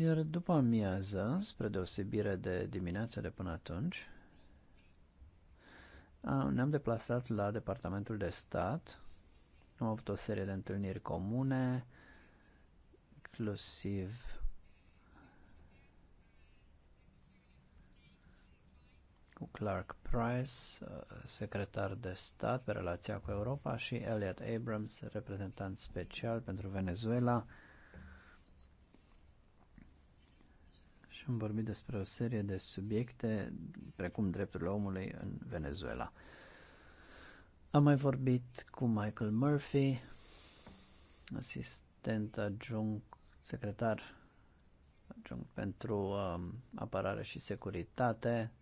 Iar după amiază, spre deosebire de dimineața de până atunci, ne-am deplasat la Departamentul de Stat. Am avut o serie de întâlniri comune, inclusiv cu Clark Price, secretar de stat pe relația cu Europa, și Elliot Abrams, reprezentant special pentru Venezuela, Am vorbit despre o serie de subiecte, precum drepturile omului în Venezuela. Am mai vorbit cu Michael Murphy, asistent adjunct, secretar adjunct pentru um, apărare și securitate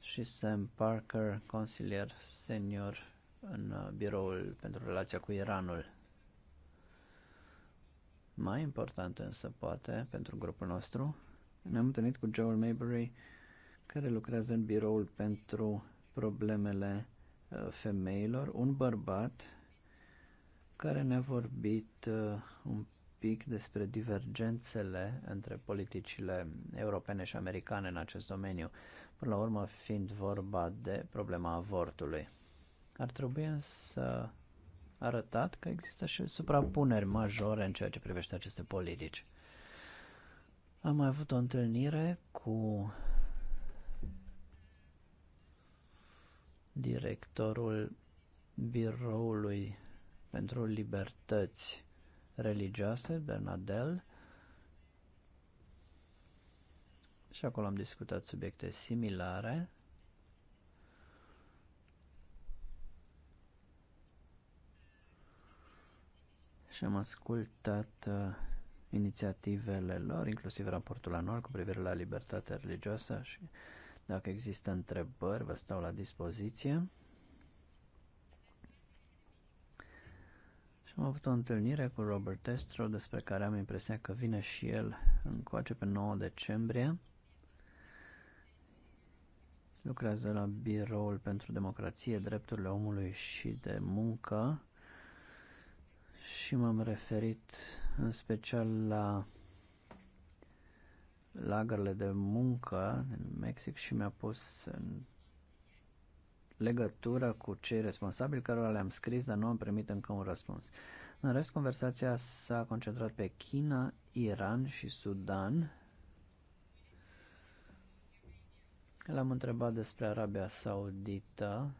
și Sam Parker, consilier senior în uh, biroul pentru relația cu Iranul. Mai important însă, poate, pentru grupul nostru, ne-am întâlnit cu Joel Maybury, care lucrează în biroul pentru problemele uh, femeilor, un bărbat care ne-a vorbit uh, un pic despre divergențele între politicile europene și americane în acest domeniu, până la urmă fiind vorba de problema avortului. Ar trebui să arătat că există și suprapuneri majore în ceea ce privește aceste politici. Am mai avut o întâlnire cu directorul biroului pentru libertăți religioase, Bernadel, și acolo am discutat subiecte similare. Și am ascultat uh, inițiativele lor, inclusiv raportul anual cu privire la libertatea religioasă și dacă există întrebări, vă stau la dispoziție. Și am avut o întâlnire cu Robert Testro, despre care am impresia că vine și el încoace pe 9 decembrie. Lucrează la Biroul pentru Democrație, Drepturile Omului și de Muncă și m-am referit în special la lagările de muncă din Mexic și mi-a pus în legătură cu cei responsabili cărora le-am scris, dar nu am primit încă un răspuns. În rest, conversația s-a concentrat pe China, Iran și Sudan. L-am întrebat despre Arabia Saudită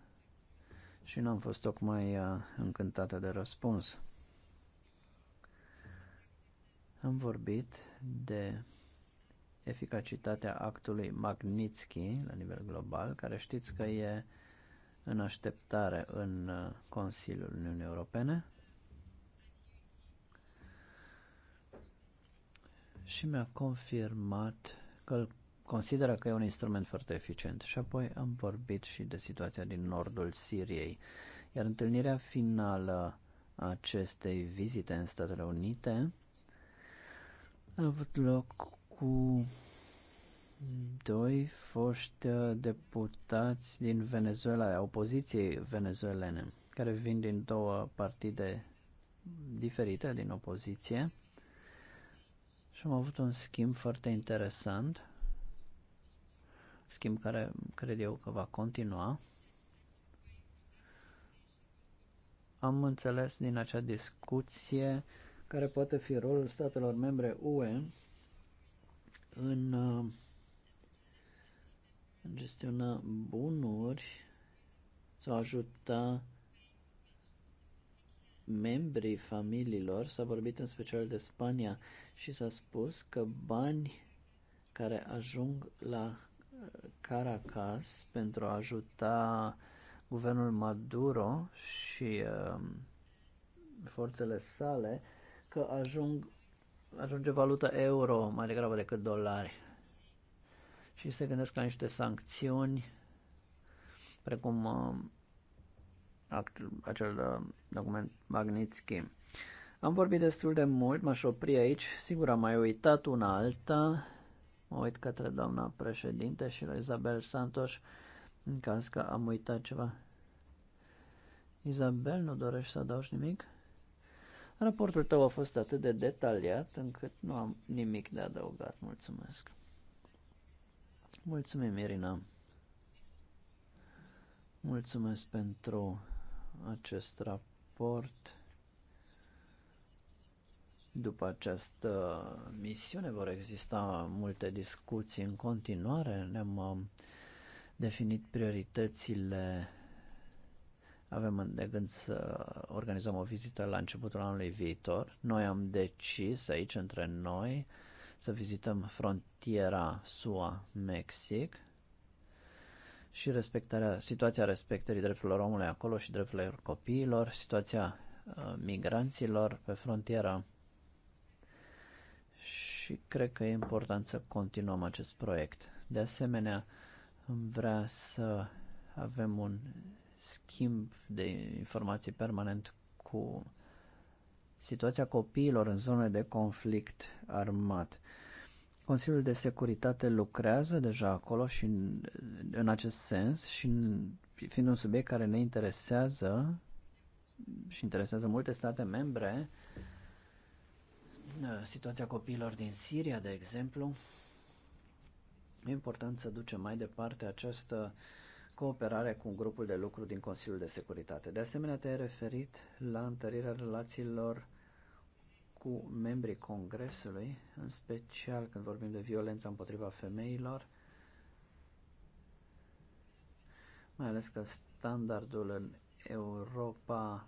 și n-am fost tocmai uh, încântată de răspuns. Am vorbit de eficacitatea actului Magnitsky la nivel global, care știți că e în așteptare în uh, Consiliul Uniunii Europene. Și mi-a confirmat că îl consideră că e un instrument foarte eficient. Și apoi am vorbit și de situația din nordul Siriei. Iar întâlnirea finală a acestei vizite în Statele Unite a avut loc cu doi foști uh, deputați din Venezuela, opoziției venezuelene, care vin din două partide diferite din opoziție. Și am avut un schimb foarte interesant, schimb care cred eu că va continua. Am înțeles din acea discuție care poate fi rolul statelor membre UE în, uh, în gestiona bunuri sau ajuta membrii familiilor. S-a vorbit în special de Spania și s-a spus că bani care ajung la uh, Caracas pentru a ajuta guvernul Maduro și uh, forțele sale că ajung, ajunge valuta euro mai degrabă decât dolari. Și se gândesc la niște sancțiuni, precum uh, act, acel uh, document Magnitsky. Am vorbit destul de mult, m-aș opri aici. Sigur, am mai uitat una alta. Mă uit către doamna președinte și la Isabel Santos în caz că am uitat ceva. Isabel, nu dorești să adaugi nimic? Raportul tău a fost atât de detaliat încât nu am nimic de adăugat. Mulțumesc. Mulțumim, Irina. Mulțumesc pentru acest raport. După această misiune vor exista multe discuții în continuare. Ne-am uh, definit prioritățile avem de gând să organizăm o vizită la începutul anului viitor. Noi am decis aici între noi să vizităm frontiera SUA-Mexic și respectarea, situația respectării drepturilor omului acolo și drepturilor copiilor, situația uh, migranților pe frontiera și cred că e important să continuăm acest proiect. De asemenea, vrea să avem un schimb de informații permanent cu situația copiilor în zone de conflict armat. Consiliul de Securitate lucrează deja acolo și în, în acest sens și în, fiind un subiect care ne interesează și interesează multe state membre, uh, situația copiilor din Siria, de exemplu, e important să ducem mai departe această uh, cooperarea cu un grupul de lucru din Consiliul de Securitate. De asemenea, te-ai referit la întărirea relațiilor cu membrii Congresului, în special când vorbim de violența împotriva femeilor, mai ales că standardul în Europa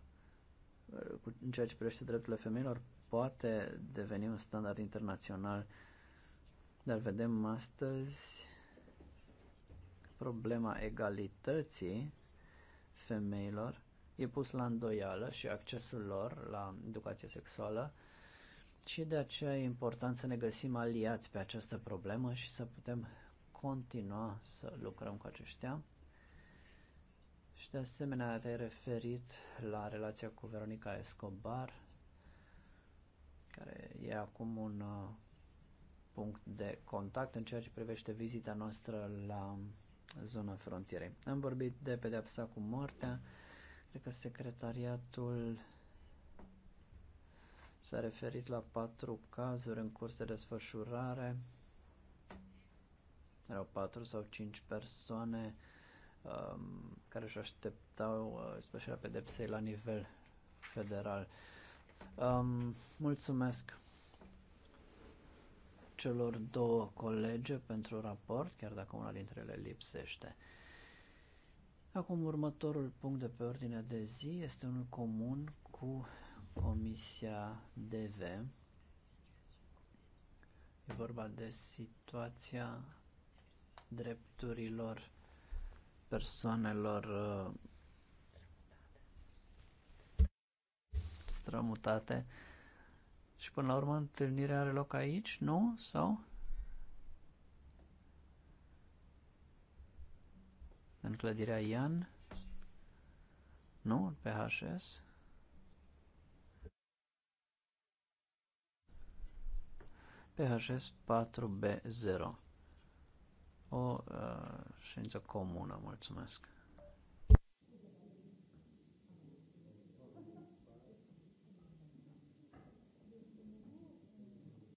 în ceea ce privește drepturile femeilor poate deveni un standard internațional, dar vedem astăzi problema egalității femeilor e pus la îndoială și accesul lor la educație sexuală și de aceea e important să ne găsim aliați pe această problemă și să putem continua să lucrăm cu aceștia. Și de asemenea te referit la relația cu Veronica Escobar, care e acum un uh, punct de contact în ceea ce privește vizita noastră la zona frontierei. Am vorbit de pedepsa cu moartea. Cred că secretariatul s-a referit la patru cazuri în curs de desfășurare. Erau patru sau cinci persoane um, care își așteptau uh, special pedepsei la nivel federal. Um, mulțumesc! celor două colege pentru raport, chiar dacă una dintre ele lipsește. Acum, următorul punct de pe ordinea de zi este unul comun cu Comisia DV. E vorba de situația drepturilor persoanelor uh, strămutate și până la urmă întâlnirea are loc aici, nu? Sau? În clădirea Ian? Nu? În PHS? PHS 4B0 O uh, ședință comună, mulțumesc.